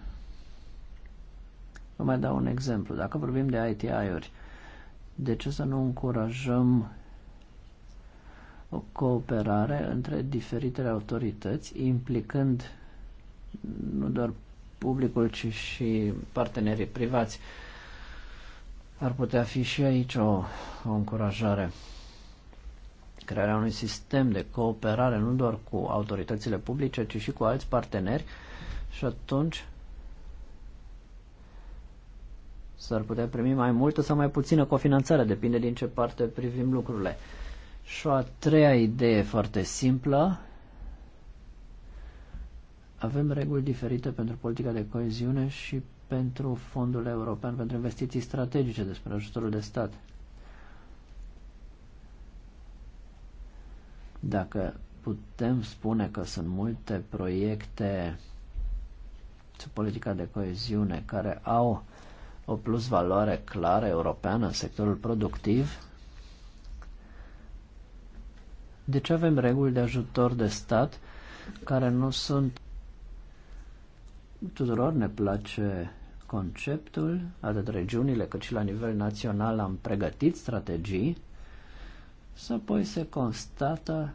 Vă mai dau un exemplu. Dacă vorbim de ITI-uri, de ce să nu încurajăm o cooperare între diferitele autorități, implicând nu doar publicul, ci și partenerii privați? Ar putea fi și aici o, o încurajare crearea unui sistem de cooperare nu doar cu autoritățile publice, ci și cu alți parteneri și atunci s-ar putea primi mai multă sau mai puțină cofinanțare, depinde din ce parte privim lucrurile. Și o a treia idee foarte simplă, avem reguli diferite pentru politica de coeziune și pentru Fondul European pentru Investiții Strategice despre ajutorul de stat. Dacă putem spune că sunt multe proiecte sub politica de coeziune care au o plus valoare clară europeană în sectorul productiv, de ce avem reguli de ajutor de stat care nu sunt tuturor ne place conceptul, atât regiunile cât și la nivel național am pregătit strategii și apoi se constată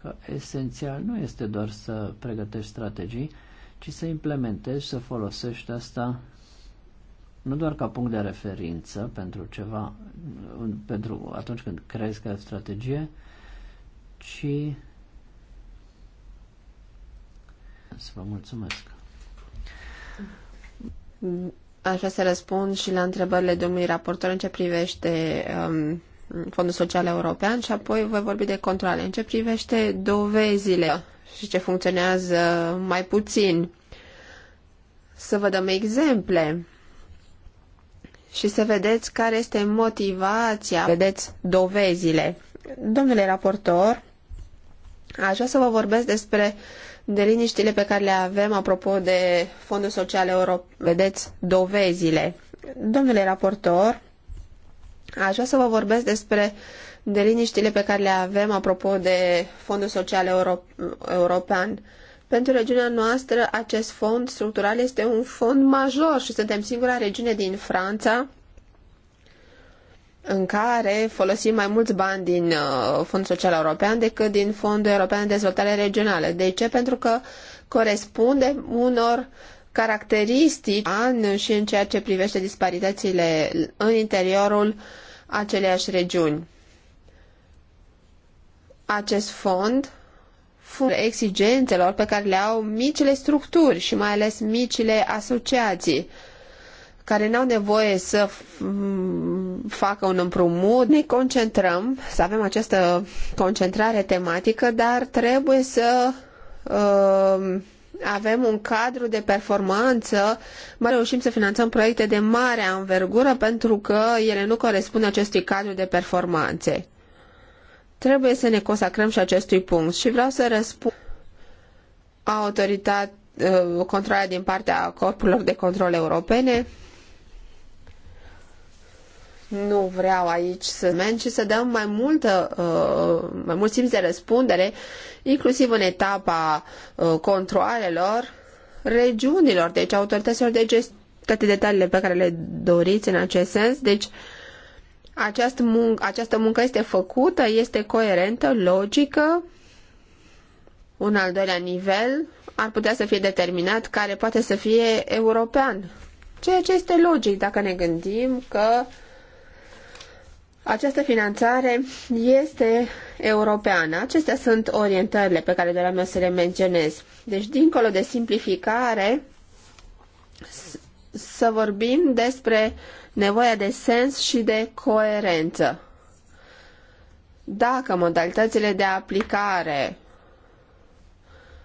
că esențial nu este doar să pregătești strategii, ci să implementezi, să folosești asta nu doar ca punct de referință pentru ceva, pentru atunci când crezi că ai strategie, ci să vă mulțumesc. Aș vrea să răspund și la întrebările domnului raportor în ce privește um, Fondul Social European și apoi voi vorbi de controle. În ce privește dovezile și ce funcționează mai puțin, să vă dăm exemple și să vedeți care este motivația, vedeți dovezile. Domnule raportor, aș vrea să vă vorbesc despre liniștile pe care le avem apropo de Fondul Social European. Vedeți dovezile. Domnule raportor, Aș vrea să vă vorbesc despre deliniștile pe care le avem apropo de Fondul Social Euro European. Pentru regiunea noastră, acest fond structural este un fond major și suntem singura regiune din Franța în care folosim mai mulți bani din uh, Fondul Social European decât din Fondul European de Dezvoltare Regională. De ce? Pentru că corespunde unor caracteristici an și în ceea ce privește disparitățile în interiorul aceleiași regiuni. Acest fond exigențelor pe care le au micile structuri și mai ales micile asociații care n-au nevoie să facă un împrumut. Ne concentrăm, să avem această concentrare tematică, dar trebuie să uh, avem un cadru de performanță, mai reușim să finanțăm proiecte de mare anvergură pentru că ele nu corespund acestui cadru de performanțe. Trebuie să ne consacrăm și acestui punct și vreau să răspund autoritatea uh, controlarea din partea corpurilor de control europene nu vreau aici să men, și să dăm mai, multă, uh, mai mult simț de răspundere, inclusiv în etapa uh, controalelor regiunilor, deci autorităților de gestiune toate detaliile pe care le doriți în acest sens. Deci, această, mun- această muncă este făcută, este coerentă, logică. Un al doilea nivel ar putea să fie determinat care poate să fie european. Ceea ce este logic dacă ne gândim că această finanțare este europeană. Acestea sunt orientările pe care doream eu să le menționez. Deci, dincolo de simplificare, să vorbim despre nevoia de sens și de coerență. Dacă modalitățile de aplicare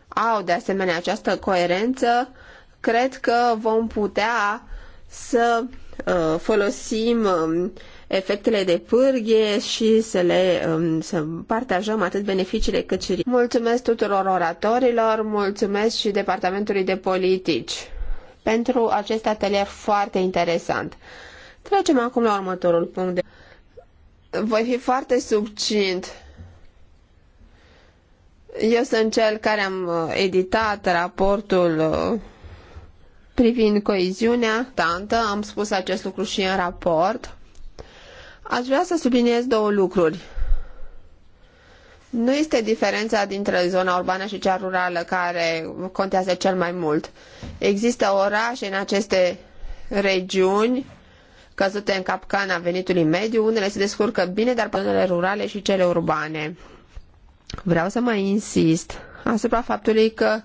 au de asemenea această coerență, cred că vom putea să uh, folosim um, efectele de pârghie și să le um, să partajăm atât beneficiile cât și Mulțumesc tuturor oratorilor, mulțumesc și Departamentului de Politici pentru acest atelier foarte interesant. Trecem acum la următorul punct. De... Voi fi foarte subțint. Eu sunt cel care am uh, editat raportul uh, privind coeziunea. Tantă, am spus acest lucru și în raport. Aș vrea să subliniez două lucruri. Nu este diferența dintre zona urbană și cea rurală care contează cel mai mult. Există orașe în aceste regiuni căzute în capcana venitului mediu, unele se descurcă bine, dar zonele rurale și cele urbane. Vreau să mai insist asupra faptului că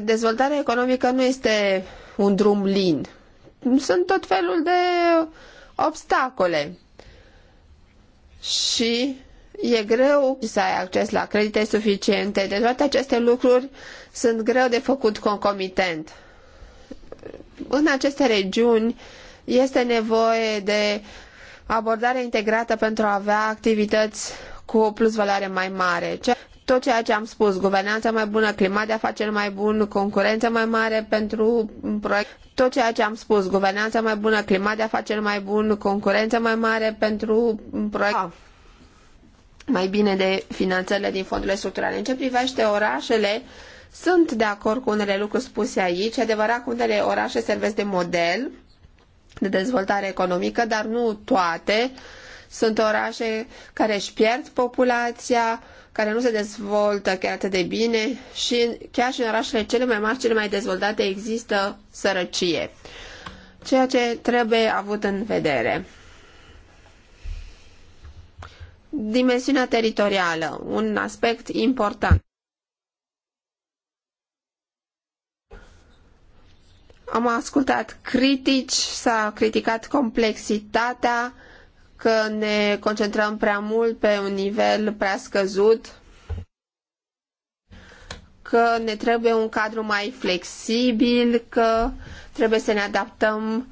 dezvoltarea economică nu este un drum lin, sunt tot felul de obstacole. Și e greu să ai acces la credite suficiente. De toate aceste lucruri sunt greu de făcut concomitent. În aceste regiuni este nevoie de abordare integrată pentru a avea activități cu o valoare mai mare tot ceea ce am spus, guvernanța mai bună, climat de afaceri mai bun, concurență mai mare pentru proiect. Tot ceea ce am spus, guvernanța mai bună, climat de afaceri mai bun, concurență mai mare pentru proiect. Ah. Mai bine de finanțările din fondurile structurale. În ce privește orașele, sunt de acord cu unele lucruri spuse aici. Adevărat că unele orașe servesc de model de dezvoltare economică, dar nu toate. Sunt orașe care își pierd populația, care nu se dezvoltă chiar atât de bine și chiar și în orașele cele mai mari, cele mai dezvoltate există sărăcie. Ceea ce trebuie avut în vedere. Dimensiunea teritorială, un aspect important. Am ascultat critici, s-a criticat complexitatea că ne concentrăm prea mult pe un nivel prea scăzut, că ne trebuie un cadru mai flexibil, că trebuie să ne adaptăm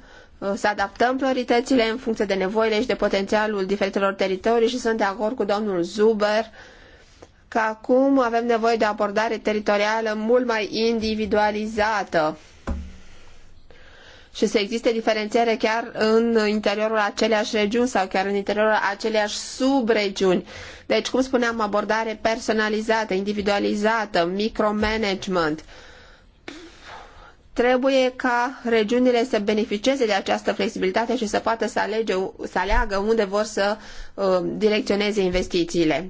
să adaptăm prioritățile în funcție de nevoile și de potențialul diferitelor teritorii și sunt de acord cu domnul Zuber că acum avem nevoie de o abordare teritorială mult mai individualizată și să existe diferențiere chiar în interiorul aceleași regiuni sau chiar în interiorul aceleași subregiuni. Deci, cum spuneam, abordare personalizată, individualizată, micromanagement. Trebuie ca regiunile să beneficieze de această flexibilitate și să poată să, alege, să aleagă unde vor să uh, direcționeze investițiile.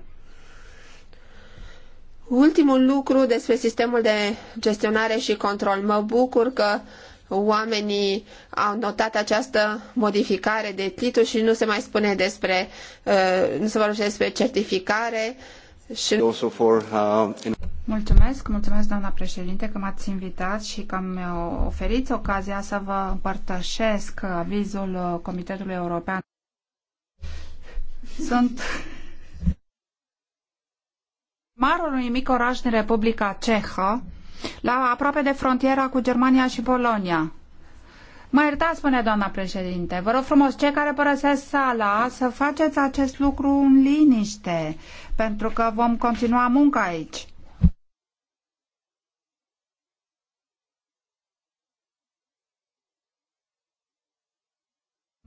Ultimul lucru despre sistemul de gestionare și control. Mă bucur că uh, oamenii au notat această modificare de titlu și nu se mai spune despre, uh, nu se vorbește despre certificare. Și... Uh, mulțumesc, mulțumesc doamna președinte că m-ați invitat și că mi oferiți ocazia să vă împărtășesc avizul Comitetului European. Sunt marul unui mic oraș din Republica Cehă, la aproape de frontiera cu Germania și Polonia. Mă iertați, spune doamna președinte, vă rog frumos, cei care părăsesc sala, să faceți acest lucru în liniște, pentru că vom continua munca aici.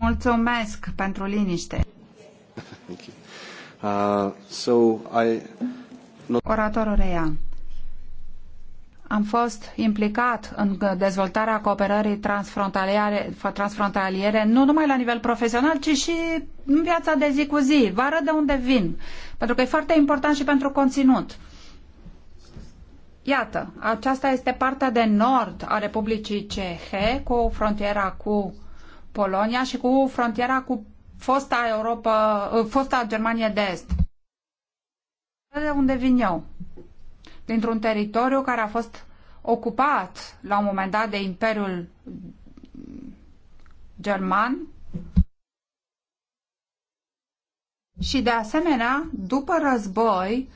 Mulțumesc pentru liniște. Thank you. Uh, so I... Oratorul reia am fost implicat în dezvoltarea cooperării transfrontaliere, transfrontaliere, nu numai la nivel profesional, ci și în viața de zi cu zi. Vă arăt de unde vin, pentru că e foarte important și pentru conținut. Iată, aceasta este partea de nord a Republicii Cehe, cu frontiera cu Polonia și cu frontiera cu fosta Europa, fosta Germanie de Est. De unde vin eu? dintr-un teritoriu care a fost ocupat la un moment dat de Imperiul German și de asemenea, după război,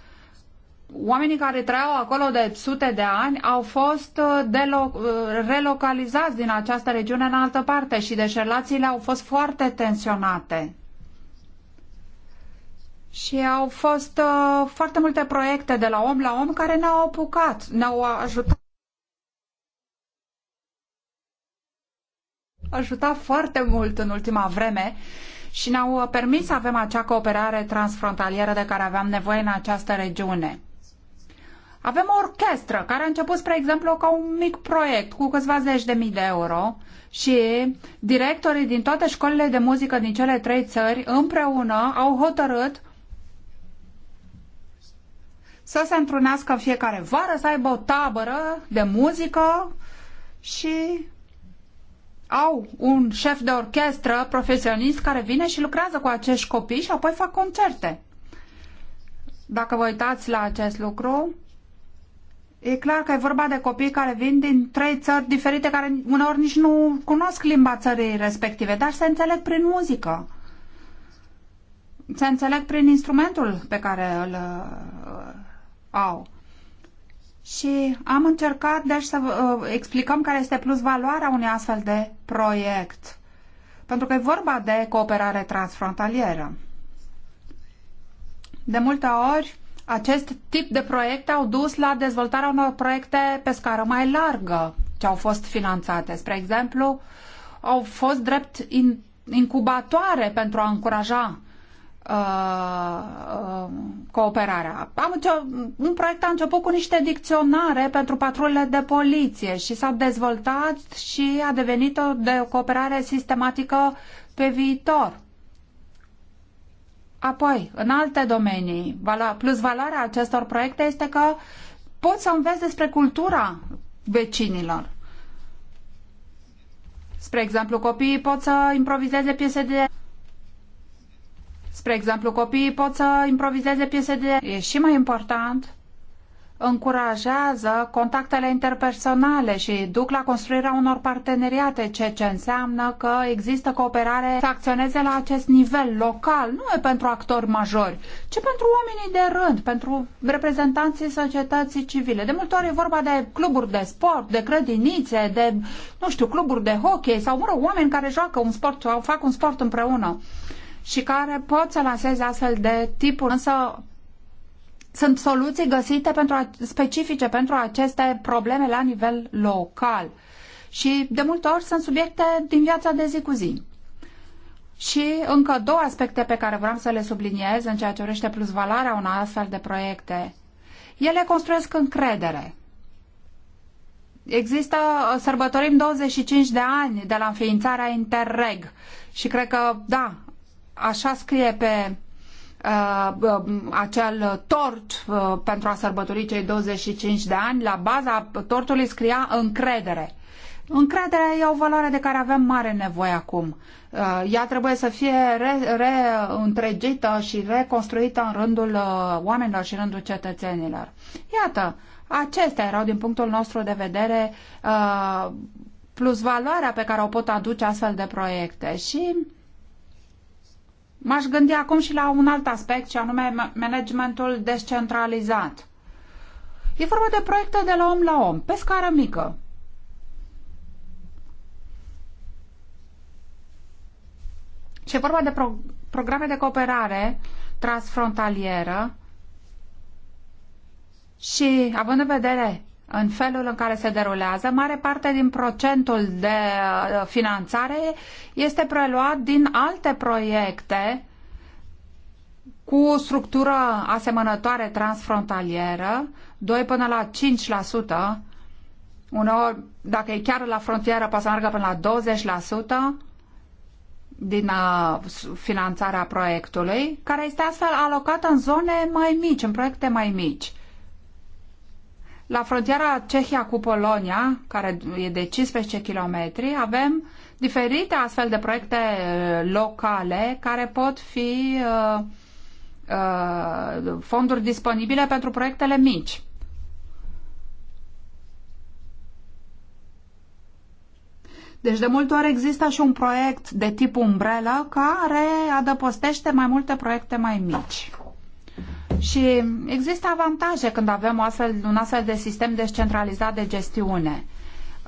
oamenii care trăiau acolo de sute de ani au fost uh, uh, relocalizați din această regiune în altă parte și deci au fost foarte tensionate și au fost uh, foarte multe proiecte de la om la om care ne-au apucat, ne-au ajutat. ajutat foarte mult în ultima vreme și ne-au permis să avem acea cooperare transfrontalieră de care aveam nevoie în această regiune. Avem o orchestră care a început, spre exemplu, ca un mic proiect cu câțiva zeci de mii de euro și directorii din toate școlile de muzică din cele trei țări împreună au hotărât să se întrunească în fiecare vară, să aibă o tabără de muzică și au un șef de orchestră profesionist care vine și lucrează cu acești copii și apoi fac concerte. Dacă vă uitați la acest lucru, e clar că e vorba de copii care vin din trei țări diferite, care uneori nici nu cunosc limba țării respective, dar se înțeleg prin muzică. Se înțeleg prin instrumentul pe care îl au. Și am încercat deci să uh, explicăm care este plus valoarea unui astfel de proiect. Pentru că e vorba de cooperare transfrontalieră. De multe ori, acest tip de proiecte au dus la dezvoltarea unor proiecte pe scară mai largă ce au fost finanțate. Spre exemplu, au fost drept in, incubatoare pentru a încuraja Uh, uh, cooperarea. Am înce- un proiect a început cu niște dicționare pentru patrulele de poliție și s-a dezvoltat și a devenit o de cooperare sistematică pe viitor. Apoi, în alte domenii, plus valoarea acestor proiecte este că poți să înveți despre cultura vecinilor. Spre exemplu, copiii pot să improvizeze piese de Spre exemplu, copiii pot să improvizeze piese de... E și mai important, încurajează contactele interpersonale și duc la construirea unor parteneriate, ceea ce înseamnă că există cooperare să acționeze la acest nivel local, nu e pentru actori majori, ci pentru oamenii de rând, pentru reprezentanții societății civile. De multe ori e vorba de cluburi de sport, de grădinițe, de, nu știu, cluburi de hockey sau, mă rog, oameni care joacă un sport sau fac un sport împreună și care pot să lanseze astfel de tipuri, însă sunt soluții găsite pentru a, specifice pentru aceste probleme la nivel local. Și de multe ori sunt subiecte din viața de zi cu zi. Și încă două aspecte pe care vreau să le subliniez în ceea ce urește plusvalarea unor astfel de proiecte. Ele construiesc încredere. Există, sărbătorim 25 de ani de la înființarea Interreg și cred că, da, așa scrie pe uh, um, acel tort uh, pentru a sărbători cei 25 de ani, la baza tortului scria încredere. Încrederea e o valoare de care avem mare nevoie acum. Uh, ea trebuie să fie reîntregită re și reconstruită în rândul uh, oamenilor și în rândul cetățenilor. Iată, acestea erau din punctul nostru de vedere uh, plus valoarea pe care o pot aduce astfel de proiecte și M-aș gândi acum și la un alt aspect, și anume managementul descentralizat. E vorba de proiecte de la om la om, pe scară mică. Și e vorba de pro- programe de cooperare transfrontalieră și, având în vedere în felul în care se derulează, mare parte din procentul de uh, finanțare este preluat din alte proiecte cu structură asemănătoare transfrontalieră, 2 până la 5%, uneori, dacă e chiar la frontieră, poate să meargă până la 20% din uh, finanțarea proiectului, care este astfel alocată în zone mai mici, în proiecte mai mici. La frontiera Cehia cu Polonia, care e de 15 km, avem diferite astfel de proiecte uh, locale care pot fi uh, uh, fonduri disponibile pentru proiectele mici. Deci de multe ori există și un proiect de tip umbrelă care adăpostește mai multe proiecte mai mici. Și există avantaje când avem astfel, un astfel de sistem descentralizat de gestiune.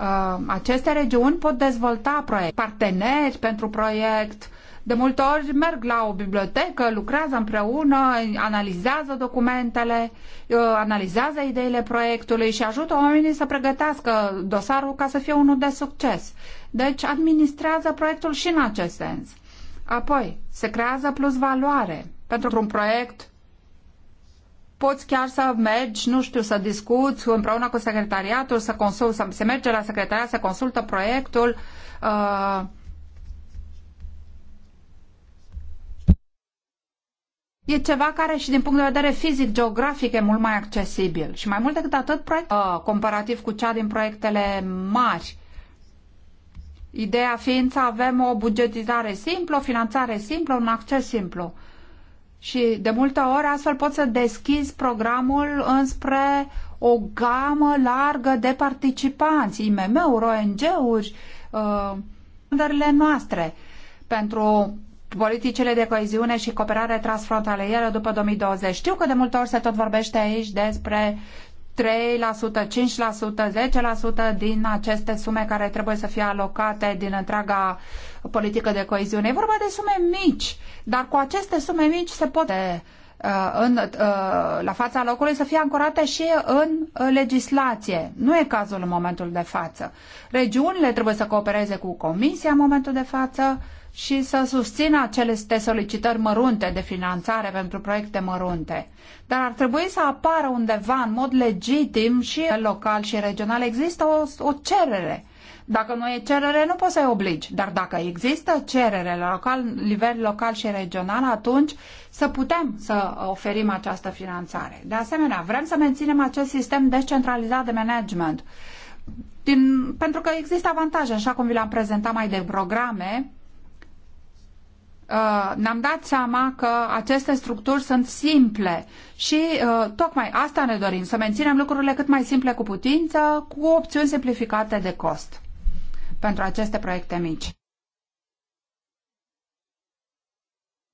Uh, aceste regiuni pot dezvolta proiect, parteneri pentru proiect, de multe ori merg la o bibliotecă, lucrează împreună, analizează documentele, uh, analizează ideile proiectului și ajută oamenii să pregătească dosarul ca să fie unul de succes. Deci administrează proiectul și în acest sens. Apoi, se creează plus valoare pentru un proiect poți chiar să mergi, nu știu, să discuți împreună cu secretariatul, să consult, să se merge la secretariat, să consultă proiectul. Uh, E ceva care și din punct de vedere fizic, geografic, e mult mai accesibil. Și mai mult decât atât, proiect, uh, comparativ cu cea din proiectele mari. Ideea fiind să avem o bugetizare simplă, o finanțare simplă, un acces simplu. Și de multe ori astfel poți să deschizi programul înspre o gamă largă de participanți, IMM-uri, ONG-uri, standardele uh, noastre pentru politicile de coeziune și cooperare transfrontalieră după 2020. Știu că de multe ori se tot vorbește aici despre 3%, 5%, 10% din aceste sume care trebuie să fie alocate din întreaga politică de coeziune. E vorba de sume mici, dar cu aceste sume mici se poate eh, în, eh, la fața locului să fie ancorate și în legislație. Nu e cazul în momentul de față. Regiunile trebuie să coopereze cu Comisia în momentul de față și să susțină aceste solicitări mărunte de finanțare pentru proiecte mărunte. Dar ar trebui să apară undeva în mod legitim și local și regional. Există o, o cerere. Dacă nu e cerere, nu poți să-i obligi. Dar dacă există cerere la local, nivel local și regional, atunci să putem să oferim această finanțare. De asemenea, vrem să menținem acest sistem descentralizat de management. Din, pentru că există avantaje, așa cum vi l-am prezentat mai de programe, Uh, ne-am dat seama că aceste structuri sunt simple și uh, tocmai asta ne dorim, să menținem lucrurile cât mai simple cu putință, cu opțiuni simplificate de cost pentru aceste proiecte mici.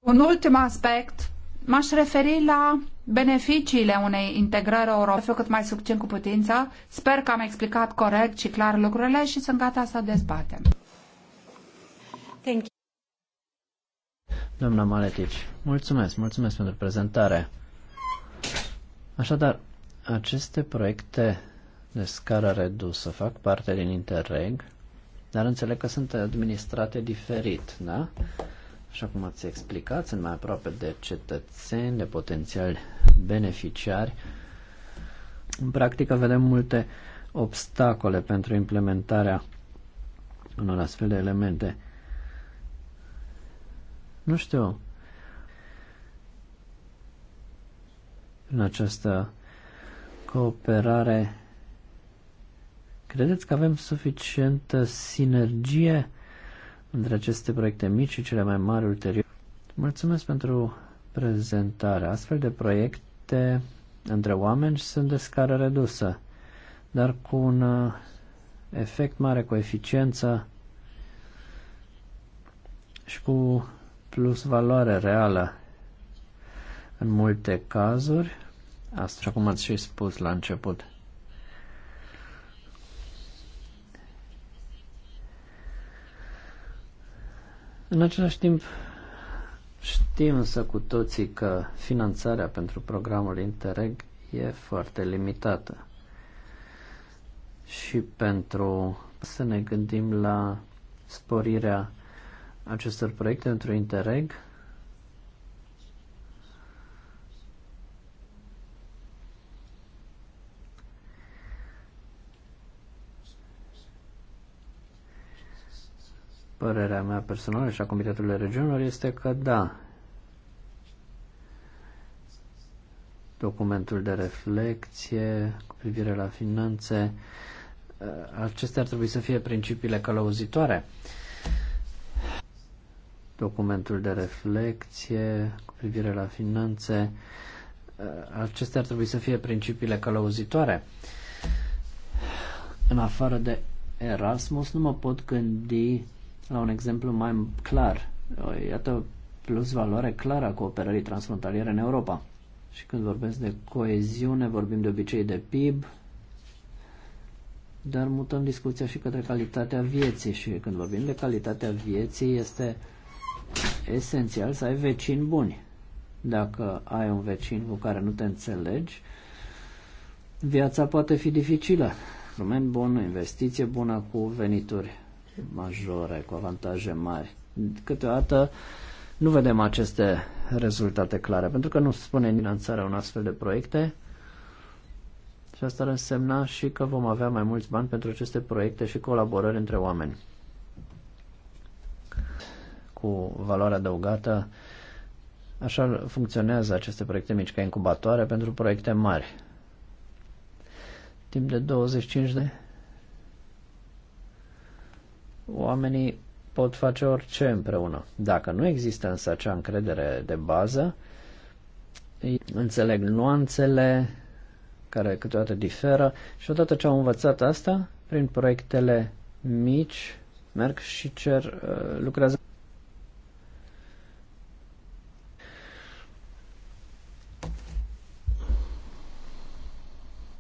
Un ultim aspect, m-aș referi la beneficiile unei integrări europene cât mai succint cu putință. Sper că am explicat corect și clar lucrurile și sunt gata să dezbatem. Thank you. Doamna Maletici, mulțumesc, mulțumesc pentru prezentare. Așadar, aceste proiecte de scară redusă fac parte din Interreg, dar înțeleg că sunt administrate diferit, da? Așa cum ați explicat, sunt mai aproape de cetățeni, de potențiali beneficiari. În practică vedem multe obstacole pentru implementarea unor astfel de elemente. Nu știu. În această cooperare, credeți că avem suficientă sinergie între aceste proiecte mici și cele mai mari ulterior? Mulțumesc pentru prezentare. Astfel de proiecte între oameni sunt de scară redusă, dar cu un uh, efect mare, cu eficiență și cu plus valoare reală. În multe cazuri, asta cum ați și spus la început, În același timp, știm să cu toții că finanțarea pentru programul Interreg e foarte limitată. Și pentru să ne gândim la sporirea acestor proiecte într-un interreg. Părerea mea personală și a Comitetului Regiunilor este că da, documentul de reflecție cu privire la finanțe, ă, acestea ar trebui să fie principiile călăuzitoare documentul de reflecție cu privire la finanțe. Uh, acestea ar trebui să fie principiile călăuzitoare. În afară de Erasmus, nu mă pot gândi la un exemplu mai clar. Iată plus valoare clară a cooperării transfrontaliere în Europa. Și când vorbesc de coeziune, vorbim de obicei de PIB, dar mutăm discuția și către calitatea vieții. Și când vorbim de calitatea vieții, este esențial să ai vecini buni. Dacă ai un vecin cu care nu te înțelegi, viața poate fi dificilă. Rumen bun, investiție bună cu venituri majore, cu avantaje mari. Câteodată nu vedem aceste rezultate clare, pentru că nu spune finanțarea un astfel de proiecte și asta ar însemna și că vom avea mai mulți bani pentru aceste proiecte și colaborări între oameni cu valoare adăugată. Așa funcționează aceste proiecte mici ca incubatoare pentru proiecte mari. Timp de 25 de oamenii pot face orice împreună. Dacă nu există însă acea încredere de bază, înțeleg nuanțele care câteodată diferă și odată ce au învățat asta, prin proiectele mici, merg și cer, uh, lucrează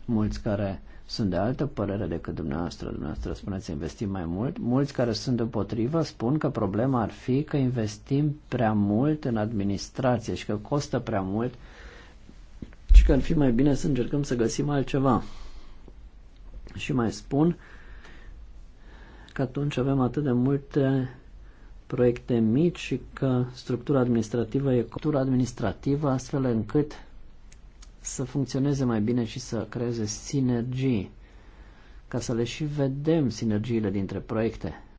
mulți care sunt de altă părere decât dumneavoastră, dumneavoastră spuneți investim mai mult, mulți care sunt împotrivă spun că problema ar fi că investim prea mult în administrație și că costă prea mult și că ar fi mai bine să încercăm să găsim altceva. Și mai spun că atunci avem atât de multe proiecte mici și că structura administrativă e structura administrativă astfel încât să funcționeze mai bine și să creeze sinergii, ca să le și vedem sinergiile dintre proiecte.